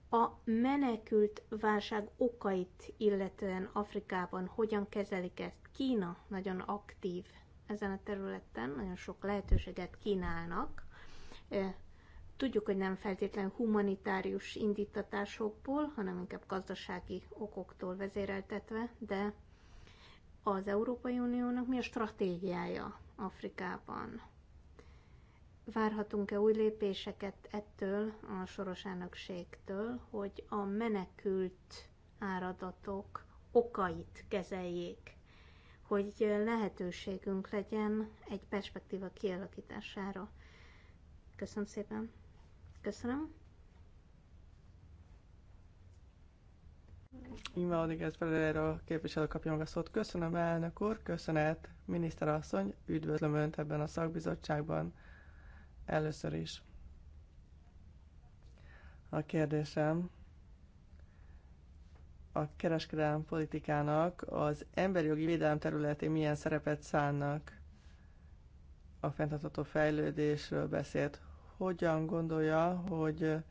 a menekült válság okait illetően Afrikában hogyan kezelik ezt? Kína nagyon aktív ezen a területen, nagyon sok lehetőséget kínálnak. Tudjuk, hogy nem feltétlenül humanitárius indítatásokból, hanem inkább gazdasági okoktól vezéreltetve, de az Európai Uniónak mi a stratégiája Afrikában? Várhatunk-e új lépéseket ettől a soros elnökségtől, hogy a menekült áradatok okait kezeljék? hogy lehetőségünk legyen egy perspektíva kialakítására. Köszönöm szépen. Köszönöm. Ima Rodriguez Belera képviselő kapja meg a szót. Köszönöm, elnök úr, köszönet, miniszterasszony, üdvözlöm Önt ebben a szakbizottságban először is. A kérdésem a kereskedelmi politikának az emberi jogi védelem területén milyen szerepet szánnak. A fenntartható fejlődésről beszélt. Hogyan gondolja, hogy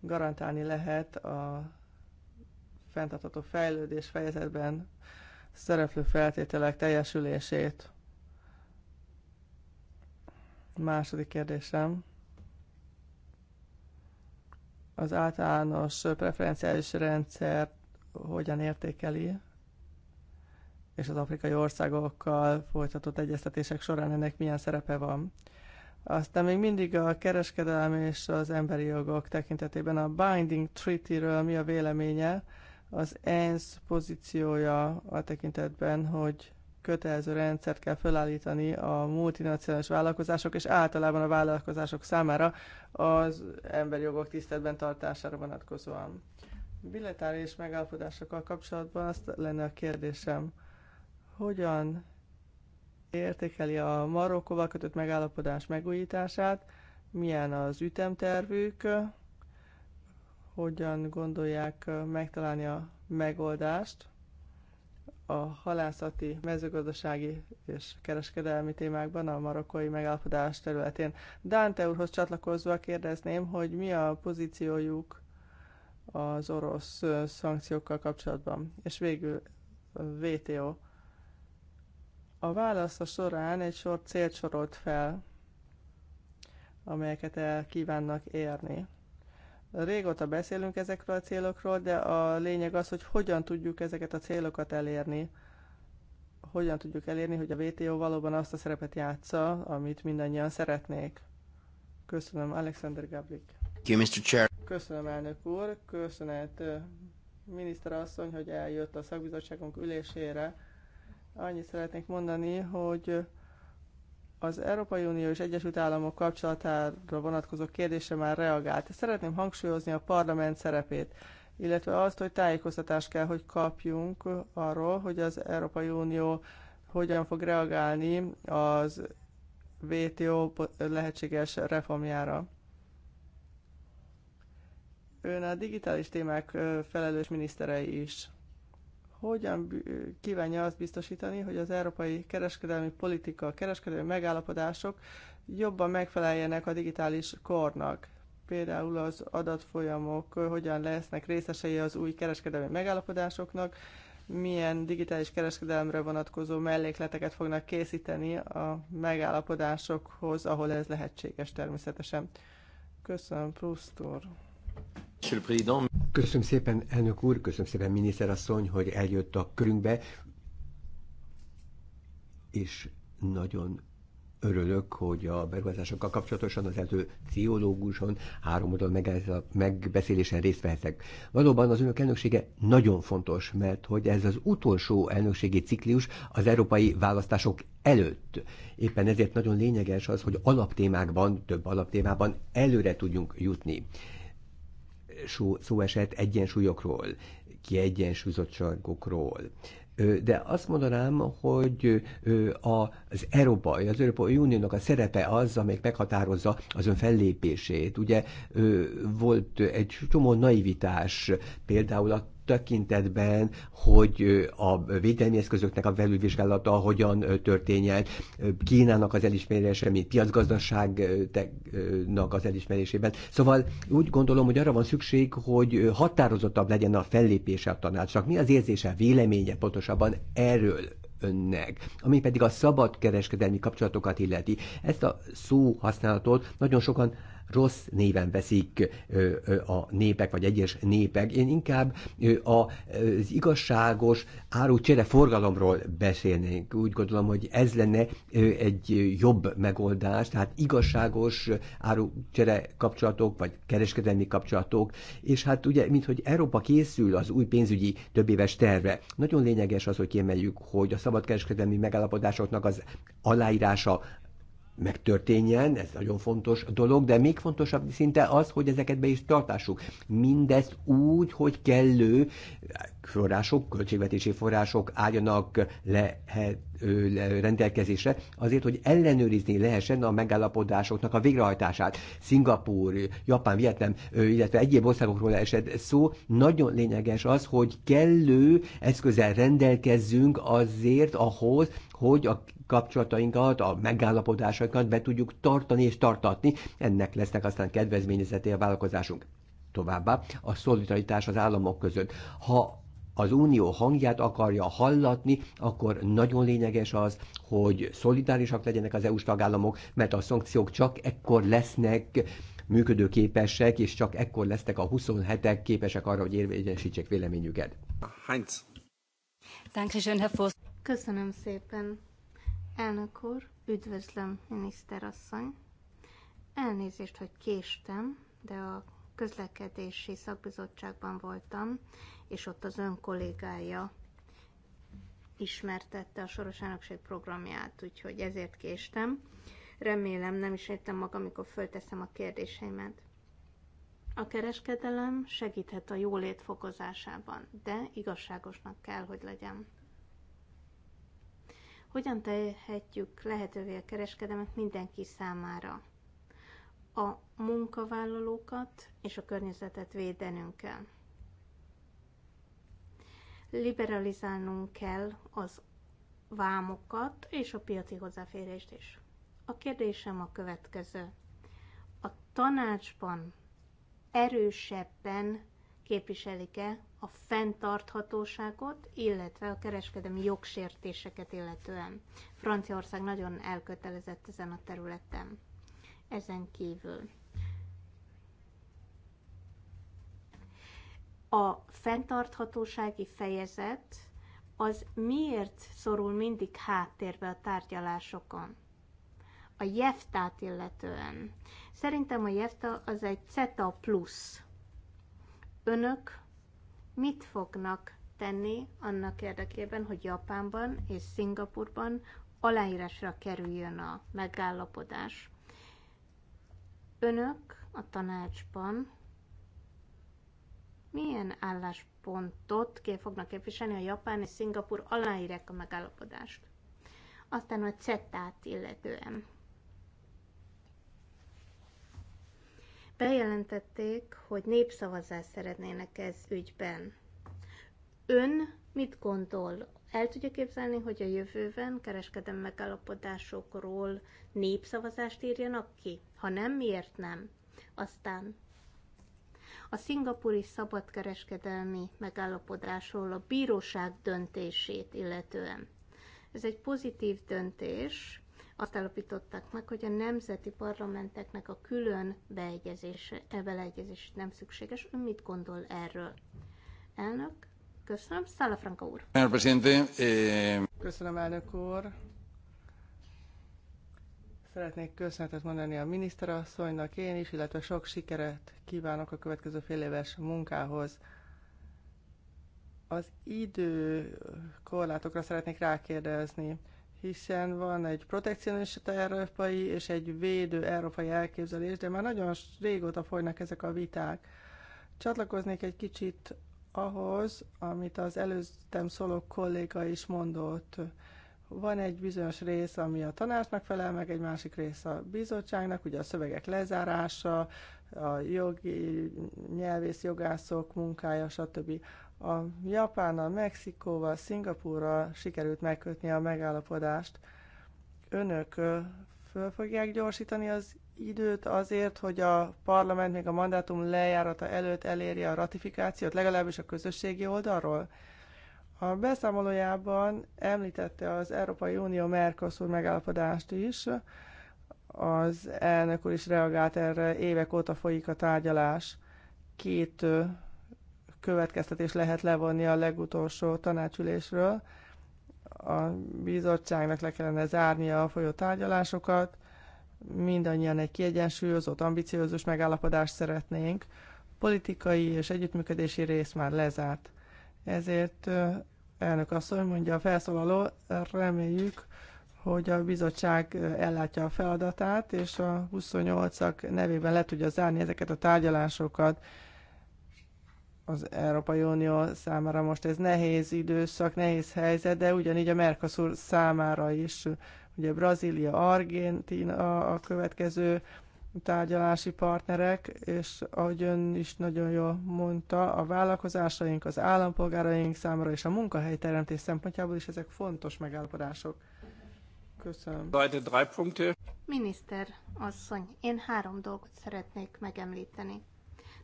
garantálni lehet a fenntartható fejlődés fejezetben szereplő feltételek teljesülését? Második kérdésem az általános preferenciális rendszer hogyan értékeli, és az afrikai országokkal folytatott egyeztetések során ennek milyen szerepe van. Aztán még mindig a kereskedelem és az emberi jogok tekintetében a Binding Treaty-ről mi a véleménye, az ENSZ pozíciója a tekintetben, hogy kötelező rendszert kell felállítani a multinacionális vállalkozások és általában a vállalkozások számára az emberi jogok tiszteletben tartására vonatkozóan bilaterális megállapodásokkal kapcsolatban azt lenne a kérdésem, hogyan értékeli a Marokkóval kötött megállapodás megújítását, milyen az ütemtervük, hogyan gondolják megtalálni a megoldást a halászati, mezőgazdasági és kereskedelmi témákban a marokkói megállapodás területén. Dante úrhoz csatlakozva kérdezném, hogy mi a pozíciójuk az orosz szankciókkal kapcsolatban. És végül VTO. A a során egy sor célt sorolt fel, amelyeket el kívánnak érni. Régóta beszélünk ezekről a célokról, de a lényeg az, hogy hogyan tudjuk ezeket a célokat elérni. Hogyan tudjuk elérni, hogy a WTO valóban azt a szerepet játsza, amit mindannyian szeretnék. Köszönöm, Alexander Gablik. Thank you, Mr. Chair. Köszönöm, elnök úr, köszönet miniszterasszony, hogy eljött a szakbizottságunk ülésére. Annyit szeretnék mondani, hogy az Európai Unió és Egyesült Államok kapcsolatára vonatkozó kérdése már reagált. Szeretném hangsúlyozni a parlament szerepét, illetve azt, hogy tájékoztatást kell, hogy kapjunk arról, hogy az Európai Unió hogyan fog reagálni az WTO lehetséges reformjára. Ön a digitális témák felelős minisztere is. Hogyan kívánja azt biztosítani, hogy az európai kereskedelmi politika, kereskedelmi megállapodások jobban megfeleljenek a digitális kornak? Például az adatfolyamok hogyan lesznek részesei az új kereskedelmi megállapodásoknak, milyen digitális kereskedelemre vonatkozó mellékleteket fognak készíteni a megállapodásokhoz, ahol ez lehetséges természetesen. Köszönöm, Prusztor. Köszönöm szépen, elnök úr, köszönöm szépen, miniszterasszony, hogy eljött a körünkbe, és nagyon örülök, hogy a beruházásokkal kapcsolatosan az eltő pszichológuson három oldal megbeszélésen részt vehetek. Valóban az önök elnöksége nagyon fontos, mert hogy ez az utolsó elnökségi ciklus az európai választások előtt. Éppen ezért nagyon lényeges az, hogy alaptémákban, több alaptémában előre tudjunk jutni szó esett egyensúlyokról, kiegyensúlyozottságokról. De azt mondanám, hogy az Európai, az Európai Uniónak a szerepe az, amely meghatározza az ön fellépését. Ugye volt egy csomó naivitás, például a tekintetben, hogy a védelmi eszközöknek a felülvizsgálata hogyan történjen, Kínának az elismerése, mint piacgazdaságnak az elismerésében. Szóval úgy gondolom, hogy arra van szükség, hogy határozottabb legyen a fellépése a tanácsnak. Mi az érzése, véleménye pontosabban erről? önnek, ami pedig a szabad kereskedelmi kapcsolatokat illeti. Ezt a szó használatot nagyon sokan rossz néven veszik a népek, vagy egyes népek. Én inkább az igazságos árucsere forgalomról beszélnék. Úgy gondolom, hogy ez lenne egy jobb megoldás, tehát igazságos árucsere kapcsolatok, vagy kereskedelmi kapcsolatok, és hát ugye, mint hogy Európa készül az új pénzügyi többéves terve. Nagyon lényeges az, hogy kiemeljük, hogy a szabadkereskedelmi megállapodásoknak az aláírása megtörténjen, ez nagyon fontos dolog, de még fontosabb szinte az, hogy ezeket be is tartásuk. Mindezt úgy, hogy kellő források, költségvetési források álljanak lehet rendelkezésre, azért, hogy ellenőrizni lehessen a megállapodásoknak a végrehajtását. Szingapúr, Japán, Vietnám, illetve egyéb országokról esett szó. Nagyon lényeges az, hogy kellő eszközzel rendelkezzünk azért ahhoz, hogy a kapcsolatainkat, a megállapodásokat be tudjuk tartani és tartatni. Ennek lesznek aztán kedvezményezeté a vállalkozásunk. Továbbá a szolidaritás az államok között. Ha az unió hangját akarja hallatni, akkor nagyon lényeges az, hogy szolidárisak legyenek az EU-s tagállamok, mert a szankciók csak ekkor lesznek működőképesek, és csak ekkor lesznek a 27-ek képesek arra, hogy érvényesítsék véleményüket. Heinz. Köszönöm szépen. Elnök úr, üdvözlöm, miniszterasszony. Elnézést, hogy késtem, de a közlekedési szakbizottságban voltam, és ott az ön kollégája ismertette a Soros Elnökség programját, úgyhogy ezért késtem. Remélem nem is értem magam, amikor fölteszem a kérdéseimet. A kereskedelem segíthet a jólét fokozásában, de igazságosnak kell, hogy legyen. Hogyan tehetjük lehetővé a kereskedelmet mindenki számára? A munkavállalókat és a környezetet védenünk kell liberalizálnunk kell az vámokat és a piaci hozzáférést is. A kérdésem a következő. A tanácsban erősebben képviselik-e a fenntarthatóságot, illetve a kereskedelmi jogsértéseket illetően. Franciaország nagyon elkötelezett ezen a területen. Ezen kívül A fenntarthatósági fejezet az miért szorul mindig háttérbe a tárgyalásokon? A jeftát illetően. Szerintem a jefta az egy CETA plusz. Önök mit fognak tenni annak érdekében, hogy Japánban és Szingapurban aláírásra kerüljön a megállapodás? Önök a tanácsban milyen álláspontot ki fognak képviselni, a Japán és Szingapur aláírják a megállapodást. Aztán a CETA-t illetően. Bejelentették, hogy népszavazást szeretnének ez ügyben. Ön mit gondol? El tudja képzelni, hogy a jövőben kereskedem megállapodásokról népszavazást írjanak ki? Ha nem, miért nem? Aztán a szingapúri szabadkereskedelmi megállapodásról a bíróság döntését illetően. Ez egy pozitív döntés, azt állapították meg, hogy a nemzeti parlamenteknek a külön beegyezése, beleegyezés nem szükséges. Ön mit gondol erről? Elnök, köszönöm. Franka úr. Eh, köszönöm, elnök úr. Szeretnék köszönetet mondani a miniszterasszonynak én is, illetve sok sikeret kívánok a következő fél éves munkához. Az idő korlátokra szeretnék rákérdezni, hiszen van egy protekcionista európai és egy védő európai elképzelés, de már nagyon régóta folynak ezek a viták. Csatlakoznék egy kicsit ahhoz, amit az előttem szóló kolléga is mondott. Van egy bizonyos rész, ami a tanácsnak felel meg, egy másik rész a bizottságnak, ugye a szövegek lezárása, a jogi, nyelvész, jogászok munkája, stb. A Japánnal, Mexikóval, Szingapúrral sikerült megkötni a megállapodást. Önök föl fogják gyorsítani az időt azért, hogy a parlament még a mandátum lejárata előtt elérje a ratifikációt, legalábbis a közösségi oldalról? A beszámolójában említette az Európai Unió Mercosur megállapodást is, az elnök úr is reagált erre, évek óta folyik a tárgyalás. Két következtetés lehet levonni a legutolsó tanácsülésről. A bizottságnak le kellene zárnia a folyó tárgyalásokat, mindannyian egy kiegyensúlyozott, ambiciózus megállapodást szeretnénk. Politikai és együttműködési rész már lezárt. Ezért elnök asszony mondja a felszólaló, reméljük, hogy a bizottság ellátja a feladatát, és a 28-ak nevében le tudja zárni ezeket a tárgyalásokat. Az Európai Unió számára most ez nehéz időszak, nehéz helyzet, de ugyanígy a Mercosur számára is. Ugye Brazília, Argentina a következő tárgyalási partnerek, és ahogy ön is nagyon jól mondta, a vállalkozásaink, az állampolgáraink számára és a munkahelyteremtés szempontjából is ezek fontos megállapodások. Köszönöm. Miniszter asszony, én három dolgot szeretnék megemlíteni.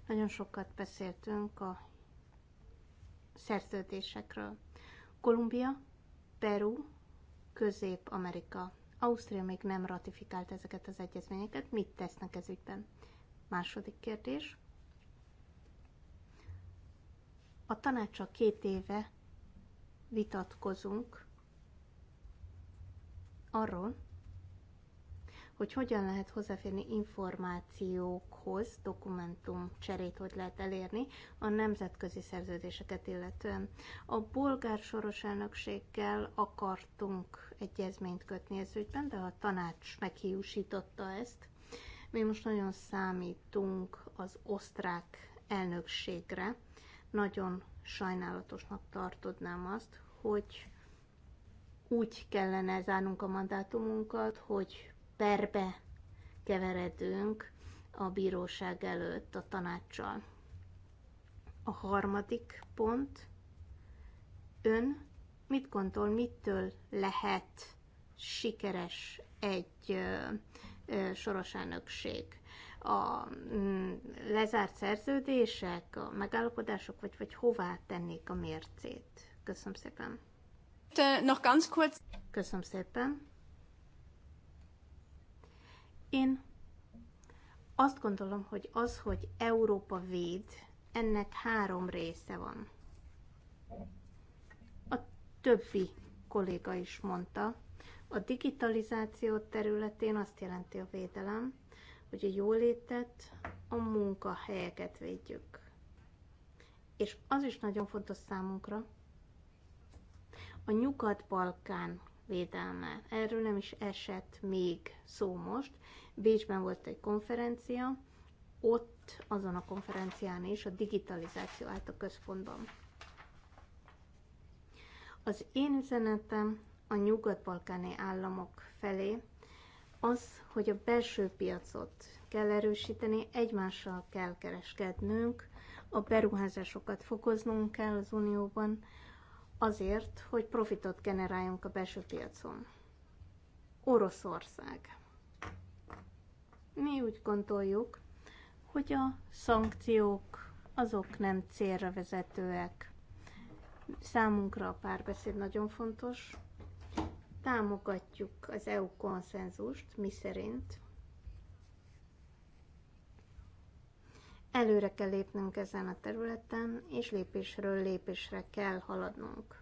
Nagyon sokat beszéltünk a szerződésekről. Kolumbia, Peru, Közép-Amerika Ausztria még nem ratifikált ezeket az egyezményeket, mit tesznek ez ügyben? Második kérdés. A tanácsa két éve vitatkozunk arról, hogy hogyan lehet hozzáférni információkhoz, dokumentum cserét hogy lehet elérni a nemzetközi szerződéseket illetően. A bolgár soros elnökséggel akartunk egyezményt kötni ez ügyben, de a tanács meghiúsította ezt. Mi most nagyon számítunk az osztrák elnökségre. Nagyon sajnálatosnak tartodnám azt, hogy úgy kellene zárnunk a mandátumunkat, hogy perbe keveredünk a bíróság előtt a tanácssal. A harmadik pont, ön mit gondol, mitől lehet sikeres egy ö, ö, soros elnökség? A m, mm, lezárt szerződések, a megállapodások, vagy, vagy hová tennék a mércét? Köszönöm szépen. noch ganz kurz. Köszönöm szépen. Én azt gondolom, hogy az, hogy Európa véd, ennek három része van. A többi kolléga is mondta, a digitalizáció területén azt jelenti a védelem, hogy a jólétet, a munkahelyeket védjük. És az is nagyon fontos számunkra, a Nyugat-Balkán védelme. Erről nem is esett még szó most. Bécsben volt egy konferencia, ott azon a konferencián is a digitalizáció állt a központban. Az én üzenetem a nyugat-balkáni államok felé az, hogy a belső piacot kell erősíteni, egymással kell kereskednünk, a beruházásokat fokoznunk kell az Unióban, azért, hogy profitot generáljunk a belső piacon. Oroszország. Mi úgy gondoljuk, hogy a szankciók azok nem célra vezetőek. Számunkra a párbeszéd nagyon fontos. Támogatjuk az EU konszenzust, szerint. Előre kell lépnünk ezen a területen, és lépésről lépésre kell haladnunk.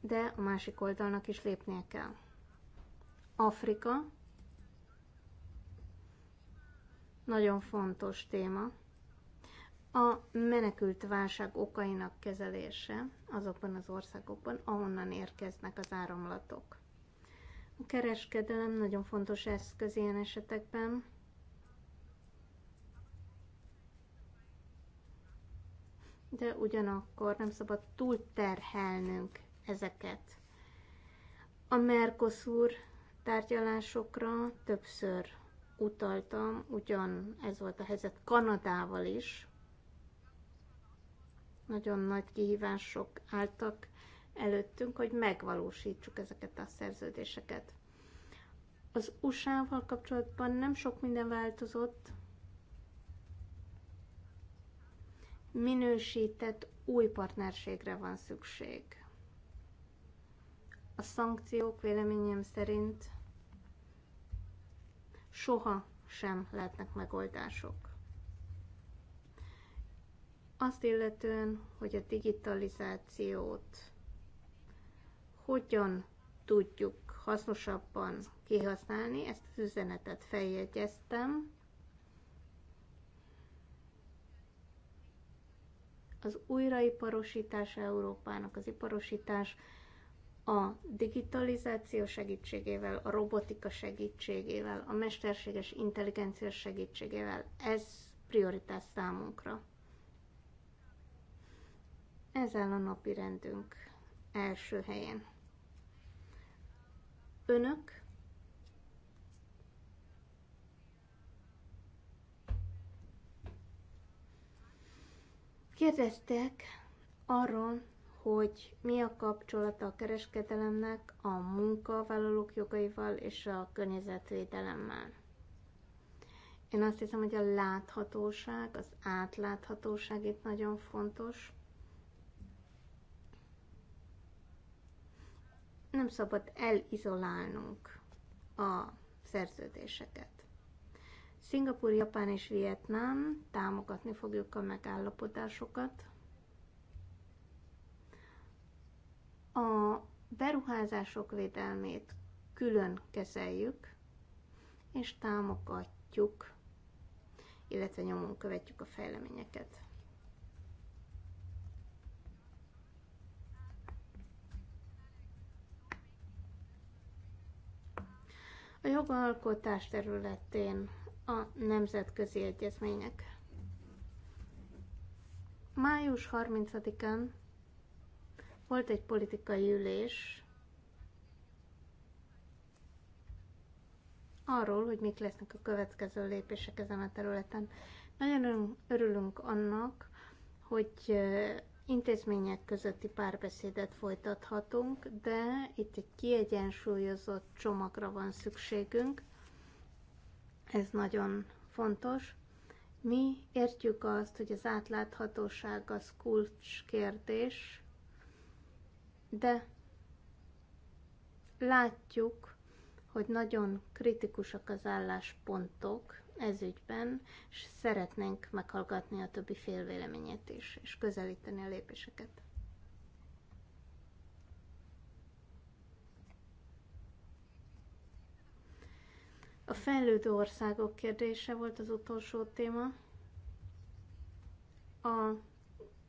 De a másik oldalnak is lépnie kell. Afrika nagyon fontos téma. A menekült válság okainak kezelése azokban az országokban, ahonnan érkeznek az áramlatok. A kereskedelem nagyon fontos eszköz ilyen esetekben, de ugyanakkor nem szabad túl terhelnünk ezeket. A Mercosur tárgyalásokra többször utaltam, ugyan ez volt a helyzet Kanadával is. Nagyon nagy kihívások álltak előttünk, hogy megvalósítsuk ezeket a szerződéseket. Az USA-val kapcsolatban nem sok minden változott, minősített új partnerségre van szükség. A szankciók véleményem szerint soha sem lehetnek megoldások. Azt illetően, hogy a digitalizációt hogyan tudjuk hasznosabban kihasználni, ezt az üzenetet feljegyeztem, az újraiparosítás Európának, az iparosítás a digitalizáció segítségével, a robotika segítségével, a mesterséges intelligencia segítségével. Ez prioritás számunkra. Ez áll a napi rendünk első helyen. Önök Kérdeztek arról, hogy mi a kapcsolata a kereskedelemnek a munkavállalók jogaival és a környezetvédelemmel. Én azt hiszem, hogy a láthatóság, az átláthatóság itt nagyon fontos. Nem szabad elizolálnunk a szerződéseket. Szingapúr, Japán és Vietnám támogatni fogjuk a megállapodásokat. A beruházások védelmét külön kezeljük, és támogatjuk, illetve nyomon követjük a fejleményeket. A jogalkotás területén a nemzetközi egyezmények. Május 30-án volt egy politikai ülés arról, hogy mik lesznek a következő lépések ezen a területen. Nagyon örülünk annak, hogy intézmények közötti párbeszédet folytathatunk, de itt egy kiegyensúlyozott csomagra van szükségünk, ez nagyon fontos. Mi értjük azt, hogy az átláthatóság az kulcs kérdés, de látjuk, hogy nagyon kritikusak az álláspontok ezügyben, és szeretnénk meghallgatni a többi félvéleményét is, és közelíteni a lépéseket. A fejlődő országok kérdése volt az utolsó téma. A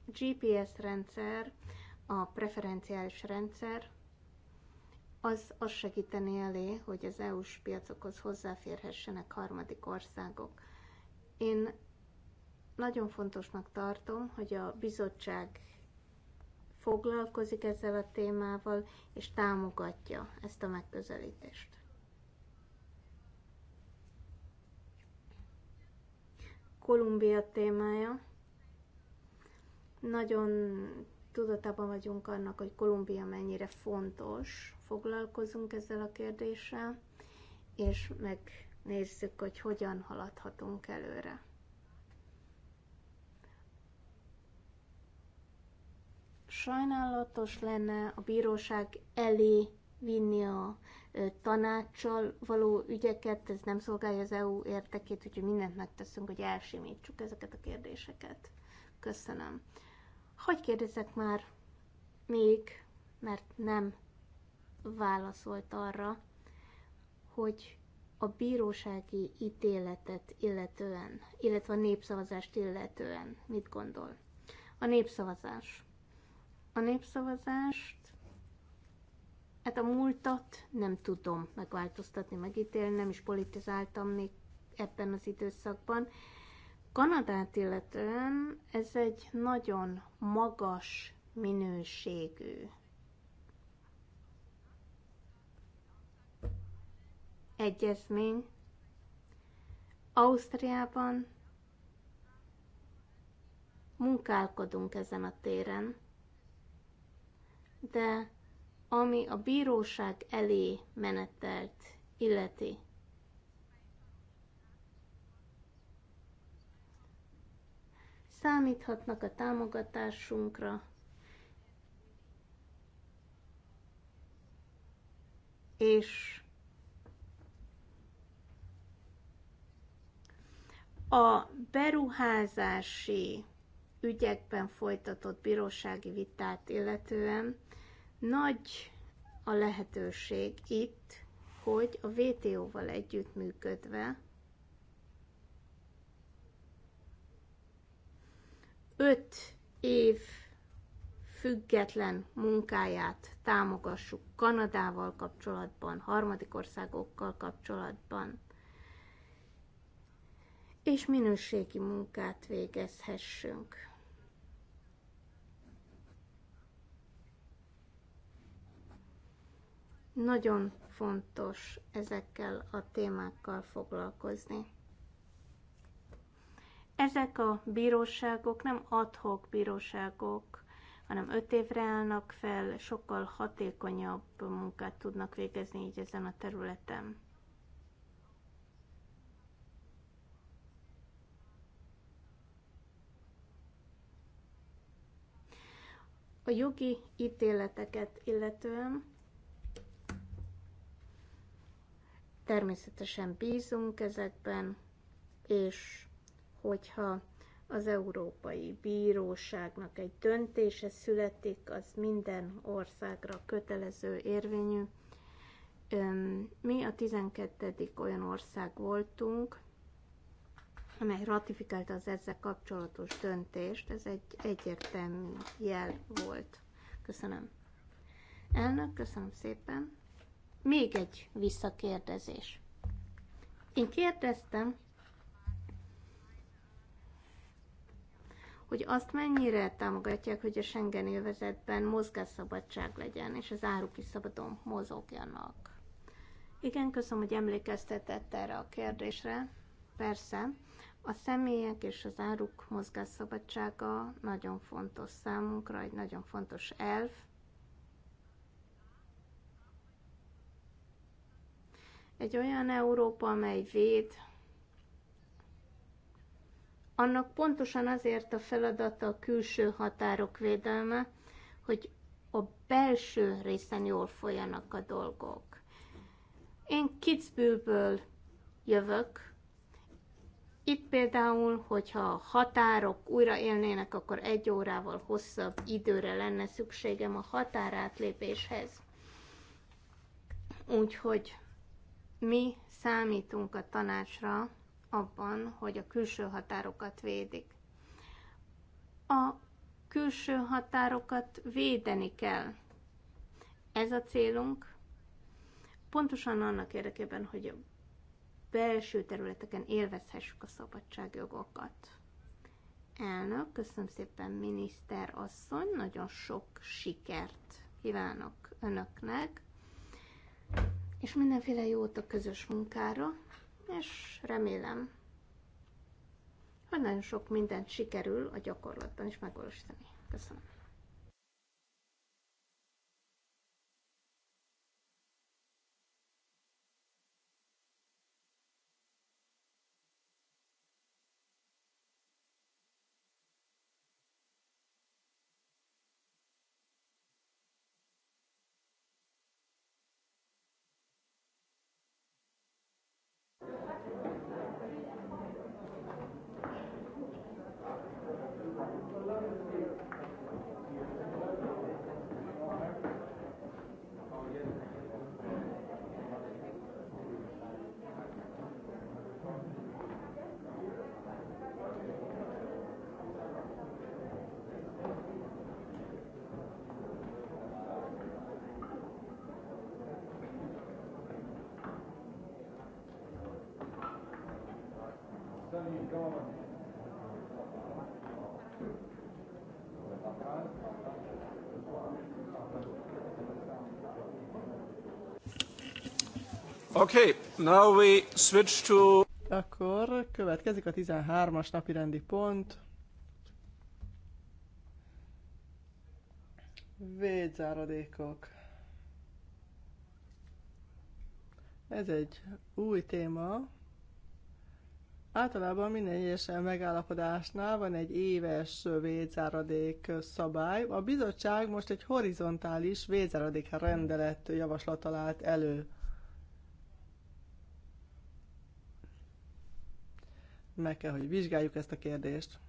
GPS rendszer, a preferenciális rendszer, az azt segíteni elé, hogy az EU-s piacokhoz hozzáférhessenek harmadik országok. Én nagyon fontosnak tartom, hogy a bizottság foglalkozik ezzel a témával, és támogatja ezt a megközelítést. Kolumbia témája. Nagyon tudatában vagyunk annak, hogy Kolumbia mennyire fontos, foglalkozunk ezzel a kérdéssel, és megnézzük, hogy hogyan haladhatunk előre. Sajnálatos lenne a bíróság elé vinni a tanácssal való ügyeket, ez nem szolgálja az EU értekét, úgyhogy mindent megteszünk, hogy elsimítsuk ezeket a kérdéseket. Köszönöm. Hogy kérdezek már még, mert nem válaszolt arra, hogy a bírósági ítéletet illetően, illetve a népszavazást illetően mit gondol? A népszavazás. A népszavazást Hát a múltat nem tudom megváltoztatni, megítélni, nem is politizáltam még ebben az időszakban. Kanadát illetően ez egy nagyon magas minőségű egyezmény. Ausztriában munkálkodunk ezen a téren, de ami a bíróság elé menetelt illeti. Számíthatnak a támogatásunkra, és a beruházási ügyekben folytatott bírósági vitát illetően nagy a lehetőség itt, hogy a VTO-val együttműködve öt év független munkáját támogassuk Kanadával kapcsolatban, harmadik országokkal kapcsolatban, és minőségi munkát végezhessünk. Nagyon fontos ezekkel a témákkal foglalkozni. Ezek a bíróságok nem adhok bíróságok, hanem öt évre állnak fel, sokkal hatékonyabb munkát tudnak végezni így ezen a területen. A jogi ítéleteket illetően Természetesen bízunk ezekben, és hogyha az Európai Bíróságnak egy döntése születik, az minden országra kötelező érvényű. Mi a 12. olyan ország voltunk, amely ratifikálta az ezzel kapcsolatos döntést. Ez egy egyértelmű jel volt. Köszönöm. Elnök, köszönöm szépen. Még egy visszakérdezés. Én kérdeztem, hogy azt mennyire támogatják, hogy a Schengen élvezetben mozgásszabadság legyen, és az áruk is szabadon mozogjanak. Igen, köszönöm, hogy emlékeztetett erre a kérdésre. Persze, a személyek és az áruk mozgásszabadsága nagyon fontos számunkra, egy nagyon fontos elv, Egy olyan Európa, amely véd, annak pontosan azért a feladata a külső határok védelme, hogy a belső részen jól folyanak a dolgok. Én Kitzbühelből jövök, itt például, hogyha a határok újra élnének, akkor egy órával hosszabb időre lenne szükségem a határátlépéshez. Úgyhogy mi számítunk a tanácsra abban, hogy a külső határokat védik. A külső határokat védeni kell. Ez a célunk. Pontosan annak érdekében, hogy a belső területeken élvezhessük a szabadságjogokat. Elnök, köszönöm szépen, miniszter asszony, nagyon sok sikert kívánok önöknek és mindenféle jót a közös munkára, és remélem, hogy nagyon sok mindent sikerül a gyakorlatban is megvalósítani. Köszönöm. Okay, now we switch to... Akkor következik a 13-as napi rendi pont. Védzáradékok. Ez egy új téma. Általában minden egyes megállapodásnál van egy éves védzáradék szabály. A bizottság most egy horizontális védzáradék rendelet javaslat talált elő. meg kell, hogy vizsgáljuk ezt a kérdést.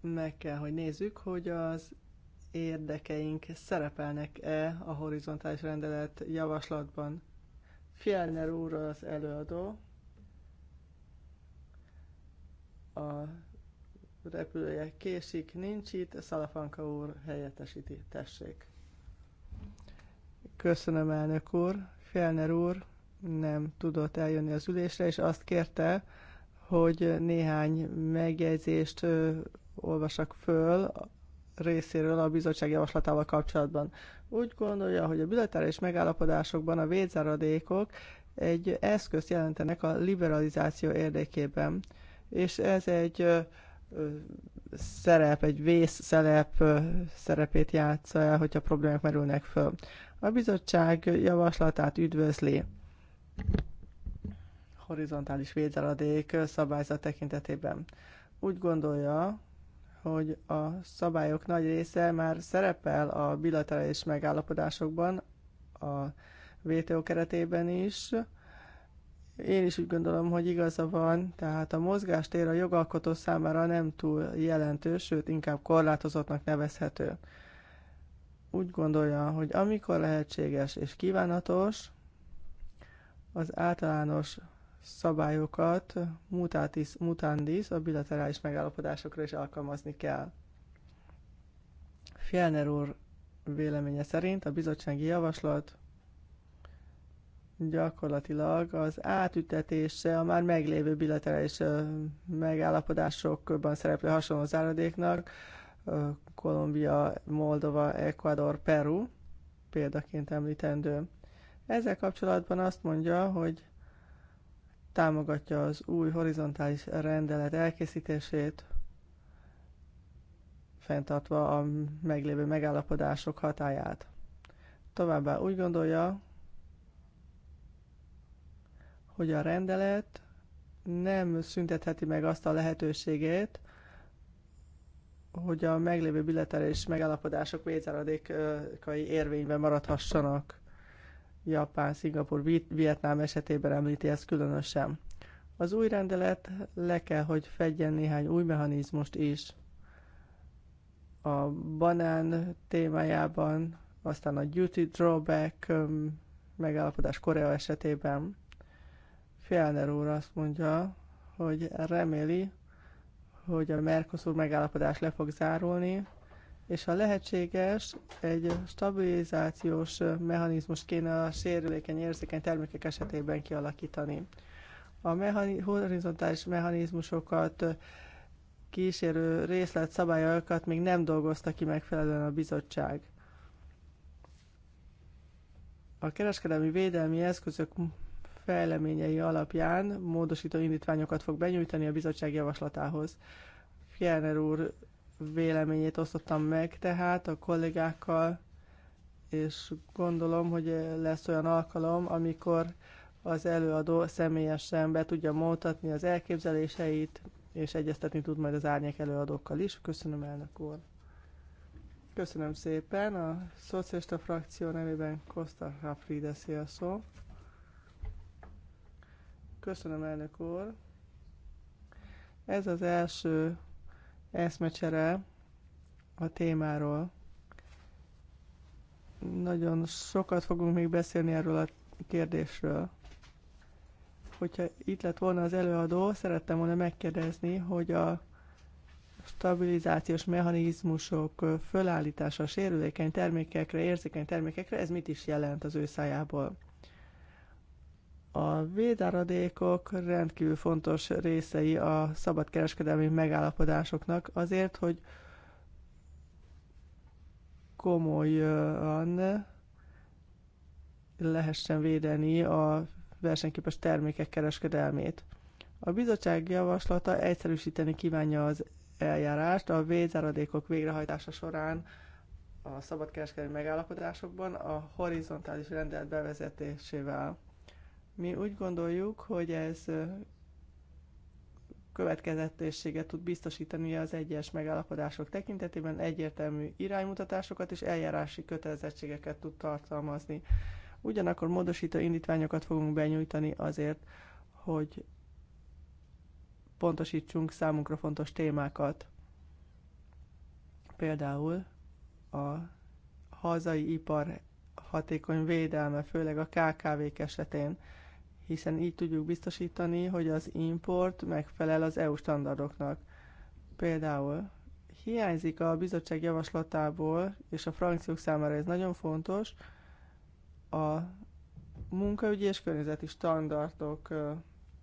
Meg kell, hogy nézzük, hogy az érdekeink szerepelnek-e a horizontális rendelet javaslatban. Fjellner úr az előadó, a repülője késik, nincs itt, Szalafanka úr helyettesíti, tessék. Köszönöm, elnök úr. Fjellner úr nem tudott eljönni az ülésre, és azt kérte, hogy néhány megjegyzést olvasak föl részéről a bizottság javaslatával kapcsolatban. Úgy gondolja, hogy a bilaterális megállapodásokban a védzáradékok egy eszközt jelentenek a liberalizáció érdekében, és ez egy szerep, egy vész szerep szerepét játsza el, hogyha problémák merülnek föl. A bizottság javaslatát üdvözli horizontális védzáradék szabályzat tekintetében. Úgy gondolja, hogy a szabályok nagy része már szerepel a bilaterális megállapodásokban, a WTO keretében is. Én is úgy gondolom, hogy igaza van, tehát a mozgástér a jogalkotó számára nem túl jelentős, sőt inkább korlátozottnak nevezhető. Úgy gondolja, hogy amikor lehetséges és kívánatos, az általános szabályokat mutatis mutandis a bilaterális megállapodásokra is alkalmazni kell. Fjellner úr véleménye szerint a bizottsági javaslat gyakorlatilag az átütetése a már meglévő bilaterális megállapodásokban szereplő hasonló záradéknak, Kolumbia, Moldova, Ecuador, Peru példaként említendő. Ezzel kapcsolatban azt mondja, hogy támogatja az új horizontális rendelet elkészítését, fenntartva a meglévő megállapodások hatáját. Továbbá úgy gondolja, hogy a rendelet nem szüntetheti meg azt a lehetőségét, hogy a meglévő bilaterális megállapodások védzáradékai érvényben maradhassanak. Japán, Szingapur, Vietnám esetében említi ezt különösen. Az új rendelet le kell, hogy fedjen néhány új mechanizmust is. A banán témájában, aztán a duty drawback megállapodás Korea esetében. Fjellner úr azt mondja, hogy reméli, hogy a Mercosur megállapodás le fog zárulni, és ha lehetséges, egy stabilizációs mechanizmus kéne a sérülékeny, érzékeny termékek esetében kialakítani. A mechani- horizontális mechanizmusokat kísérő részlet szabályokat még nem dolgozta ki megfelelően a bizottság. A kereskedelmi védelmi eszközök fejleményei alapján módosító indítványokat fog benyújtani a bizottság javaslatához. Fjellner úr véleményét osztottam meg tehát a kollégákkal, és gondolom, hogy lesz olyan alkalom, amikor az előadó személyesen be tudja mutatni az elképzeléseit, és egyeztetni tud majd az árnyék előadókkal is. Köszönöm, elnök úr! Köszönöm szépen. A szocialista frakció nevében Kosta Hafride szél szó. Köszönöm, elnök úr. Ez az első eszmecsere a témáról. Nagyon sokat fogunk még beszélni erről a kérdésről. Hogyha itt lett volna az előadó, szerettem volna megkérdezni, hogy a stabilizációs mechanizmusok fölállítása a sérülékeny termékekre, érzékeny termékekre, ez mit is jelent az ő szájából? A védáradékok rendkívül fontos részei a szabadkereskedelmi megállapodásoknak azért, hogy komolyan lehessen védeni a versenyképes termékek kereskedelmét. A bizottság javaslata egyszerűsíteni kívánja az eljárást a védzáradékok végrehajtása során a szabadkereskedelmi megállapodásokban a horizontális rendelet bevezetésével. Mi úgy gondoljuk, hogy ez következetességet tud biztosítani az egyes megállapodások tekintetében, egyértelmű iránymutatásokat és eljárási kötelezettségeket tud tartalmazni. Ugyanakkor módosító indítványokat fogunk benyújtani azért, hogy pontosítsunk számunkra fontos témákat. Például a hazai ipar hatékony védelme, főleg a KKV-k esetén hiszen így tudjuk biztosítani, hogy az import megfelel az EU standardoknak. Például hiányzik a bizottság javaslatából, és a frakciók számára ez nagyon fontos, a munkaügyi és környezeti standardok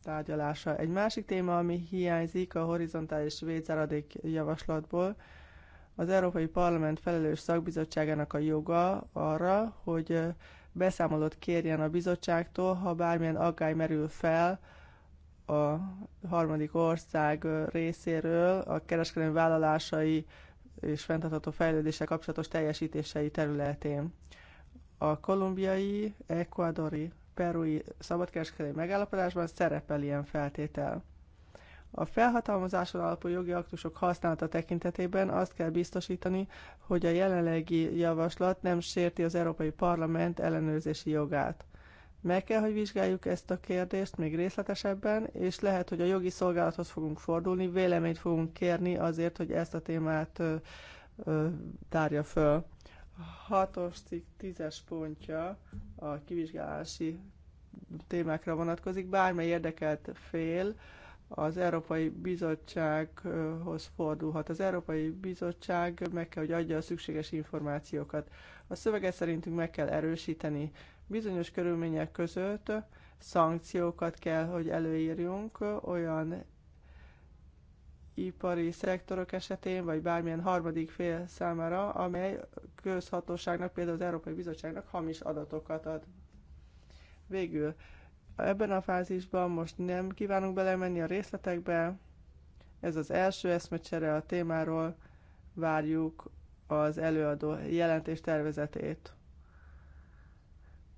tárgyalása. Egy másik téma, ami hiányzik a horizontális védzáradék javaslatból, az Európai Parlament felelős szakbizottságának a joga arra, hogy beszámolót kérjen a bizottságtól, ha bármilyen aggály merül fel a harmadik ország részéről a kereskedelmi vállalásai és fenntartható fejlődése kapcsolatos teljesítései területén. A kolumbiai, ecuadori, perui szabadkereskedelmi megállapodásban szerepel ilyen feltétel. A felhatalmazáson alapú jogi aktusok használata tekintetében azt kell biztosítani, hogy a jelenlegi javaslat nem sérti az Európai Parlament ellenőrzési jogát. Meg kell, hogy vizsgáljuk ezt a kérdést még részletesebben, és lehet, hogy a jogi szolgálathoz fogunk fordulni, véleményt fogunk kérni azért, hogy ezt a témát ö, ö, tárja föl. 6-os cikk tízes pontja a kivizsgálási témákra vonatkozik. Bármely érdekelt fél az Európai Bizottsághoz fordulhat. Az Európai Bizottság meg kell, hogy adja a szükséges információkat. A szöveget szerintünk meg kell erősíteni. Bizonyos körülmények között szankciókat kell, hogy előírjunk olyan ipari szektorok esetén, vagy bármilyen harmadik fél számára, amely közhatóságnak, például az Európai Bizottságnak hamis adatokat ad. Végül Ebben a fázisban most nem kívánunk belemenni a részletekbe. Ez az első eszmecsere a témáról. Várjuk az előadó jelentés tervezetét.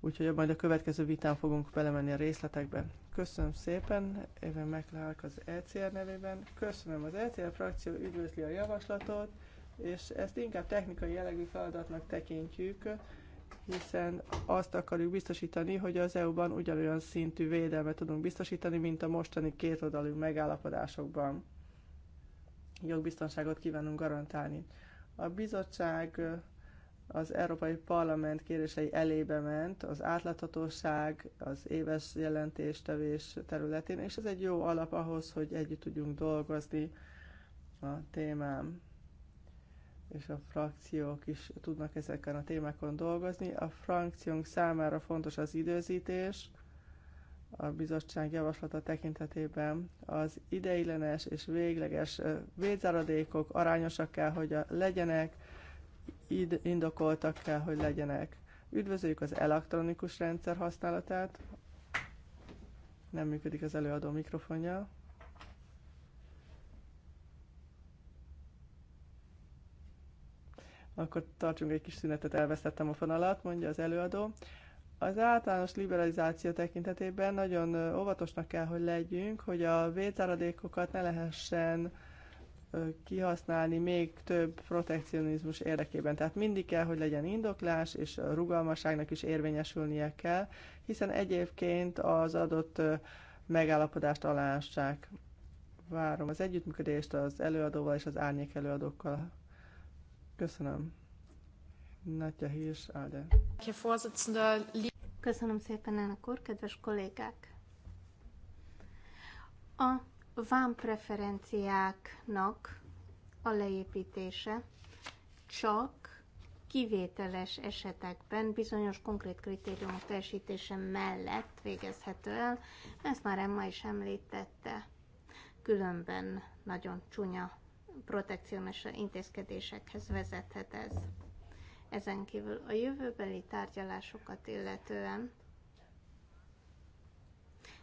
Úgyhogy majd a következő vitán fogunk belemenni a részletekbe. Köszönöm szépen, Éven McLark az ECR nevében. Köszönöm az ECR frakció, üdvözli a javaslatot, és ezt inkább technikai jellegű feladatnak tekintjük, hiszen azt akarjuk biztosítani, hogy az EU-ban ugyanolyan szintű védelmet tudunk biztosítani, mint a mostani kétoldalú megállapodásokban. Jogbiztonságot kívánunk garantálni. A bizottság az Európai Parlament kérései elébe ment az átláthatóság, az éves jelentéstevés területén, és ez egy jó alap ahhoz, hogy együtt tudjunk dolgozni a témám és a frakciók is tudnak ezeken a témákon dolgozni. A frakciónk számára fontos az időzítés, a bizottság javaslata tekintetében az ideiglenes és végleges védzáradékok arányosak kell, hogy legyenek, indokoltak kell, hogy legyenek. Üdvözöljük az elektronikus rendszer használatát. Nem működik az előadó mikrofonja. Akkor tartsunk egy kis szünetet, elvesztettem a fonalat, mondja az előadó. Az általános liberalizáció tekintetében nagyon óvatosnak kell, hogy legyünk, hogy a vétáradékokat ne lehessen kihasználni még több protekcionizmus érdekében. Tehát mindig kell, hogy legyen indoklás, és a rugalmasságnak is érvényesülnie kell, hiszen egyébként az adott megállapodást alássák. Várom az együttműködést az előadóval és az árnyék előadókkal. Köszönöm. Natya Hirsch, Áde. Köszönöm szépen, elnök úr, kedves kollégák! A preferenciáknak a leépítése csak kivételes esetekben bizonyos konkrét kritériumok teljesítése mellett végezhető el. Ezt már Emma is említette. Különben nagyon csúnya protekcionis intézkedésekhez vezethet ez. Ezen kívül a jövőbeli tárgyalásokat illetően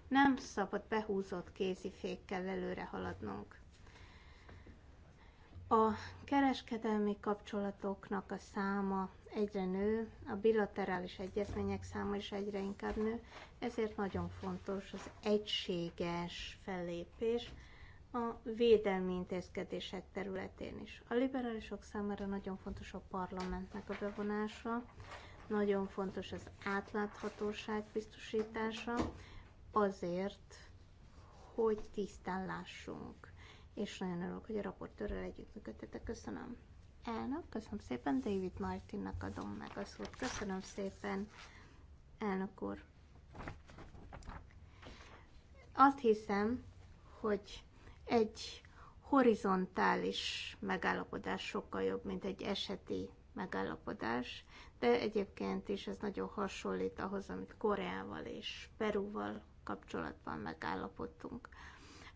nem szabad behúzott kézifékkel előre haladnunk. A kereskedelmi kapcsolatoknak a száma egyre nő, a bilaterális egyezmények száma is egyre inkább nő, ezért nagyon fontos az egységes fellépés, a védelmi intézkedések területén is. A liberálisok számára nagyon fontos a parlamentnek a bevonása, nagyon fontos az átláthatóság biztosítása, azért, hogy tisztán lássunk. És nagyon örülök, hogy a raportőrrel együttműködtetek. Köszönöm. Elnök, köszönöm szépen. David Martinnak adom meg a szót. Köszönöm szépen, elnök úr. Azt hiszem, hogy egy horizontális megállapodás sokkal jobb, mint egy eseti megállapodás, de egyébként is ez nagyon hasonlít ahhoz, amit Koreával és Perúval kapcsolatban megállapodtunk.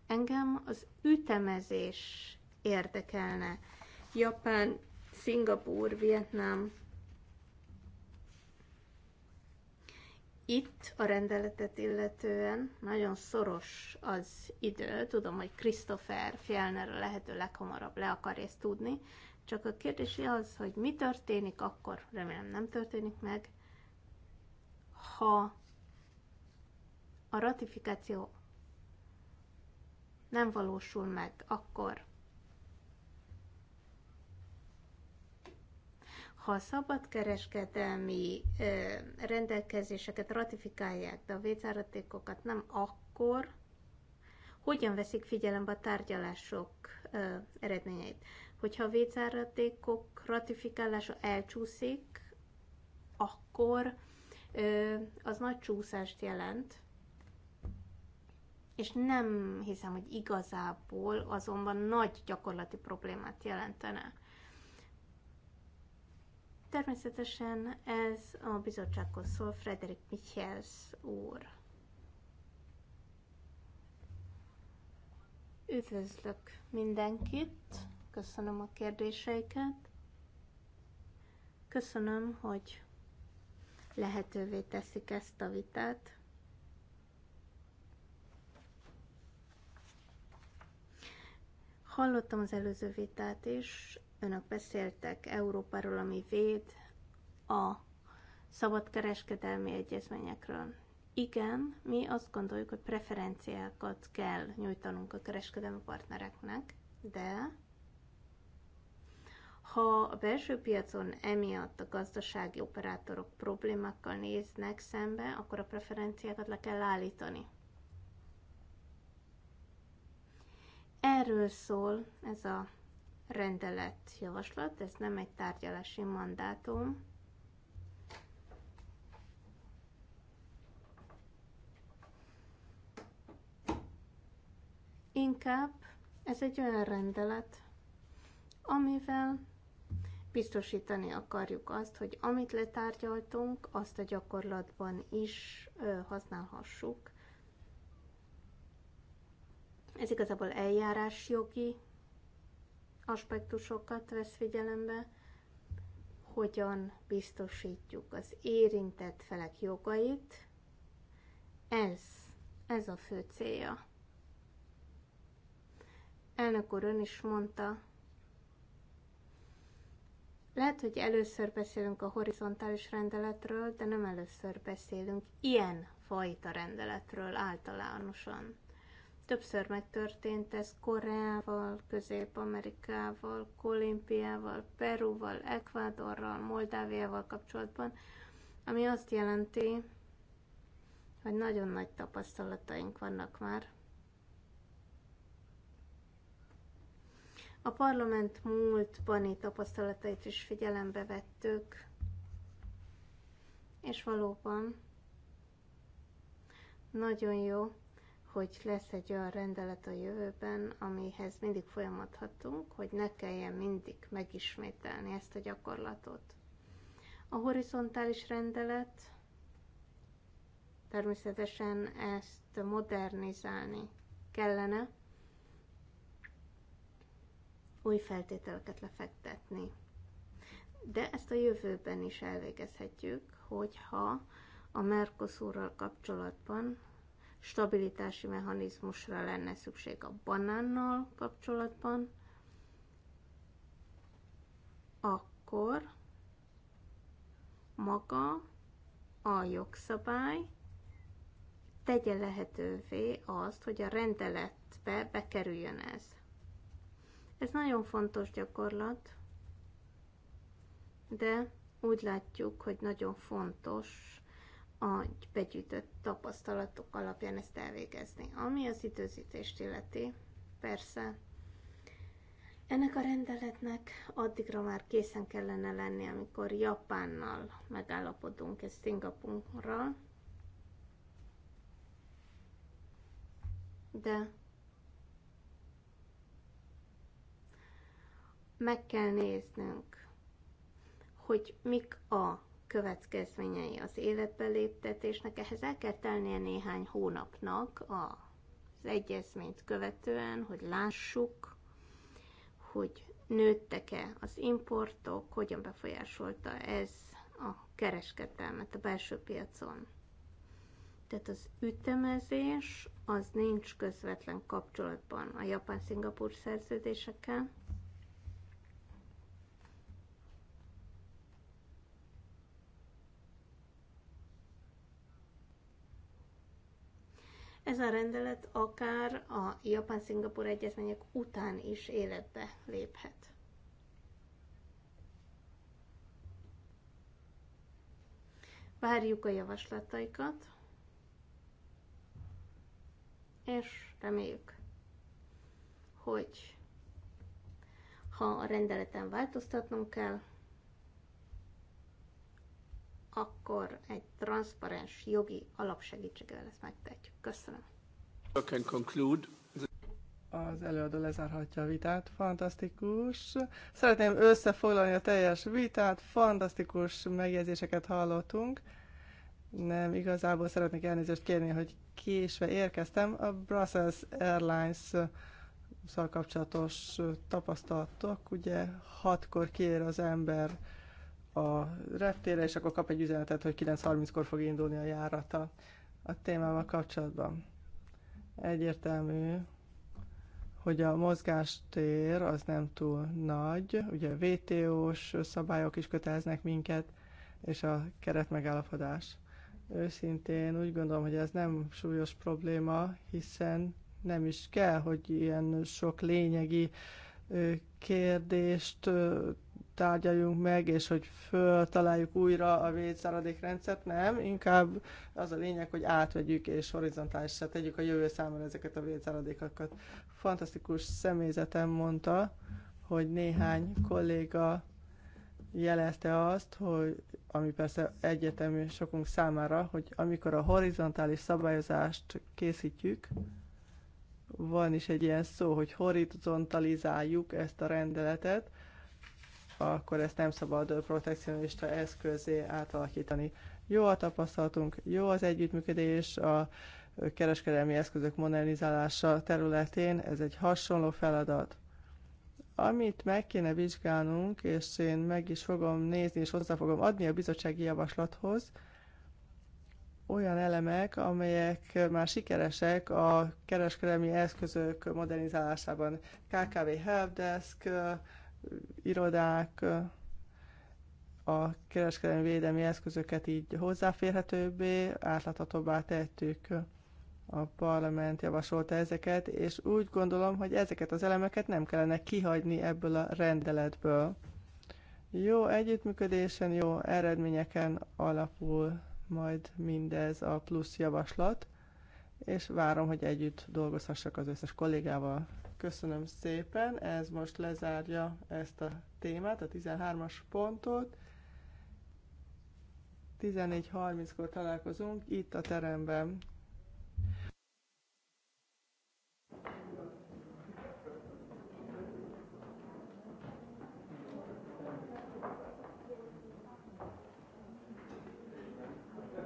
Engem az ütemezés érdekelne. Japán, Szingapúr, Vietnám, Itt a rendeletet illetően nagyon szoros az idő. Tudom, hogy Christopher Fjellner a lehető leghamarabb le akar ezt tudni. Csak a kérdés az, hogy mi történik akkor, remélem nem történik meg, ha a ratifikáció nem valósul meg, akkor Ha a szabadkereskedelmi rendelkezéseket ratifikálják, de a vészáratékokat nem, akkor hogyan veszik figyelembe a tárgyalások eredményeit? Hogyha a vészáratékok ratifikálása elcsúszik, akkor az nagy csúszást jelent, és nem hiszem, hogy igazából azonban nagy gyakorlati problémát jelentene. Természetesen ez a bizottsághoz szól Frederik Michels úr. Üdvözlök mindenkit, köszönöm a kérdéseiket, köszönöm, hogy lehetővé teszik ezt a vitát. Hallottam az előző vitát is, önök beszéltek Európáról, ami véd a szabadkereskedelmi egyezményekről. Igen, mi azt gondoljuk, hogy preferenciákat kell nyújtanunk a kereskedelmi partnereknek, de ha a belső piacon emiatt a gazdasági operátorok problémákkal néznek szembe, akkor a preferenciákat le kell állítani. Erről szól ez a rendelet javaslat, ez nem egy tárgyalási mandátum. Inkább ez egy olyan rendelet, amivel biztosítani akarjuk azt, hogy amit letárgyaltunk, azt a gyakorlatban is használhassuk. Ez igazából eljárásjogi aspektusokat vesz figyelembe, hogyan biztosítjuk az érintett felek jogait. Ez, ez a fő célja. Elnök úr ön is mondta, lehet, hogy először beszélünk a horizontális rendeletről, de nem először beszélünk ilyen fajta rendeletről általánosan. Többször megtörtént ez Koreával, Közép-Amerikával, Kolimpiával, Peruval, Ekvádorral, Moldáviával kapcsolatban, ami azt jelenti, hogy nagyon nagy tapasztalataink vannak már. A parlament bani tapasztalatait is figyelembe vettük, és valóban nagyon jó, hogy lesz egy olyan rendelet a jövőben, amihez mindig folyamodhatunk, hogy ne kelljen mindig megismételni ezt a gyakorlatot. A horizontális rendelet természetesen ezt modernizálni kellene, új feltételeket lefektetni. De ezt a jövőben is elvégezhetjük, hogyha a Mercosurral kapcsolatban stabilitási mechanizmusra lenne szükség a banánnal kapcsolatban, akkor maga a jogszabály tegye lehetővé azt, hogy a rendeletbe bekerüljön ez. Ez nagyon fontos gyakorlat, de úgy látjuk, hogy nagyon fontos a begyűjtött tapasztalatok alapján ezt elvégezni. Ami az időzítést illeti, persze, ennek a rendeletnek addigra már készen kellene lenni, amikor Japánnal megállapodunk ezt Szingapurral, de meg kell néznünk, hogy mik a következményei az életbe léptetésnek. Ehhez el kell tennie néhány hónapnak az egyezményt követően, hogy lássuk, hogy nőttek-e az importok, hogyan befolyásolta ez a kereskedelmet a belső piacon. Tehát az ütemezés az nincs közvetlen kapcsolatban a japán-szingapúr szerződésekkel, Ez a rendelet akár a Japán-Szingapur egyezmények után is életbe léphet. Várjuk a javaslataikat, és reméljük, hogy ha a rendeleten változtatnunk kell, akkor egy transzparens jogi alapsegítséggel ezt megtehetjük. Köszönöm. Can conclude. Az előadó lezárhatja a vitát, fantasztikus. Szeretném összefoglalni a teljes vitát, fantasztikus megjegyzéseket hallottunk. Nem, igazából szeretnék elnézést kérni, hogy késve érkeztem. A Brussels Airlines szal kapcsolatos tapasztalatok, ugye hatkor kér az ember a reptére, és akkor kap egy üzenetet, hogy 9.30-kor fog indulni a járata a témával kapcsolatban. Egyértelmű, hogy a mozgástér az nem túl nagy, ugye VTO-s szabályok is köteleznek minket, és a keretmegállapodás. Őszintén úgy gondolom, hogy ez nem súlyos probléma, hiszen nem is kell, hogy ilyen sok lényegi kérdést tárgyaljunk meg, és hogy föltaláljuk újra a rendszert, nem, inkább az a lényeg, hogy átvegyük és horizontálisra tegyük a jövő számára ezeket a védszáradékokat. Fantasztikus személyzetem mondta, hogy néhány kolléga jelezte azt, hogy ami persze egyetemű sokunk számára, hogy amikor a horizontális szabályozást készítjük, van is egy ilyen szó, hogy horizontalizáljuk ezt a rendeletet, akkor ezt nem szabad protekcionista eszközé átalakítani. Jó a tapasztalatunk, jó az együttműködés, a kereskedelmi eszközök modernizálása területén, ez egy hasonló feladat. Amit meg kéne vizsgálnunk, és én meg is fogom nézni, és hozzá fogom adni a bizottsági javaslathoz, olyan elemek, amelyek már sikeresek a kereskedelmi eszközök modernizálásában. KKV Helpdesk, irodák a kereskedelmi védelmi eszközöket így hozzáférhetőbbé, átláthatóbbá tettük a parlament javasolta ezeket, és úgy gondolom, hogy ezeket az elemeket nem kellene kihagyni ebből a rendeletből. Jó együttműködésen, jó eredményeken alapul majd mindez a plusz javaslat, és várom, hogy együtt dolgozhassak az összes kollégával. Köszönöm szépen, ez most lezárja ezt a témát, a 13-as pontot. 14.30-kor találkozunk itt a teremben.